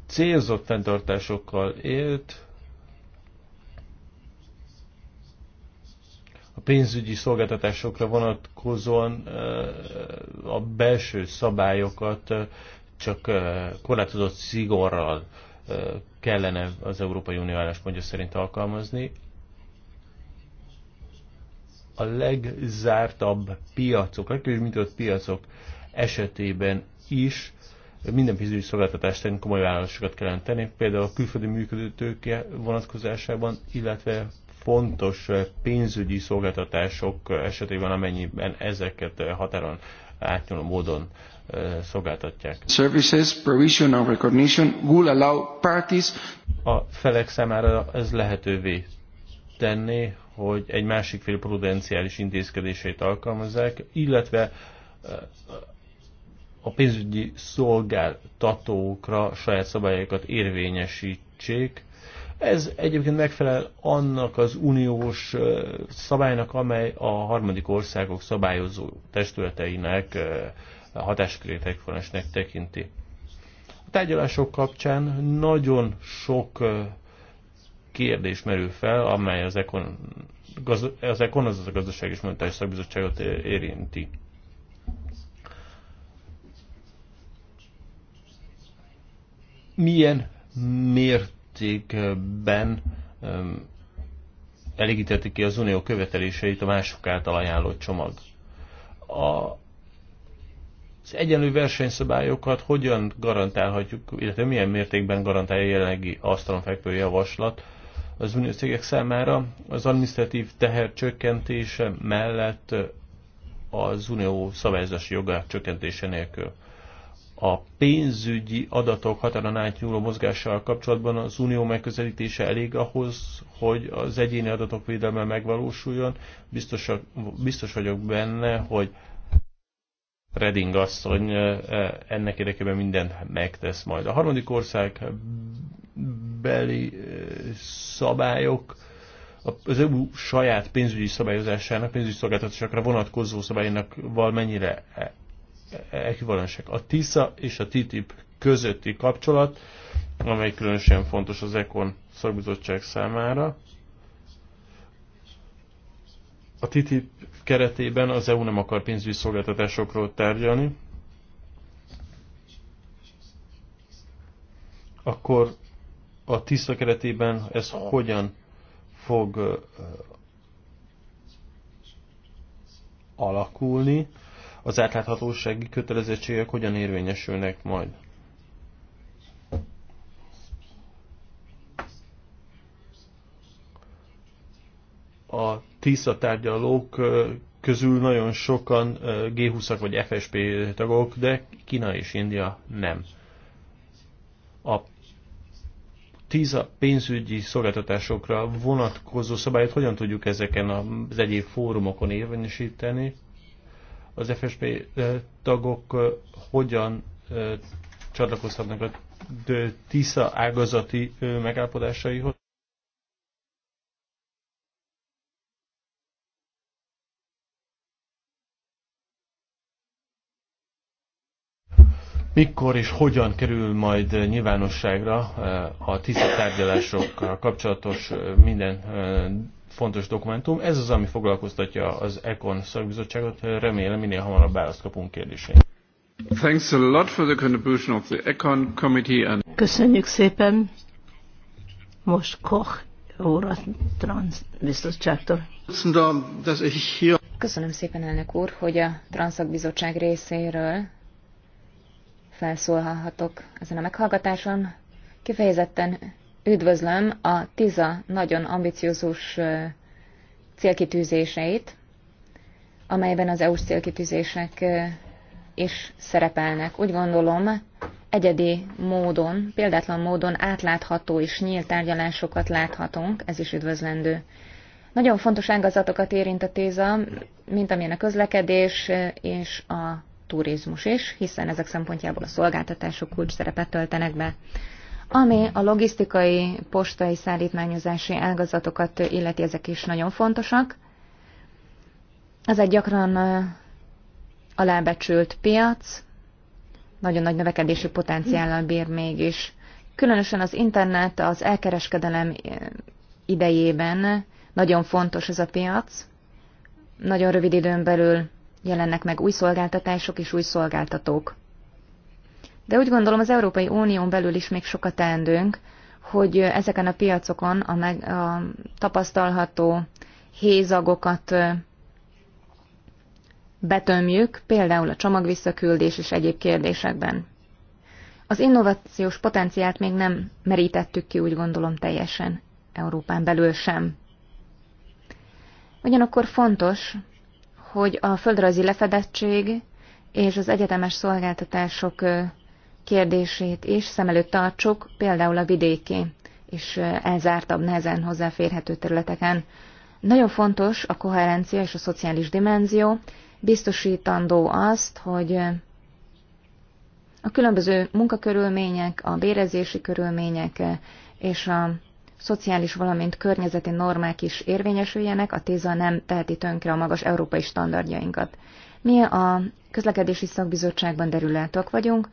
célzott fenntartásokkal élt, a pénzügyi szolgáltatásokra vonatkozóan eh, a belső szabályokat eh, csak eh, korlátozott szigorral kellene az Európai Unió álláspontja szerint alkalmazni. A legzártabb piacok, legkülönbözőbb piacok esetében is minden pénzügyi szolgáltatás terén komoly vállalásokat kell tenni, például a külföldi működőtőke vonatkozásában, illetve fontos eh, pénzügyi szolgáltatások esetében, amennyiben ezeket eh, határon átnyúló módon eh, szolgáltatják. Services, provision or recognition will allow parties. A felek számára ez lehetővé tenni, hogy egy másik fél prudenciális intézkedését alkalmazzák, illetve a pénzügyi szolgáltatókra saját szabályokat érvényesítsék. Ez egyébként megfelel annak az uniós szabálynak, amely a harmadik országok szabályozó testületeinek hatáskrétek forrásnak tekinti. A tárgyalások kapcsán nagyon sok kérdés merül fel, amely az Ekon, az, Ekon, az a Gazdaság és Monetáris Szakbizottságot érinti. milyen mértékben elégítette ki az unió követeléseit a mások által ajánlott csomag. A, az egyenlő versenyszabályokat hogyan garantálhatjuk, illetve milyen mértékben garantálja a jelenlegi asztalonfekvő javaslat az unió cégek számára az administratív teher csökkentése mellett az unió szabályozási joga csökkentése nélkül a pénzügyi adatok határon átnyúló mozgással kapcsolatban az unió megközelítése elég ahhoz, hogy az egyéni adatok védelme megvalósuljon. Biztos, biztos vagyok benne, hogy Reding asszony ennek érdekében mindent megtesz majd. A harmadik ország beli szabályok az EU saját pénzügyi szabályozásának, pénzügyi szolgáltatásokra vonatkozó szabályainak val mennyire ekvivalensek. A TISA és a TTIP közötti kapcsolat, amely különösen fontos az ECON szakbizottság számára. A TTIP keretében az EU nem akar pénzügyi szolgáltatásokról tárgyalni, akkor a TISA keretében ez hogyan fog alakulni? az átláthatósági kötelezettségek hogyan érvényesülnek majd. A TISZA tárgyalók közül nagyon sokan G20-ak vagy FSP tagok, de Kína és India nem. A TISZA pénzügyi szolgáltatásokra vonatkozó szabályt hogyan tudjuk ezeken az egyéb fórumokon érvényesíteni? az FSB eh, tagok eh, hogyan eh, csatlakozhatnak a TISZA ágazati megállapodásaihoz. Mikor és hogyan kerül majd nyilvánosságra a tiszta tárgyalásokkal kapcsolatos minden fontos dokumentum. Ez az, ami foglalkoztatja az ECON szakbizottságot. Remélem, minél hamarabb választ kapunk kérdésén. Thanks a lot for the contribution of the ECON committee and... Köszönjük szépen. Most Koch óra transzbizottságtól. Köszönöm szépen, elnök úr, hogy a Transzakbizottság részéről felszólalhatok. ezen a meghallgatáson. Kifejezetten Üdvözlöm a TISA nagyon ambiciózus célkitűzéseit, amelyben az EU-s célkitűzések is szerepelnek. Úgy gondolom, egyedi módon, példátlan módon átlátható és nyílt tárgyalásokat láthatunk, ez is üdvözlendő. Nagyon fontos ágazatokat érint a téza, mint amilyen a közlekedés és a turizmus is, hiszen ezek szempontjából a szolgáltatások kulcs szerepet töltenek be. Ami a logisztikai, postai, szállítmányozási ágazatokat illeti, ezek is nagyon fontosak. Ez egy gyakran alábecsült piac, nagyon nagy növekedési potenciállal bír mégis. Különösen az internet, az elkereskedelem idejében nagyon fontos ez a piac. Nagyon rövid időn belül jelennek meg új szolgáltatások és új szolgáltatók. De úgy gondolom az Európai Unión belül is még sokat teendőnk, hogy ezeken a piacokon a, meg, a tapasztalható hézagokat betömjük, például a csomagvisszaküldés és egyéb kérdésekben. Az innovációs potenciált még nem merítettük ki, úgy gondolom, teljesen Európán belül sem. Ugyanakkor fontos, hogy a földrajzi lefedettség és az egyetemes szolgáltatások kérdését is szem előtt tartsuk, például a vidéki és elzártabb, nehezen hozzáférhető területeken. Nagyon fontos a koherencia és a szociális dimenzió, biztosítandó azt, hogy a különböző munkakörülmények, a bérezési körülmények és a szociális, valamint környezeti normák is érvényesüljenek, a TISA nem teheti tönkre a magas európai standardjainkat. Mi a közlekedési szakbizottságban derülátők vagyunk,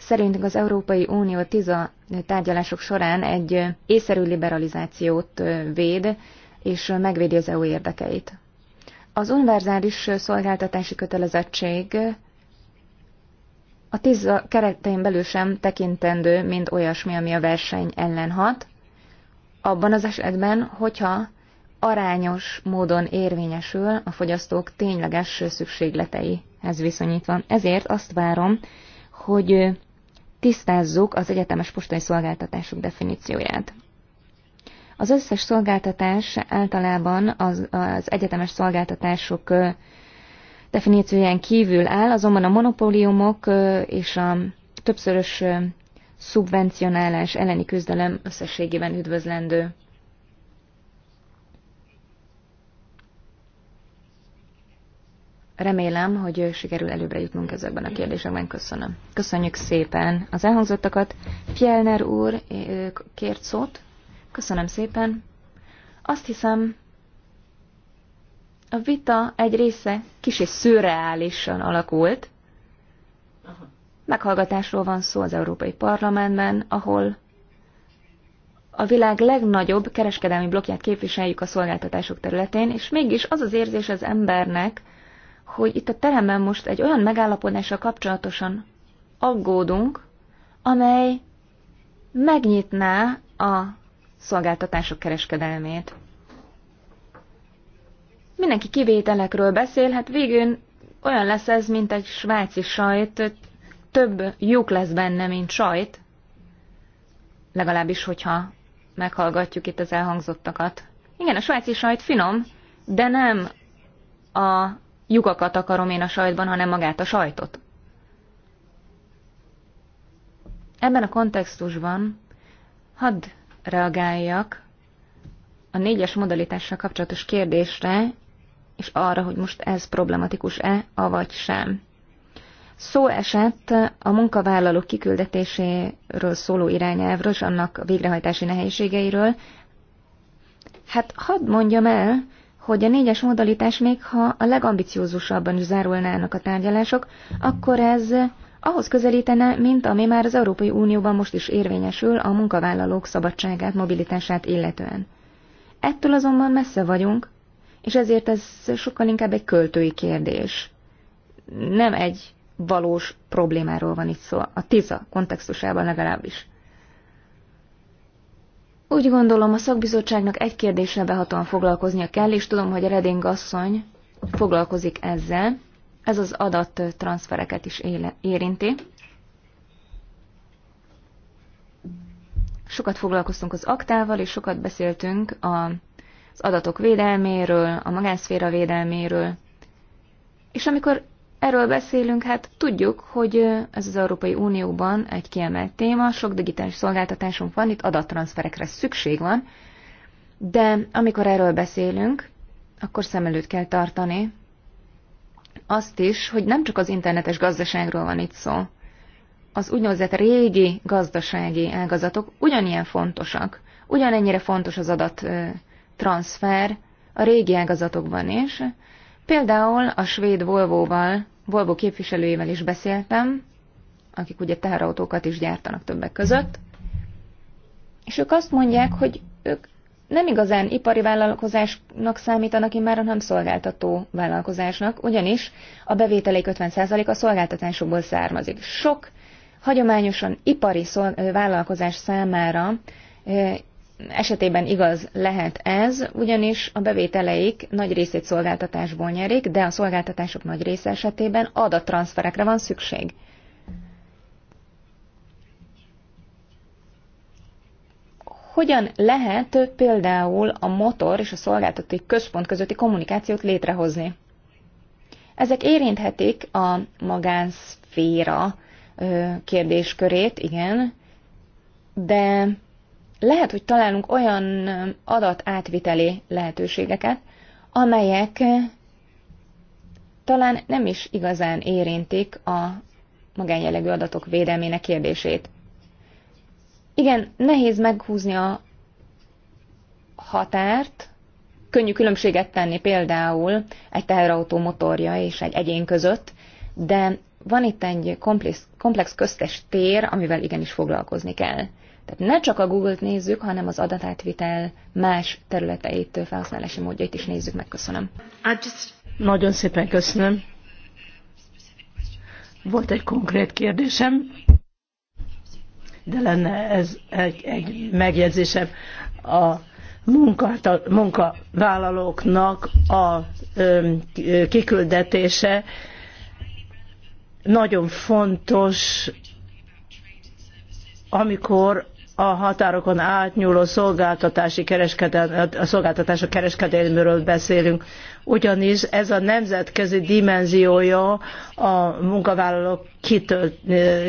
Szerintünk az Európai Unió tiza tárgyalások során egy észszerű liberalizációt véd, és megvédi az EU érdekeit. Az univerzális szolgáltatási kötelezettség a TISZA keretein belül sem tekintendő, mint olyasmi, ami a verseny ellen hat, abban az esetben, hogyha arányos módon érvényesül a fogyasztók tényleges szükségleteihez viszonyítva. Ezért azt várom, hogy tisztázzuk az egyetemes postai szolgáltatások definícióját. Az összes szolgáltatás általában az, az egyetemes szolgáltatások definícióján kívül áll, azonban a monopóliumok és a többszörös szubvencionálás elleni küzdelem összességében üdvözlendő. Remélem, hogy sikerül előbbre jutnunk ezekben a kérdésekben. Köszönöm. Köszönjük szépen az elhangzottakat. Fjellner úr kért szót. Köszönöm szépen. Azt hiszem, a vita egy része kis és szürreálisan alakult. Meghallgatásról van szó az Európai Parlamentben, ahol a világ legnagyobb kereskedelmi blokját képviseljük a szolgáltatások területén, és mégis az az érzés az embernek, hogy itt a teremben most egy olyan megállapodással kapcsolatosan aggódunk, amely megnyitná a szolgáltatások kereskedelmét. Mindenki kivételekről beszél, hát olyan lesz ez, mint egy svájci sajt, több lyuk lesz benne, mint sajt, legalábbis, hogyha meghallgatjuk itt az elhangzottakat. Igen, a svájci sajt finom, de nem a lyukakat akarom én a sajtban, hanem magát a sajtot. Ebben a kontextusban hadd reagáljak a négyes modalitással kapcsolatos kérdésre, és arra, hogy most ez problematikus-e, avagy sem. Szó esett a munkavállalók kiküldetéséről szóló irányelvről, és annak végrehajtási nehézségeiről. Hát hadd mondjam el, hogy a négyes modalitás még ha a legambiciózusabban is zárulnának a tárgyalások, akkor ez ahhoz közelítene, mint ami már az Európai Unióban most is érvényesül a munkavállalók szabadságát, mobilitását illetően. Ettől azonban messze vagyunk, és ezért ez sokkal inkább egy költői kérdés. Nem egy valós problémáról van itt szó, a TISA kontextusában legalábbis. Úgy gondolom, a szakbizottságnak egy kérdésre behatóan foglalkoznia kell, és tudom, hogy Reding asszony foglalkozik ezzel. Ez az adattranszfereket is éle, érinti. Sokat foglalkoztunk az aktával, és sokat beszéltünk a, az adatok védelméről, a magánszféra védelméről. És amikor Erről beszélünk, hát tudjuk, hogy ez az Európai Unióban egy kiemelt téma, sok digitális szolgáltatásunk van, itt adattranszferekre szükség van, de amikor erről beszélünk, akkor szem előtt kell tartani azt is, hogy nem csak az internetes gazdaságról van itt szó. Az úgynevezett régi gazdasági ágazatok ugyanilyen fontosak, ugyanennyire fontos az adattranszfer a régi ágazatokban is, Például a svéd Volvo-val, Volvo képviselőjével is beszéltem, akik ugye teherautókat is gyártanak többek között, és ők azt mondják, hogy ők nem igazán ipari vállalkozásnak számítanak immár, hanem szolgáltató vállalkozásnak, ugyanis a bevételék 50% a szolgáltatásokból származik. Sok hagyományosan ipari vállalkozás számára esetében igaz lehet ez, ugyanis a bevételeik nagy részét szolgáltatásból nyerik, de a szolgáltatások nagy része esetében adattranszferekre van szükség. Hogyan lehet például a motor és a szolgáltatói központ közötti kommunikációt létrehozni? Ezek érinthetik a magánszféra kérdéskörét, igen, de lehet, hogy találunk olyan adatátviteli lehetőségeket, amelyek talán nem is igazán érintik a magánjellegű adatok védelmének kérdését. Igen, nehéz meghúzni a határt, könnyű különbséget tenni például egy teherautó motorja és egy egyén között, de van itt egy komplex, komplex köztes tér, amivel igenis foglalkozni kell. Tehát ne csak a Google-t nézzük, hanem az adatátvitel más területeit, felhasználási módjait is nézzük meg. Köszönöm. Just... Nagyon szépen köszönöm. Volt egy konkrét kérdésem, de lenne ez egy, egy megjegyzésem. A munkavállalóknak a kiküldetése nagyon fontos amikor a határokon átnyúló szolgáltatási kereskedelmi, a szolgáltatások kereskedelméről beszélünk, ugyanis ez a nemzetközi dimenziója a munkavállalók kitölt,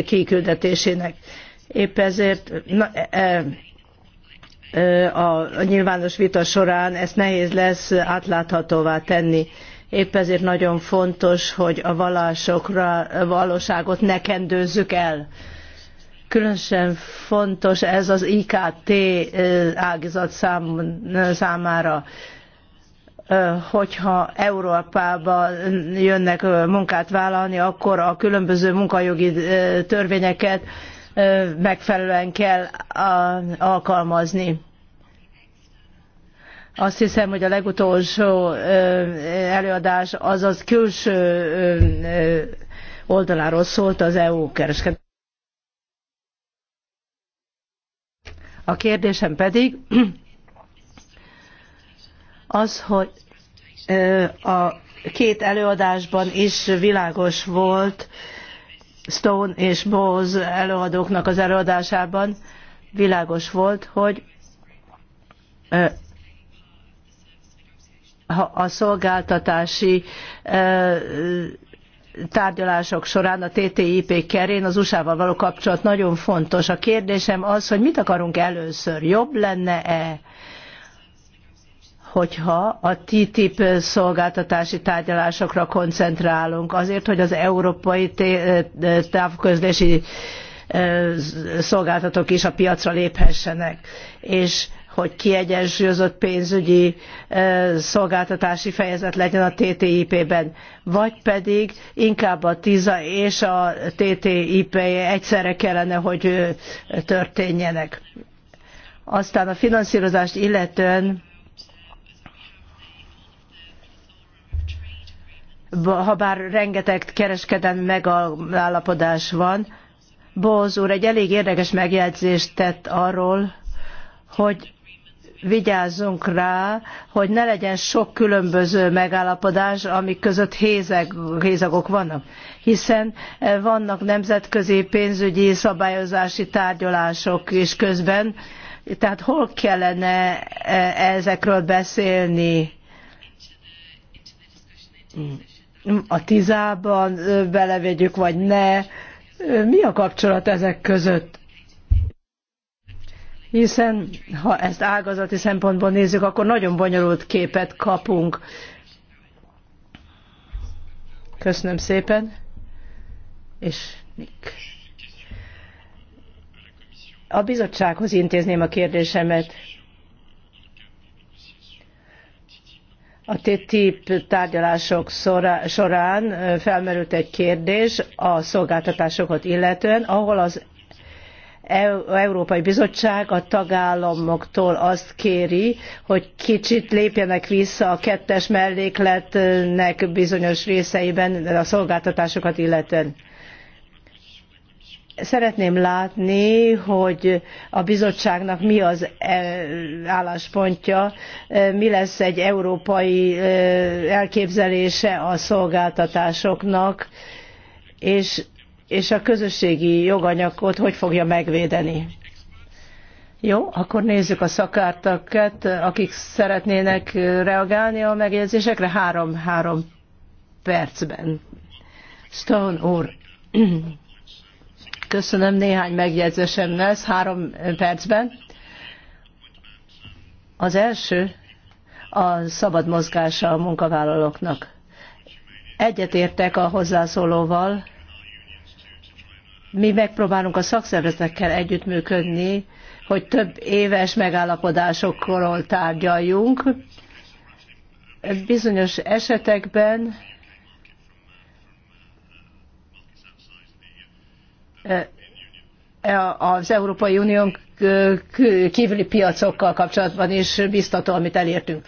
kiküldetésének. Épp ezért na, e, e, a nyilvános vita során ezt nehéz lesz átláthatóvá tenni. Épp ezért nagyon fontos, hogy a vallásokra, a valóságot ne kendőzzük el Különösen fontos ez az IKT ágazat számára hogyha Európába jönnek munkát vállalni, akkor a különböző munkajogi törvényeket megfelelően kell alkalmazni. Azt hiszem, hogy a legutolsó előadás az az külső oldaláról szólt az EU kereskedelmi. A kérdésem pedig az, hogy a két előadásban is világos volt, Stone és Bose előadóknak az előadásában világos volt, hogy a szolgáltatási tárgyalások során, a TTIP kerén az USA-val való kapcsolat nagyon fontos. A kérdésem az, hogy mit akarunk először? Jobb lenne-e, hogyha a TTIP szolgáltatási tárgyalásokra koncentrálunk, azért, hogy az európai távközlési szolgáltatók is a piacra léphessenek. És hogy kiegyensúlyozott pénzügyi szolgáltatási fejezet legyen a TTIP-ben, vagy pedig inkább a TISA és a TTIP egyszerre kellene, hogy történjenek. Aztán a finanszírozást illetően ha bár rengeteg kereskedelmi megállapodás van, Bóz úr egy elég érdekes megjegyzést tett arról, hogy vigyázzunk rá, hogy ne legyen sok különböző megállapodás, amik között hézeg, hézagok vannak. Hiszen eh, vannak nemzetközi pénzügyi szabályozási tárgyalások is közben, tehát hol kellene eh, ezekről beszélni? A tizában eh, belevegyük, vagy ne? Mi a kapcsolat ezek között? hiszen ha ezt ágazati szempontból nézzük, akkor nagyon bonyolult képet kapunk. Köszönöm szépen. És Nick. A bizottsághoz intézném a kérdésemet. A TTIP tárgyalások során felmerült egy kérdés a szolgáltatásokat illetően, ahol az Európai Bizottság a tagállamoktól azt kéri, hogy kicsit lépjenek vissza a kettes mellékletnek bizonyos részeiben a szolgáltatásokat illetően. Szeretném látni, hogy a bizottságnak mi az e, álláspontja, e, mi lesz egy európai e, elképzelése a szolgáltatásoknak, és és a közösségi joganyagot hogy fogja megvédeni. Jó, akkor nézzük a szakártakat, akik szeretnének reagálni a megjegyzésekre három-három percben. Stone úr, köszönöm, néhány megjegyzésem lesz három percben. Az első a szabad mozgása a munkavállalóknak. Egyetértek a hozzászólóval, mi megpróbálunk a szakszervezetekkel együttműködni, hogy több éves megállapodásokról tárgyaljunk. Bizonyos esetekben eh, az Európai Unión kívüli piacokkal kapcsolatban is biztató, amit elértünk.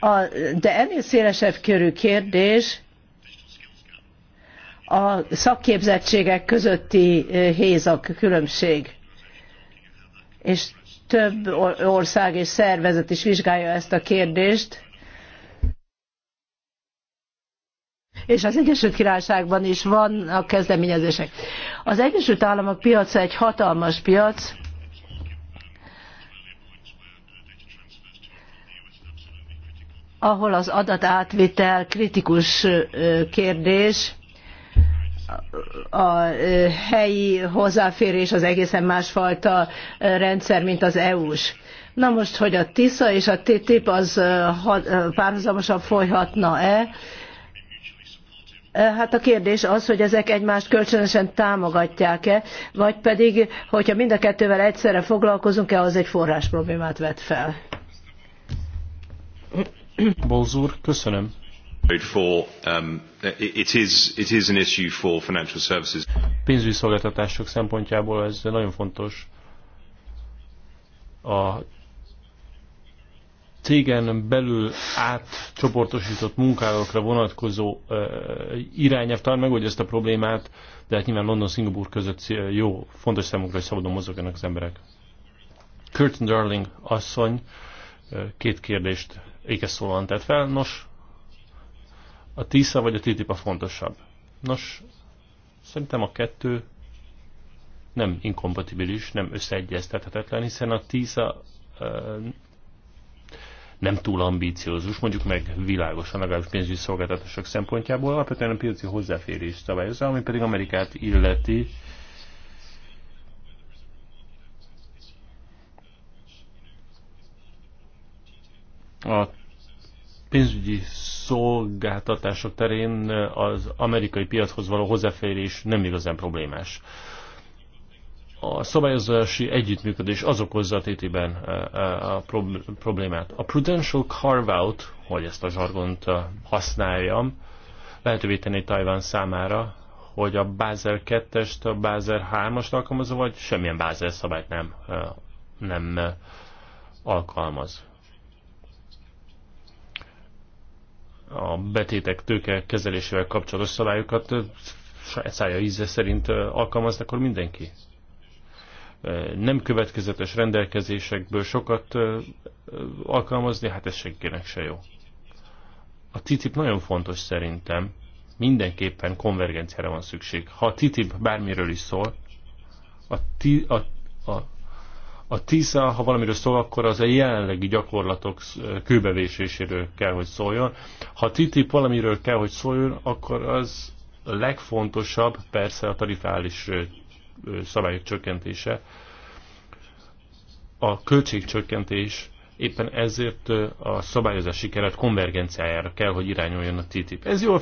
A, de ennél szélesebb körű kérdés a szakképzettségek közötti eh, hézak különbség. És több ország és szervezet is vizsgálja ezt a kérdést. És az Egyesült Királyságban is van a kezdeményezések. Az Egyesült Államok piaca egy hatalmas piac, ahol az adatátvitel kritikus eh, kérdés, a helyi hozzáférés az egészen másfajta rendszer, mint az EU-s. Na most, hogy a TISZA és a TTIP az párhuzamosan folyhatna-e, Hát a kérdés az, hogy ezek egymást kölcsönösen támogatják-e, vagy pedig, hogyha mind a kettővel egyszerre foglalkozunk-e, az egy forrás problémát vet fel. Bolzúr, köszönöm. Pénzügyi szolgáltatások szempontjából ez nagyon fontos. A cégen belül átcsoportosított munkálókra vonatkozó irányelv talán megoldja ezt a problémát, de hát nyilván London-Szingapur között jó, fontos számunkra, hogy szabadon mozogjanak az emberek. Curtin Darling asszony két kérdést szólóan tett fel. Nos, a TISZA vagy a TTIP a fontosabb? Nos, szerintem a kettő nem inkompatibilis, nem összeegyeztethetetlen, hiszen a TISZA nem túl ambíciózus, mondjuk meg világosan, legalábbis pénzügyi szolgáltatások szempontjából, alapvetően a piaci hozzáférés szabályozza, ami pedig Amerikát illeti. A pénzügyi szolgáltatások terén az amerikai piachoz való hozzáférés nem igazán problémás. A szabályozási együttműködés az okozza a TTIP-ben e, e, a problémát. A prudential carve-out, hogy ezt a zsargont e, használjam, lehetővé tenni Tajván számára, hogy a Bázer 2-est, a Bázer 3-ast alkalmazza, vagy semmilyen Bázer szabályt nem, nem alkalmaz. a betétek tőke kezelésével kapcsolatos szabályokat szája íze szerint alkalmaznak, akkor mindenki. Nem következetes rendelkezésekből sokat alkalmazni, hát ez senkinek se jó. A TTIP nagyon fontos szerintem, mindenképpen konvergenciára van szükség. Ha a TTIP bármiről is szól, a, ti, a, a a TISA, ha valamiről szól, akkor az a jelenlegi gyakorlatok kőbevéséséről kell, hogy szóljon. Ha TTIP valamiről kell, hogy szóljon, akkor az a legfontosabb persze a tarifális szabályok csökkentése. A költségcsökkentés éppen ezért a szabályozási keret konvergenciájára kell, hogy irányuljon a TTIP. Ez jó a,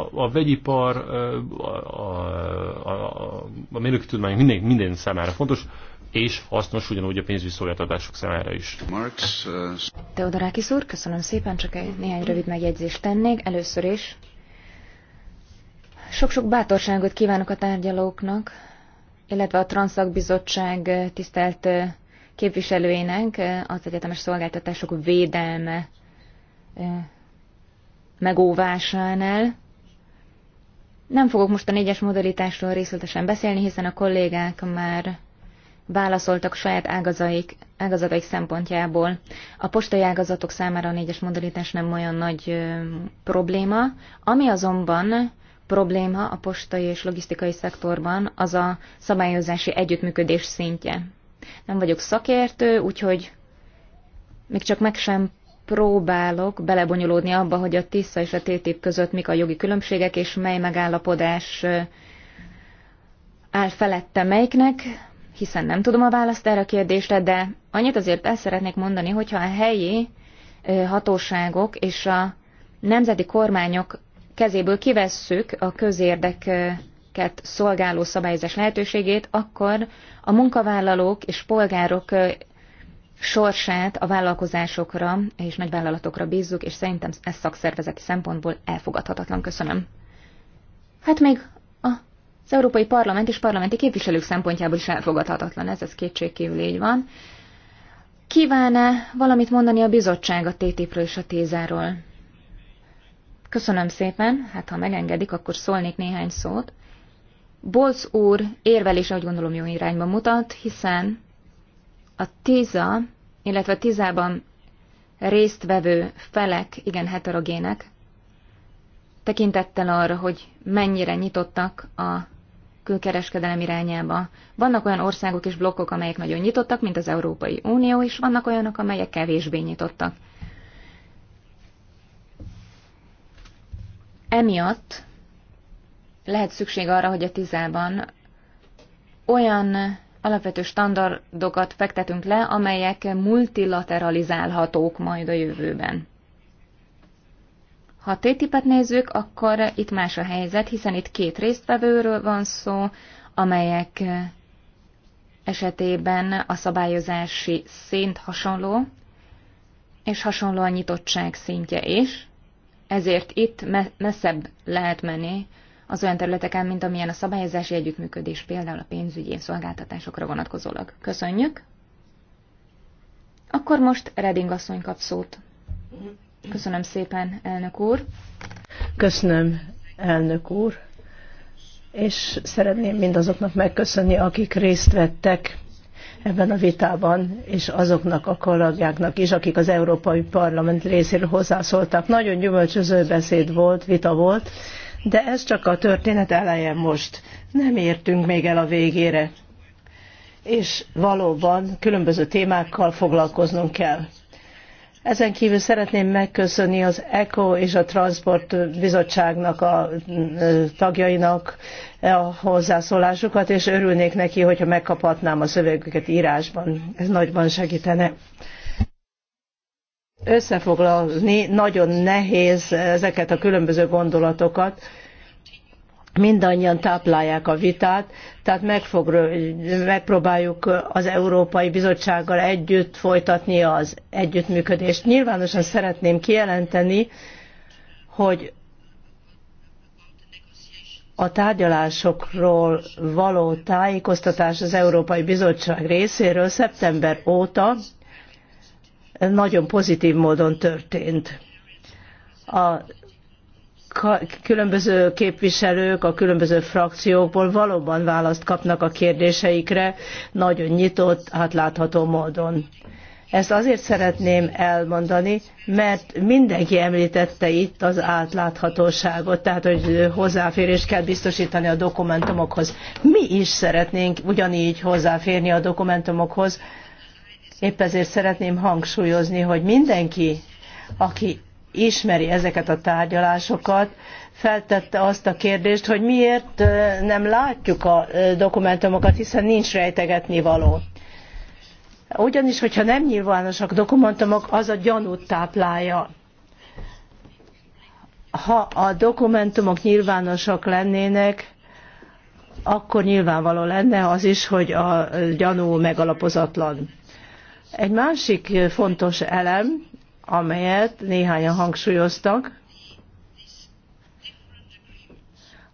a, a vegyipar, a, a, a, a, a mérnöktudomány minden, minden számára fontos és hasznos ugyanúgy a pénzügyi szolgáltatások számára is. Marx, uh... Teodorákis úr, köszönöm szépen, csak egy néhány rövid megjegyzést tennék. Először is sok-sok bátorságot kívánok a tárgyalóknak, illetve a Transzakbizottság tisztelt uh, képviselőinek uh, az egyetemes szolgáltatások védelme uh, megóvásánál. Nem fogok most a négyes modalitásról részletesen beszélni, hiszen a kollégák már válaszoltak saját ágazaik, ágazataik szempontjából. A postai ágazatok számára a négyes modalitás nem olyan nagy ö, probléma, ami azonban probléma a postai és logisztikai szektorban az a szabályozási együttműködés szintje. Nem vagyok szakértő, úgyhogy még csak meg sem próbálok belebonyolódni abba, hogy a TISZA és a TTIP között mik a jogi különbségek, és mely megállapodás áll felette melyiknek hiszen nem tudom a választ erre a kérdésre, de annyit azért el szeretnék mondani, hogyha a helyi hatóságok és a nemzeti kormányok kezéből kivesszük a közérdeket szolgáló szabályozás lehetőségét, akkor a munkavállalók és polgárok sorsát a vállalkozásokra és nagyvállalatokra bízzuk, és szerintem ez szakszervezeti szempontból elfogadhatatlan. Köszönöm. Hát még az Európai Parlament és parlamenti képviselők szempontjából is elfogadhatatlan, ez, ez kétségkívül így van. Kíván-e valamit mondani a bizottság a TTIP-ről és a tézáról? Köszönöm szépen, hát ha megengedik, akkor szólnék néhány szót. Bolc úr érvelése, ahogy gondolom, jó irányba mutat, hiszen a TISA, illetve a TISA-ban résztvevő felek igen heterogének, tekintettel arra, hogy mennyire nyitottak a külkereskedelem irányába. Vannak olyan országok és blokkok, amelyek nagyon nyitottak, mint az Európai Unió, és vannak olyanok, amelyek kevésbé nyitottak. Emiatt lehet szükség arra, hogy a tizában olyan alapvető standardokat fektetünk le, amelyek multilateralizálhatók majd a jövőben. Ha a ttip nézzük, akkor itt más a helyzet, hiszen itt két résztvevőről van szó, amelyek esetében a szabályozási szint hasonló, és hasonló a nyitottság szintje is, ezért itt messzebb lehet menni az olyan területeken, mint amilyen a szabályozási együttműködés, például a pénzügyi szolgáltatásokra vonatkozólag. Köszönjük! Akkor most Reding asszony kap szót. Mhm. Köszönöm szépen, elnök úr. Köszönöm, elnök úr. És szeretném mindazoknak megköszönni, akik részt vettek ebben a vitában, és azoknak a kollégáknak is, akik az Európai Parlament részéről hozzászóltak. Nagyon gyümölcsöző beszéd volt, vita volt, de ez csak a történet eleje most. Nem értünk még el a végére. És valóban különböző témákkal foglalkoznunk kell. Ezen kívül szeretném megköszönni az ECO és a Transport Bizottságnak a tagjainak a hozzászólásukat, és örülnék neki, hogyha megkaphatnám a szövegüket írásban. Ez nagyban segítene. Összefoglalni nagyon nehéz ezeket a különböző gondolatokat, mindannyian táplálják a vitát, tehát megpróbáljuk az Európai Bizottsággal együtt folytatni az együttműködést. Nyilvánosan szeretném kijelenteni, hogy a tárgyalásokról való tájékoztatás az Európai Bizottság részéről szeptember óta nagyon pozitív módon történt. A különböző képviselők a különböző frakciókból valóban választ kapnak a kérdéseikre nagyon nyitott, hát látható módon. Ezt azért szeretném elmondani, mert mindenki említette itt az átláthatóságot, tehát hogy hozzáférést kell biztosítani a dokumentumokhoz. Mi is szeretnénk ugyanígy hozzáférni a dokumentumokhoz. Épp ezért szeretném hangsúlyozni, hogy mindenki, aki ismeri ezeket a tárgyalásokat, feltette azt a kérdést, hogy miért nem látjuk a dokumentumokat, hiszen nincs rejtegetni való. Ugyanis, hogyha nem nyilvánosak dokumentumok, az a gyanút táplálja. Ha a dokumentumok nyilvánosak lennének, akkor nyilvánvaló lenne az is, hogy a gyanú megalapozatlan. Egy másik fontos elem, amelyet néhányan hangsúlyoztak,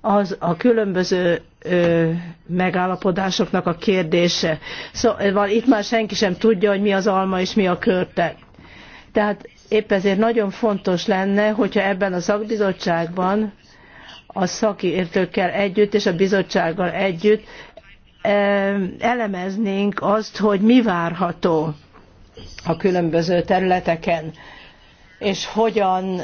az a különböző ö, megállapodásoknak a kérdése. Szóval itt már senki sem tudja, hogy mi az alma és mi a körte. Tehát épp ezért nagyon fontos lenne, hogyha ebben a szakbizottságban a szakértőkkel együtt és a bizottsággal együtt elemeznénk azt, hogy mi várható a különböző területeken, és hogyan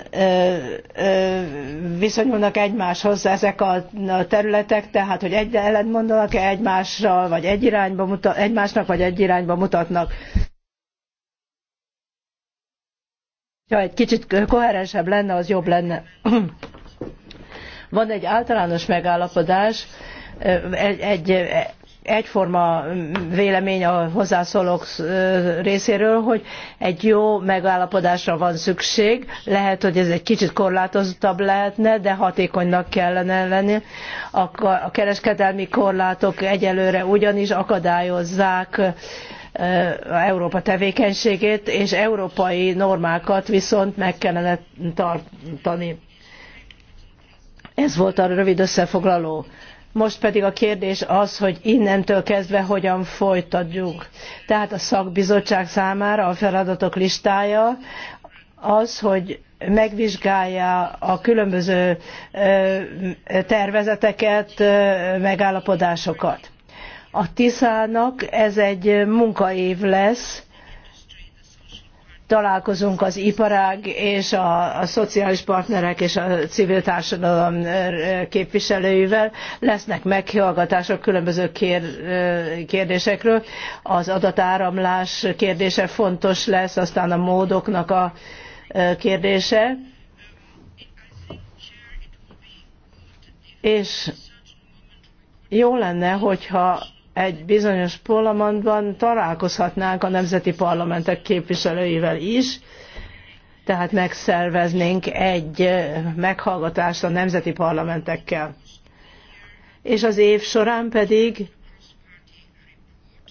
viszonyulnak egymáshoz ezek a területek, tehát hogy egy mondanak e egymással, vagy egy irányba muta, egymásnak, vagy egy irányba mutatnak. Ha egy kicsit koherensebb lenne, az jobb lenne. Van egy általános megállapodás, egy, egy egyforma vélemény a hozzászólók részéről, hogy egy jó megállapodásra van szükség. Lehet, hogy ez egy kicsit korlátozottabb lehetne, de hatékonynak kellene lenni. A kereskedelmi korlátok egyelőre ugyanis akadályozzák Európa tevékenységét, és európai normákat viszont meg kellene tartani. Ez volt a rövid összefoglaló. Most pedig a kérdés az, hogy innentől kezdve hogyan folytatjuk. Tehát a szakbizottság számára a feladatok listája az, hogy megvizsgálja a különböző tervezeteket, megállapodásokat. A TISZ-nak ez egy munkaév lesz, találkozunk az iparág és a, a szociális partnerek és a civil társadalom képviselőivel. Lesznek meghallgatások különböző kér, kérdésekről. Az adatáramlás kérdése fontos lesz, aztán a módoknak a kérdése. És jó lenne, hogyha egy bizonyos parlamentben találkozhatnánk a nemzeti parlamentek képviselőivel is, tehát megszerveznénk egy meghallgatást a nemzeti parlamentekkel. És az év során pedig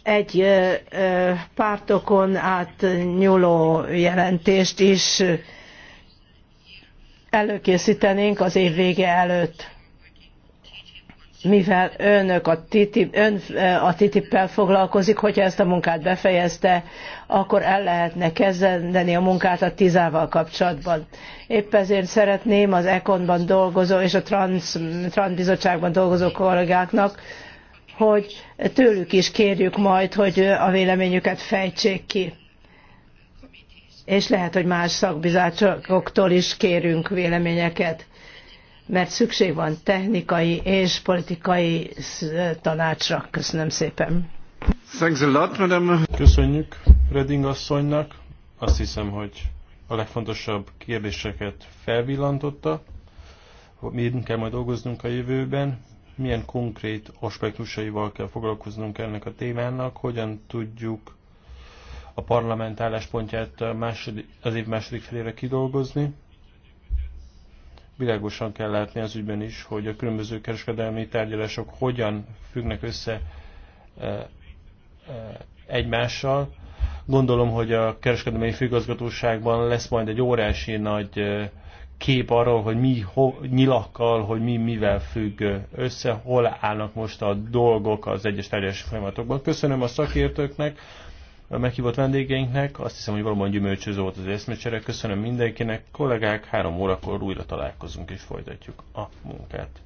egy pártokon átnyúló jelentést is előkészítenénk az év vége előtt mivel önök a TTIP, ön a TTIP-pel foglalkozik, hogyha ezt a munkát befejezte, akkor el lehetne kezdeni a munkát a tízával kapcsolatban. Épp ezért szeretném az Econban dolgozó és a Trans, Trans bizottságban dolgozó kollégáknak, hogy tőlük is kérjük majd, hogy a véleményüket fejtsék ki. És lehet, hogy más szakbizottságoktól is kérünk véleményeket mert szükség van technikai és politikai tanácsra. Köszönöm szépen. Thanks a lot, madam. Köszönjük Reding asszonynak. Azt hiszem, hogy a legfontosabb kérdéseket felvillantotta. mi kell majd dolgoznunk a jövőben, milyen konkrét aspektusaival kell foglalkoznunk ennek a témának, hogyan tudjuk a parlament álláspontját az év második felére kidolgozni világosan kell látni az ügyben is, hogy a különböző kereskedelmi tárgyalások hogyan függnek össze e, e, egymással. Gondolom, hogy a kereskedelmi főigazgatóságban lesz majd egy órási nagy e, kép arról, hogy mi ho, nyilakkal, hogy mi mivel függ össze, hol állnak most a dolgok az egyes tárgyalási folyamatokban. Köszönöm a szakértőknek, a meghívott vendégeinknek. Azt hiszem, hogy valóban gyümölcsöző volt az eszmecsere. Köszönöm mindenkinek. Kollégák, három órakor újra találkozunk és folytatjuk a munkát.